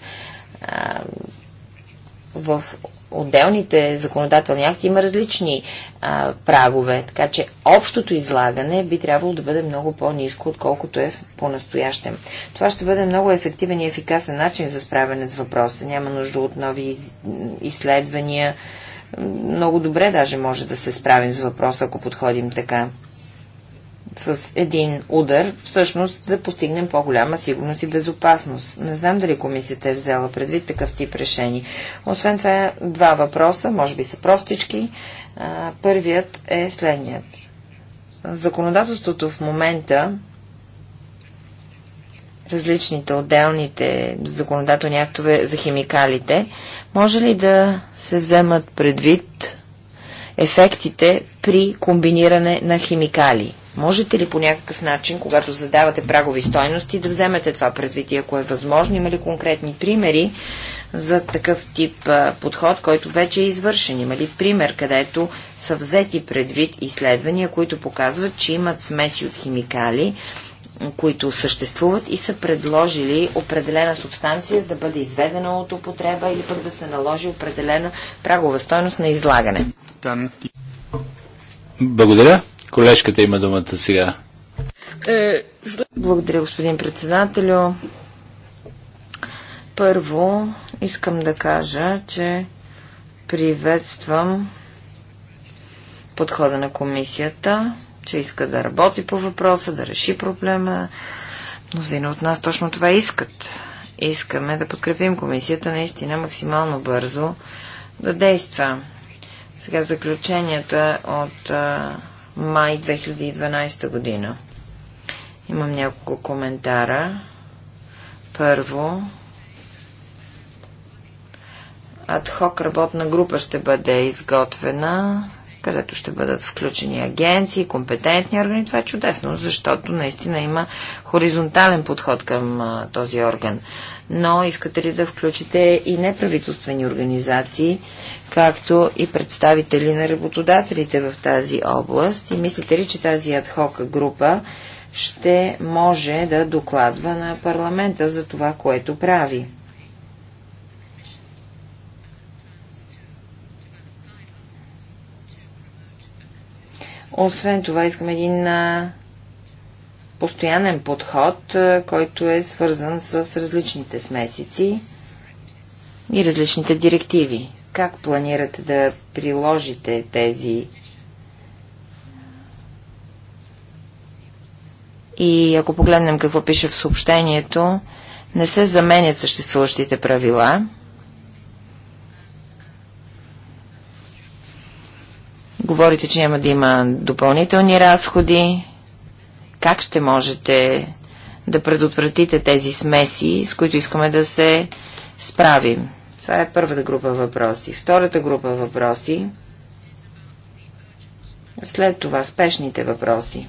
в отделните законодателни акти има различни а, прагове, така че общото излагане би трябвало да бъде много по-низко, отколкото е по-настоящем. Това ще бъде много ефективен и ефикасен начин за справяне с въпроса. Няма нужда от нови из... изследвания. Много добре даже може да се справим с въпроса, ако подходим така с един удар, всъщност да постигнем по-голяма сигурност и безопасност. Не знам дали комисията е взела предвид такъв тип решение. Освен това, два въпроса, може би са простички. Първият е следният. Законодателството в момента различните отделните законодателни актове за химикалите, може ли да се вземат предвид ефектите при комбиниране на химикали? Можете ли по някакъв начин, когато задавате прагови стойности, да вземете това предвид и ако е възможно, има ли конкретни примери за такъв тип подход, който вече е извършен? Има ли пример, където са взети предвид изследвания, които показват, че имат смеси от химикали, които съществуват и са предложили определена субстанция да бъде изведена от употреба или пък да се наложи определена прагова стойност на излагане. Благодаря. Колежката има думата сега. Е, Благодаря, господин председателю. Първо, искам да кажа, че приветствам подхода на комисията, че иска да работи по въпроса, да реши проблема. Мнозина от нас точно това искат. Искаме да подкрепим комисията наистина максимално бързо да действа. Сега заключенията от май 2012 година. Имам няколко коментара. Първо, адхок работна група ще бъде изготвена където ще бъдат включени агенции, компетентни органи. Това е чудесно, защото наистина има хоризонтален подход към а, този орган. Но искате ли да включите и неправителствени организации, както и представители на работодателите в тази област? И мислите ли, че тази адхок група ще може да докладва на парламента за това, което прави? Освен това, искам един постоянен подход, който е свързан с различните смесици и различните директиви. Как планирате да приложите тези И ако погледнем какво пише в съобщението, не се заменят съществуващите правила, Говорите, че няма да има допълнителни разходи. Как ще можете да предотвратите тези смеси, с които искаме да се справим? Това е първата група въпроси. Втората група въпроси. След това спешните въпроси.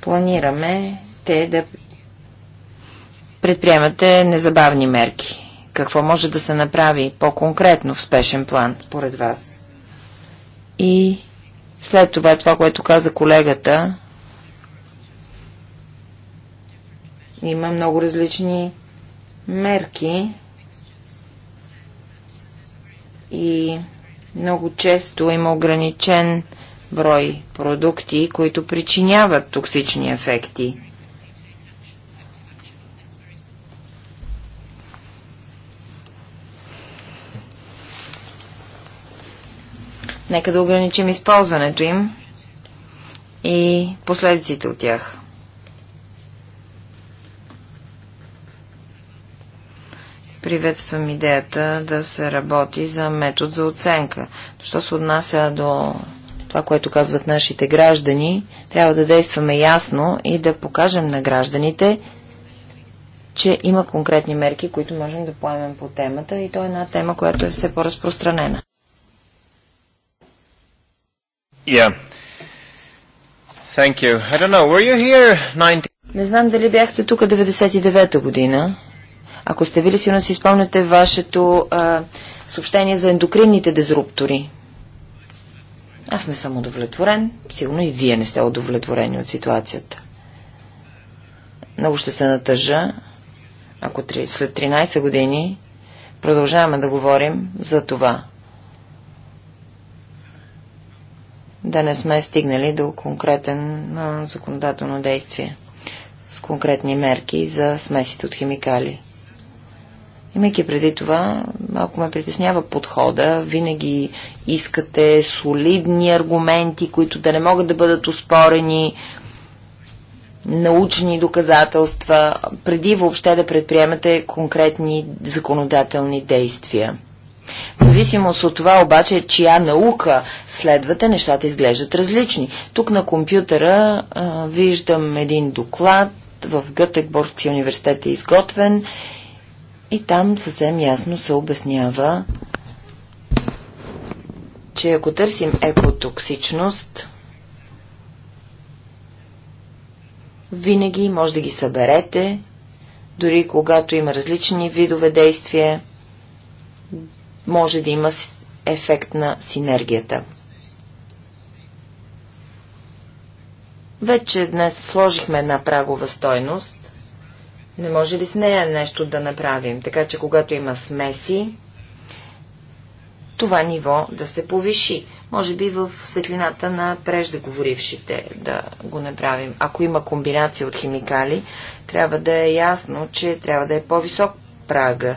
Планираме те да предприемате незабавни мерки. Какво може да се направи по-конкретно в спешен план, според вас? И след това, това, което каза колегата, има много различни мерки и много често има ограничен брой продукти, които причиняват токсични ефекти. Нека да ограничим използването им и последиците от тях. Приветствам идеята да се работи за метод за оценка. Що се отнася до това, което казват нашите граждани, трябва да действаме ясно и да покажем на гражданите, че има конкретни мерки, които можем да поемем по темата и то е една тема, която е все по-разпространена. Yeah. Thank you. I don't know, were you here 90... Не знам дали бяхте тук 99-та година. Ако сте били, сигурно си спомняте вашето а, съобщение за ендокринните дезруптори. Аз не съм удовлетворен. Сигурно и вие не сте удовлетворени от ситуацията. Много ще се натъжа, ако след 13 години продължаваме да говорим за това. да не сме стигнали до конкретен а, законодателно действие с конкретни мерки за смесите от химикали. Имайки преди това, малко ме притеснява подхода. Винаги искате солидни аргументи, които да не могат да бъдат успорени, научни доказателства, преди въобще да предприемате конкретни законодателни действия. В зависимост от това обаче, чия наука следвате, нещата изглеждат различни. Тук на компютъра а, виждам един доклад, в Гътекборгския университет е изготвен и там съвсем ясно се обяснява, че ако търсим екотоксичност, винаги може да ги съберете, дори когато има различни видове действия – може да има ефект на синергията. Вече днес сложихме една прагова стойност. Не може ли с нея нещо да направим? Така че когато има смеси, това ниво да се повиши. Може би в светлината на преждеговорившите да го направим. Ако има комбинация от химикали, трябва да е ясно, че трябва да е по-висок прага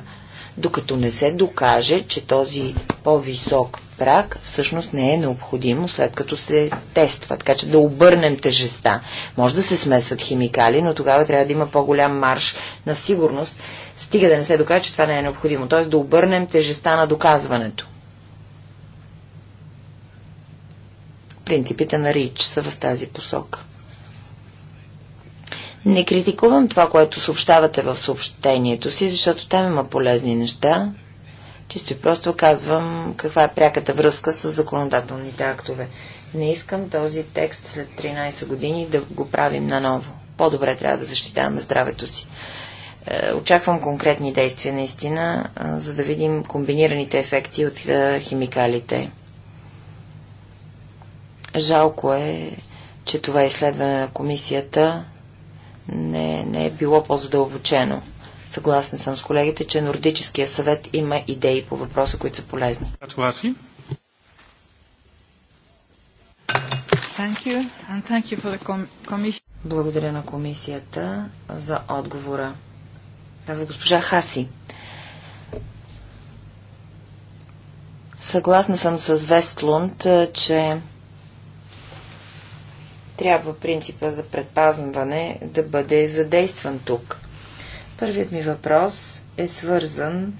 докато не се докаже, че този по-висок прак всъщност не е необходимо след като се тества. Така че да обърнем тежеста. Може да се смесват химикали, но тогава трябва да има по-голям марш на сигурност, стига да не се докаже, че това не е необходимо. Т.е. да обърнем тежеста на доказването. Принципите на РИЧ са в тази посока. Не критикувам това, което съобщавате в съобщението си, защото там има полезни неща. Чисто и просто казвам каква е пряката връзка с законодателните актове. Не искам този текст след 13 години да го правим наново. По-добре трябва да защитаваме здравето си. Е, очаквам конкретни действия наистина, е, за да видим комбинираните ефекти от е, химикалите. Жалко е, че това изследване на комисията не, не е било по-задълбочено. Съгласен съм с колегите, че Нордическия съвет има идеи по въпроса, които са полезни. Благодаря на комисията за отговора. Казва госпожа Хаси. Съгласна съм с Вестлунд, че трябва принципа за предпазване да бъде задействан тук. Първият ми въпрос е свързан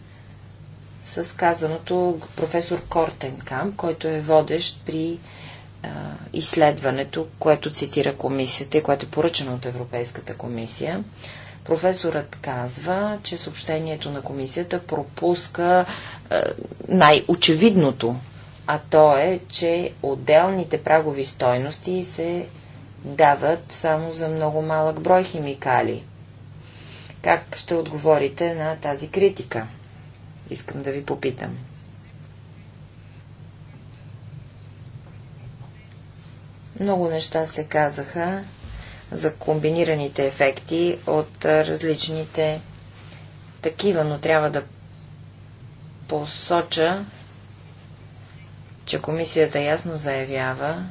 с казаното професор Кортенкам, който е водещ при а, изследването, което цитира комисията и което е поръчано от Европейската комисия. Професорът казва, че съобщението на комисията пропуска най-очевидното, а то е, че отделните прагови стойности се дават само за много малък брой химикали. Как ще отговорите на тази критика? Искам да ви попитам. Много неща се казаха за комбинираните ефекти от различните такива, но трябва да посоча, че комисията ясно заявява,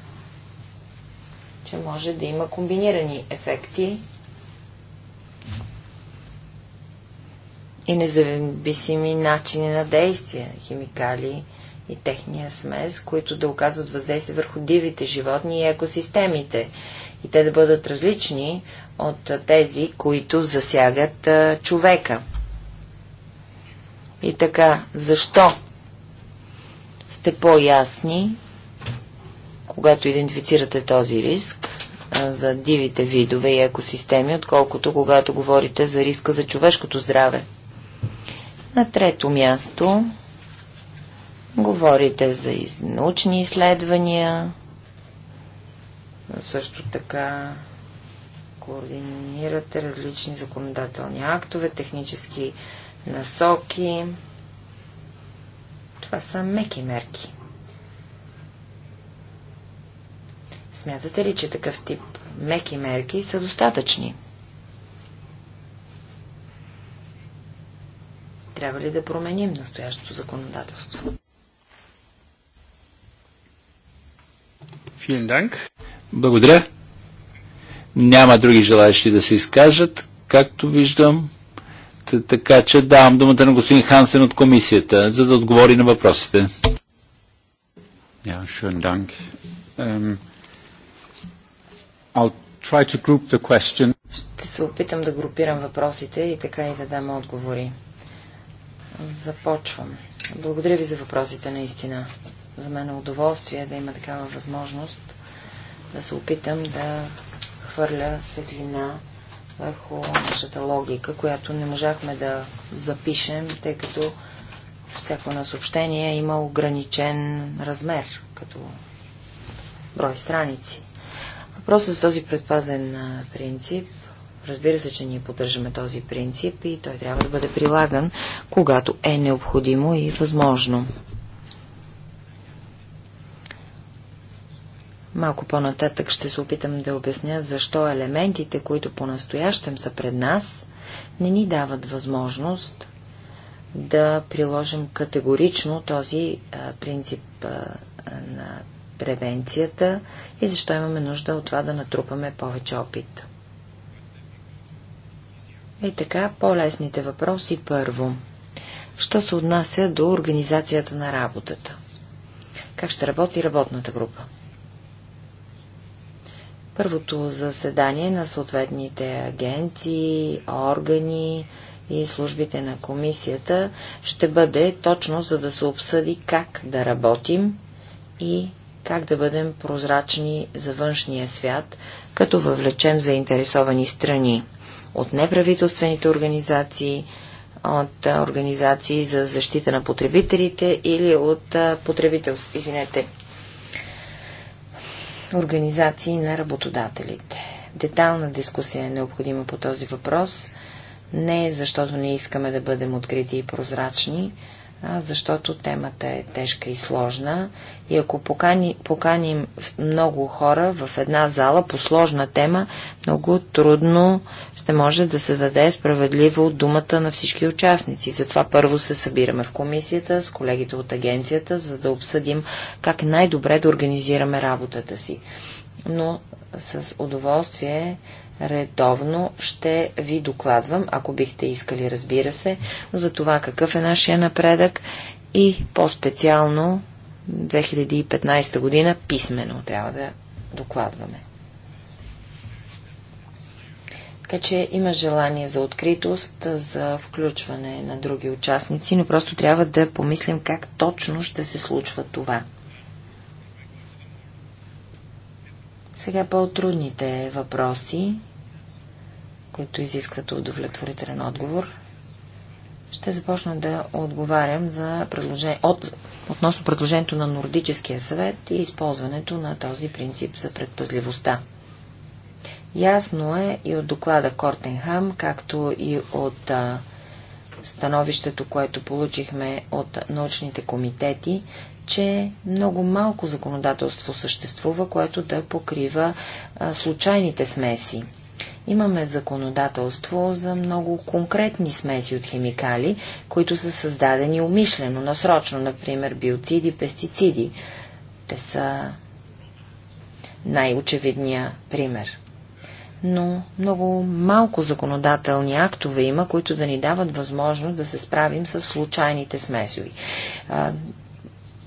че може да има комбинирани ефекти и независими начини на действие, химикали и техния смес, които да оказват въздействие върху дивите животни и екосистемите. И те да бъдат различни от тези, които засягат а, човека. И така, защо сте по-ясни когато идентифицирате този риск за дивите видове и екосистеми, отколкото когато говорите за риска за човешкото здраве. На трето място говорите за научни изследвания, също така координирате различни законодателни актове, технически насоки. Това са меки мерки. Смятате ли, че такъв тип меки мерки са достатъчни? Трябва ли да променим настоящото законодателство? Благодаря. Няма други желаящи да се изкажат, както виждам. Така че давам думата на господин Хансен от комисията, за да отговори на въпросите. Ja, schönen Dank. Ähm, ще се опитам да групирам въпросите и така и да дам отговори. Започвам. Благодаря ви за въпросите, наистина. За мен е удоволствие да има такава възможност да се опитам да хвърля светлина върху нашата логика, която не можахме да запишем, тъй като всяко на съобщение има ограничен размер, като брой страници. Въпросът с този предпазен принцип, разбира се, че ние поддържаме този принцип и той трябва да бъде прилаган, когато е необходимо и възможно. Малко по-нататък ще се опитам да обясня защо елементите, които по-настоящем са пред нас, не ни дават възможност да приложим категорично този а, принцип а, на превенцията и защо имаме нужда от това да натрупаме повече опит. И така, по-лесните въпроси първо. Що се отнася до организацията на работата? Как ще работи работната група? Първото заседание на съответните агенции, органи, и службите на комисията ще бъде точно за да се обсъди как да работим и как да бъдем прозрачни за външния свят, като въвлечем заинтересовани страни от неправителствените организации, от организации за защита на потребителите или от потребителски, извинете, организации на работодателите. Детална дискусия е необходима по този въпрос, не е защото не искаме да бъдем открити и прозрачни, защото темата е тежка и сложна. И ако покани, поканим много хора в една зала по сложна тема, много трудно ще може да се даде справедливо думата на всички участници. Затова първо се събираме в комисията с колегите от агенцията, за да обсъдим как най-добре да организираме работата си. Но с удоволствие редовно ще ви докладвам, ако бихте искали, разбира се, за това какъв е нашия напредък и по-специално 2015 година писменно трябва да докладваме. Така че има желание за откритост, за включване на други участници, но просто трябва да помислим как точно ще се случва това. Сега по-трудните въпроси, които изискват удовлетворителен отговор, ще започна да отговарям за предложение, от, относно предложението на Нордическия съвет и използването на този принцип за предпазливостта. Ясно е и от доклада Кортенхам, както и от а, становището, което получихме от научните комитети, че много малко законодателство съществува, което да покрива а, случайните смеси. Имаме законодателство за много конкретни смеси от химикали, които са създадени умишлено, насрочно, например биоциди, пестициди. Те са най-очевидния пример. Но много малко законодателни актове има, които да ни дават възможност да се справим с случайните смесови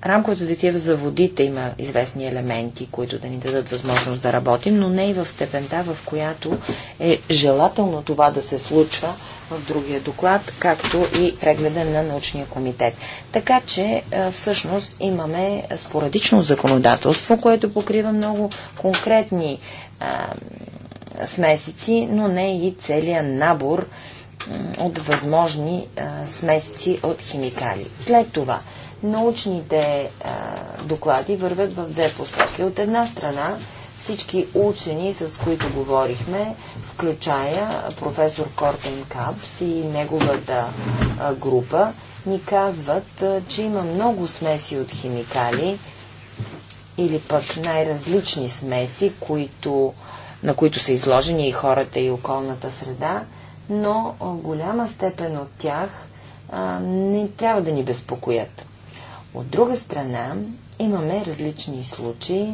рамковата директива за водите има известни елементи, които да ни дадат възможност да работим, но не и в степента, в която е желателно това да се случва в другия доклад, както и прегледа на научния комитет. Така че е, всъщност имаме спорадично законодателство, което покрива много конкретни а, е, смесици, но не и целият набор от възможни а, е, смесици от химикали. След това Научните а, е, доклади вървят в две посоки. От една страна, всички учени, с които говорихме, включая професор Кортен Капс и неговата а, е, група, ни казват, а, е, че има много смеси от химикали или пък най-различни смеси, които, на които са изложени и хората и околната среда, но голяма степен от тях а, не трябва да ни безпокоят. От друга страна, имаме различни случаи,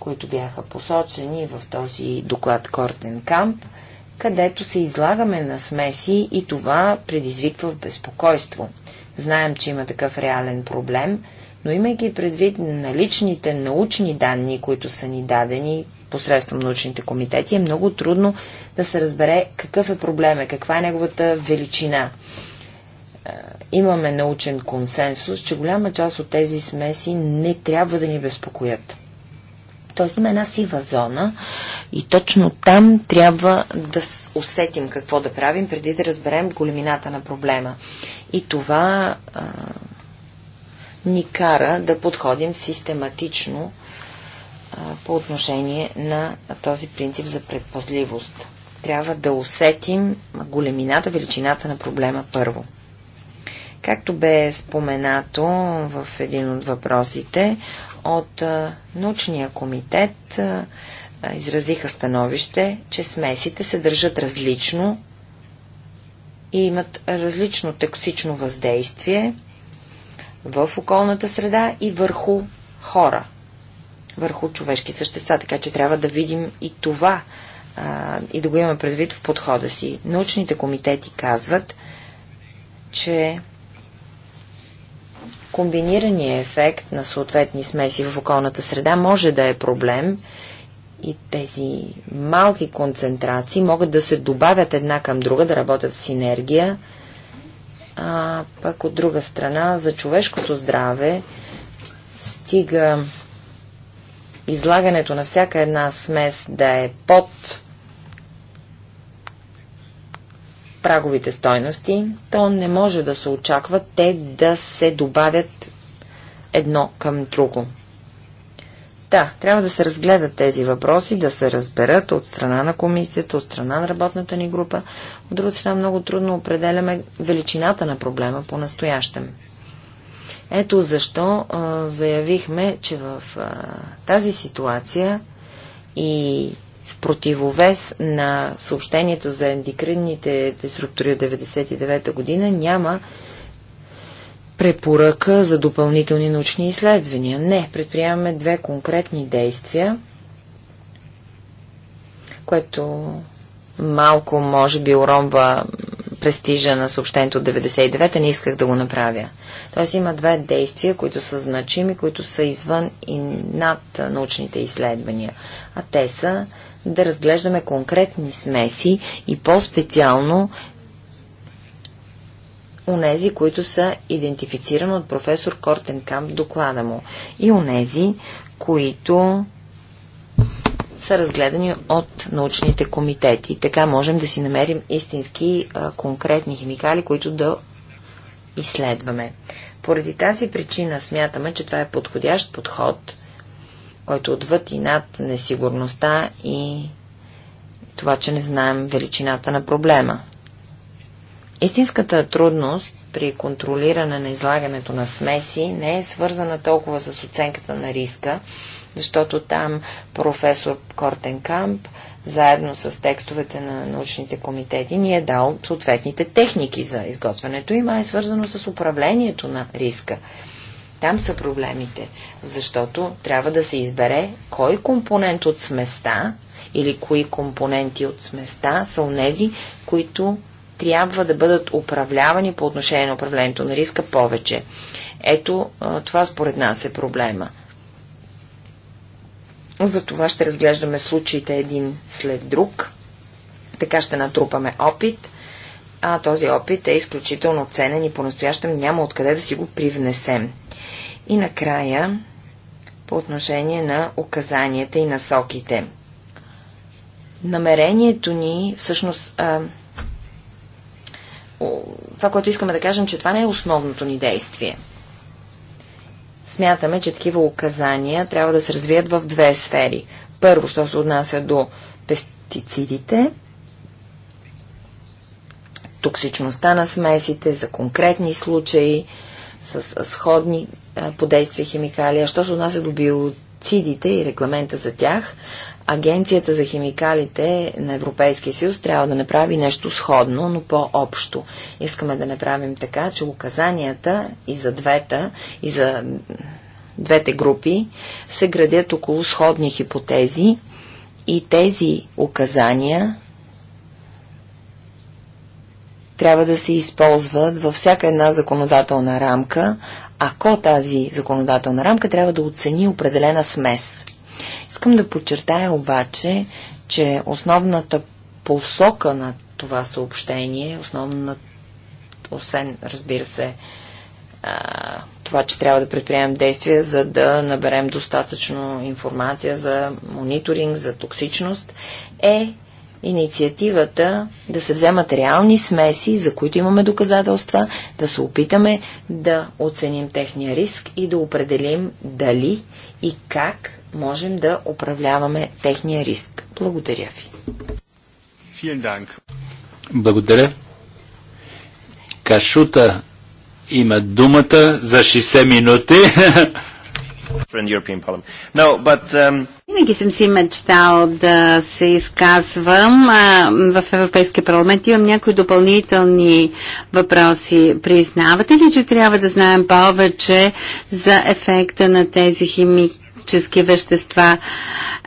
които бяха посочени в този доклад Кортен Камп, където се излагаме на смеси и това предизвиква в безпокойство. Знаем, че има такъв реален проблем, но имайки предвид наличните научни данни, които са ни дадени посредством научните комитети, е много трудно да се разбере какъв е проблема, каква е неговата величина имаме научен консенсус, че голяма част от тези смеси не трябва да ни безпокоят. Тоест има една сива зона и точно там трябва да усетим какво да правим, преди да разберем големината на проблема. И това а, ни кара да подходим систематично а, по отношение на този принцип за предпазливост. Трябва да усетим големината, величината на проблема първо. Както бе споменато в един от въпросите, от научния комитет изразиха становище, че смесите се държат различно и имат различно токсично въздействие в околната среда и върху хора, върху човешки същества. Така че трябва да видим и това и да го имаме предвид в подхода си. Научните комитети казват, че комбинирания ефект на съответни смеси в околната среда може да е проблем и тези малки концентрации могат да се добавят една към друга, да работят в синергия. А пък от друга страна, за човешкото здраве стига излагането на всяка една смес да е под праговите стойности, то не може да се очаква те да се добавят едно към друго. Да, трябва да се разгледат тези въпроси, да се разберат от страна на комисията, от страна на работната ни група. От друга страна много трудно определяме величината на проблема по-настоящем. Ето защо а, заявихме, че в а, тази ситуация и в противовес на съобщението за ендикринните деструктури от 1999 година няма препоръка за допълнителни научни изследвания. Не, предприемаме две конкретни действия, което малко, може би, уронва престижа на съобщението от 99-та, не исках да го направя. Тоест има две действия, които са значими, които са извън и над научните изследвания. А те са да разглеждаме конкретни смеси и по-специално унези, които са идентифицирани от професор Кортенкамп в доклада му и унези, които са разгледани от научните комитети. Така можем да си намерим истински а, конкретни химикали, които да изследваме. Поради тази причина смятаме, че това е подходящ подход – който е отвъд и над несигурността и това, че не знаем величината на проблема. Истинската трудност при контролиране на излагането на смеси не е свързана толкова с оценката на риска, защото там професор Кортенкамп, заедно с текстовете на научните комитети, ни е дал съответните техники за изготвянето им, а е свързано с управлението на риска. Там са проблемите, защото трябва да се избере кой компонент от сместа или кои компоненти от сместа са онези, които трябва да бъдат управлявани по отношение на управлението на риска повече. Ето, това според нас е проблема. За това ще разглеждаме случаите един след друг. Така ще натрупаме опит – а този опит е изключително ценен и по-настоящем няма откъде да си го привнесем. И накрая, по отношение на указанията и насоките. Намерението ни, всъщност, а, това, което искаме да кажем, че това не е основното ни действие. Смятаме, че такива указания трябва да се развият в две сфери. Първо, що се отнася до пестицидите, токсичността на смесите, за конкретни случаи с сходни подействия химикали. А що се отнася до биоцидите и регламента за тях, Агенцията за химикалите на Европейския съюз трябва да направи нещо сходно, но по-общо. Искаме да направим така, че указанията и за двете, и за двете групи се градят около сходни хипотези и тези указания трябва да се използват във всяка една законодателна рамка, ако тази законодателна рамка трябва да оцени определена смес. Искам да подчертая обаче, че основната посока на това съобщение, основна, освен, разбира се, това, че трябва да предприемем действия, за да наберем достатъчно информация за мониторинг, за токсичност, е инициативата да се вземат реални смеси, за които имаме доказателства, да се опитаме да оценим техния риск и да определим дали и как можем да управляваме техния риск. Благодаря ви. Благодаря. Кашута има думата за 60 минути. [laughs] No, but, um... Винаги съм си мечтал да се изказвам в Европейския парламент. Имам някои допълнителни въпроси. Признавате ли, че трябва да знаем повече за ефекта на тези химикали? химически вещества.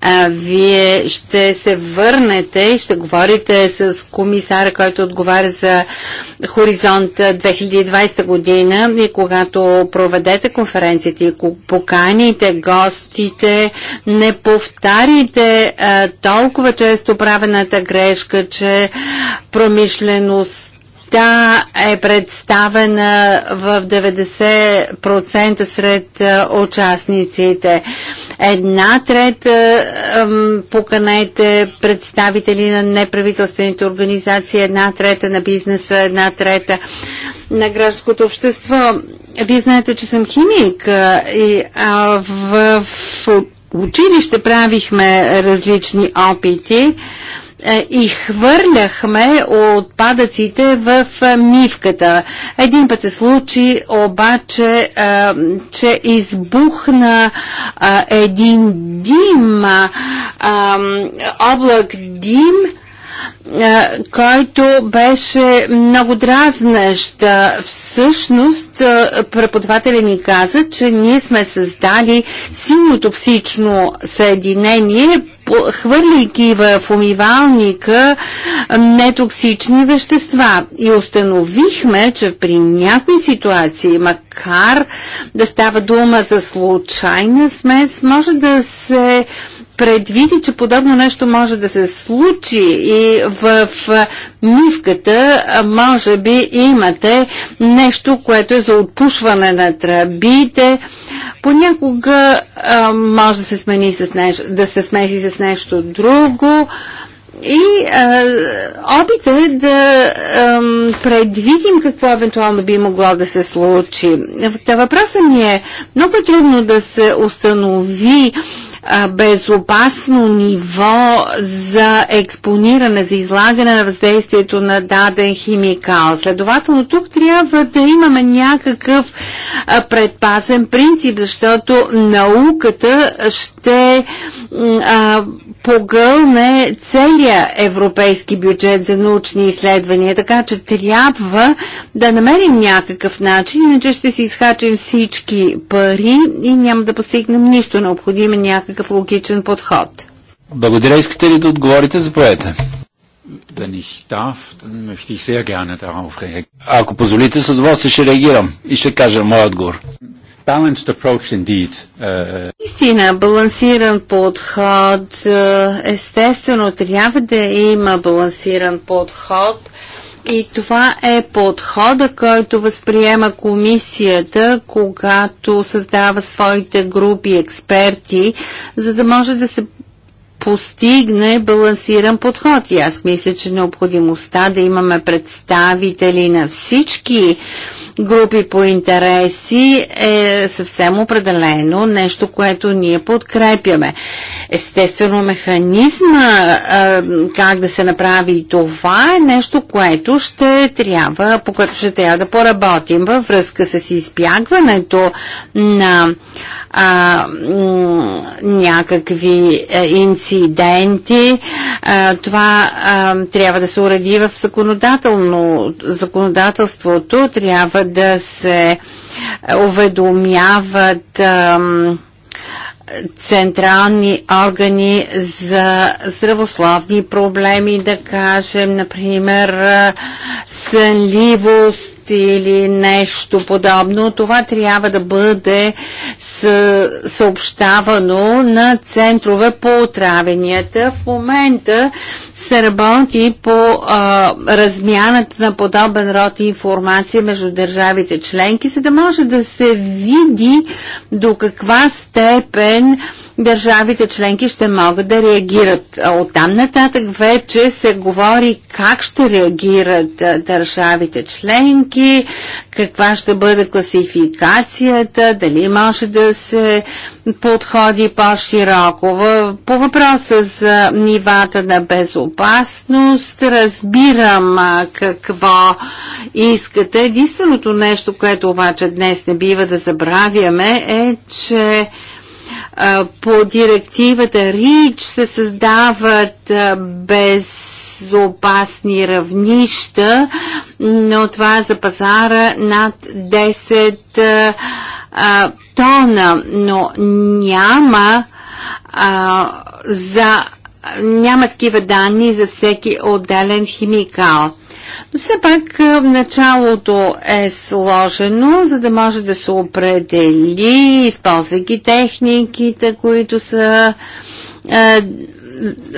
А, вие ще се върнете и ще говорите с комисара, който отговаря за Хоризонт 2020 година и когато проведете конференцията и поканите гостите, не повтарите а, толкова често правената грешка, че промишлеността тя е представена в 90% сред е, участниците. Една трета поканете представители на неправителствените организации, една трета на бизнеса, една трета на гражданското общество. Вие знаете, че съм химик е, и а, в училище правихме различни опити. Е, и хвърляхме отпадъците в е, мивката. Един път се случи обаче, е, че избухна един дим, облак дим, който беше много дразнещ. Всъщност, преподавателя ни каза, че ние сме създали силно токсично съединение, хвърляйки в умивалника нетоксични вещества. И установихме, че при някои ситуации, макар да става дума за случайна смес, може да се предвиди, че подобно нещо може да се случи и в нивката може би имате нещо, което е за отпушване на тръбите. Понякога а, може да се, смени с нещо, да се смеси с нещо друго. И а, е да а, предвидим какво евентуално би могло да се случи. Та въпросът ми е, много е трудно да се установи а, безопасно ниво за експониране, за излагане на въздействието на даден химикал. Следователно, тук трябва да имаме някакъв предпазен принцип, защото науката ще а, погълне целия европейски бюджет за научни изследвания, така че трябва да намерим някакъв начин, иначе ще си изхачим всички пари и няма да постигнем нищо. необходимо, е някакъв логичен подход. Благодаря. Искате ли да отговорите? за Заповядайте. Ако позволите, с удоволствие ще реагирам и ще кажа моят отговор. Uh, Истина, балансиран подход. Е, естествено, трябва да има балансиран подход. И това е подхода, който възприема комисията, когато създава своите групи експерти, за да може да се постигне балансиран подход. И аз мисля, че необходимостта да имаме представители на всички групи по интереси е съвсем определено нещо, което ние подкрепяме. Естествено, механизма как да се направи това е нещо, което ще трябва, по което ще трябва да поработим във връзка с избягването на а, някакви инциденти. А, това а, трябва да се уреди в законодателно, законодателството, трябва да се уведомяват централни органи за здравословни проблеми, да кажем, например, сънливост, или нещо подобно, това трябва да бъде съобщавано на центрове по отравенията. В момента се работи по а, размяната на подобен род информация между държавите членки, за да може да се види до каква степен а, държавите членки ще могат да реагират. От там нататък вече се говори как ще реагират държавите членки, каква ще бъде класификацията, дали може да се подходи по-широко. По въпроса за нивата на безопасност, разбирам какво искате. Единственото нещо, което обаче днес не бива да забравяме е, че по директивата РИЧ се създават безопасни равнища, но това е за пазара над 10 тона, но няма за няма такива данни за всеки отделен химикал. Но все пак в началото е сложено, за да може да се определи, използвайки техниките, които са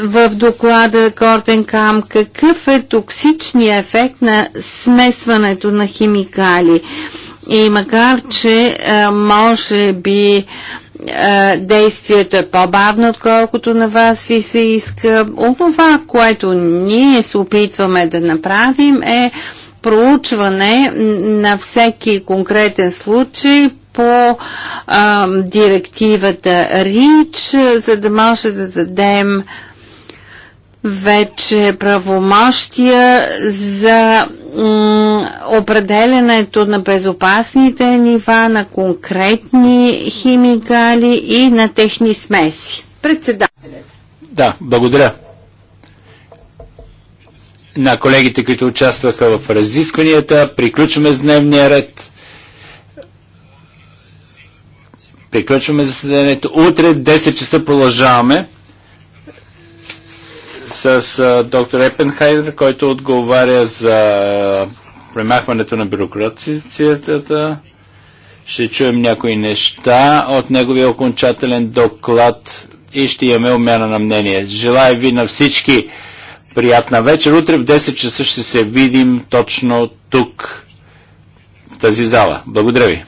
в доклада Кортенкам, какъв е токсичният ефект на смесването на химикали. И макар, че може би действието е по-бавно, отколкото на вас ви се иска. Онова, което ние се опитваме да направим е проучване на всеки конкретен случай по а, директивата РИЧ, за да може да дадем вече правомощия за определенето на безопасните нива на конкретни химикали и на техни смеси. Председателят. Да, благодаря. На колегите, които участваха в разискванията, приключваме с дневния ред. Приключваме заседанието. Утре 10 часа продължаваме с доктор Епенхайдер, който отговаря за премахването на бюрокрацията. Ще чуем някои неща от неговия окончателен доклад и ще имаме умяна на мнение. Желая ви на всички приятна вечер. Утре в 10 часа ще се видим точно тук, в тази зала. Благодаря ви.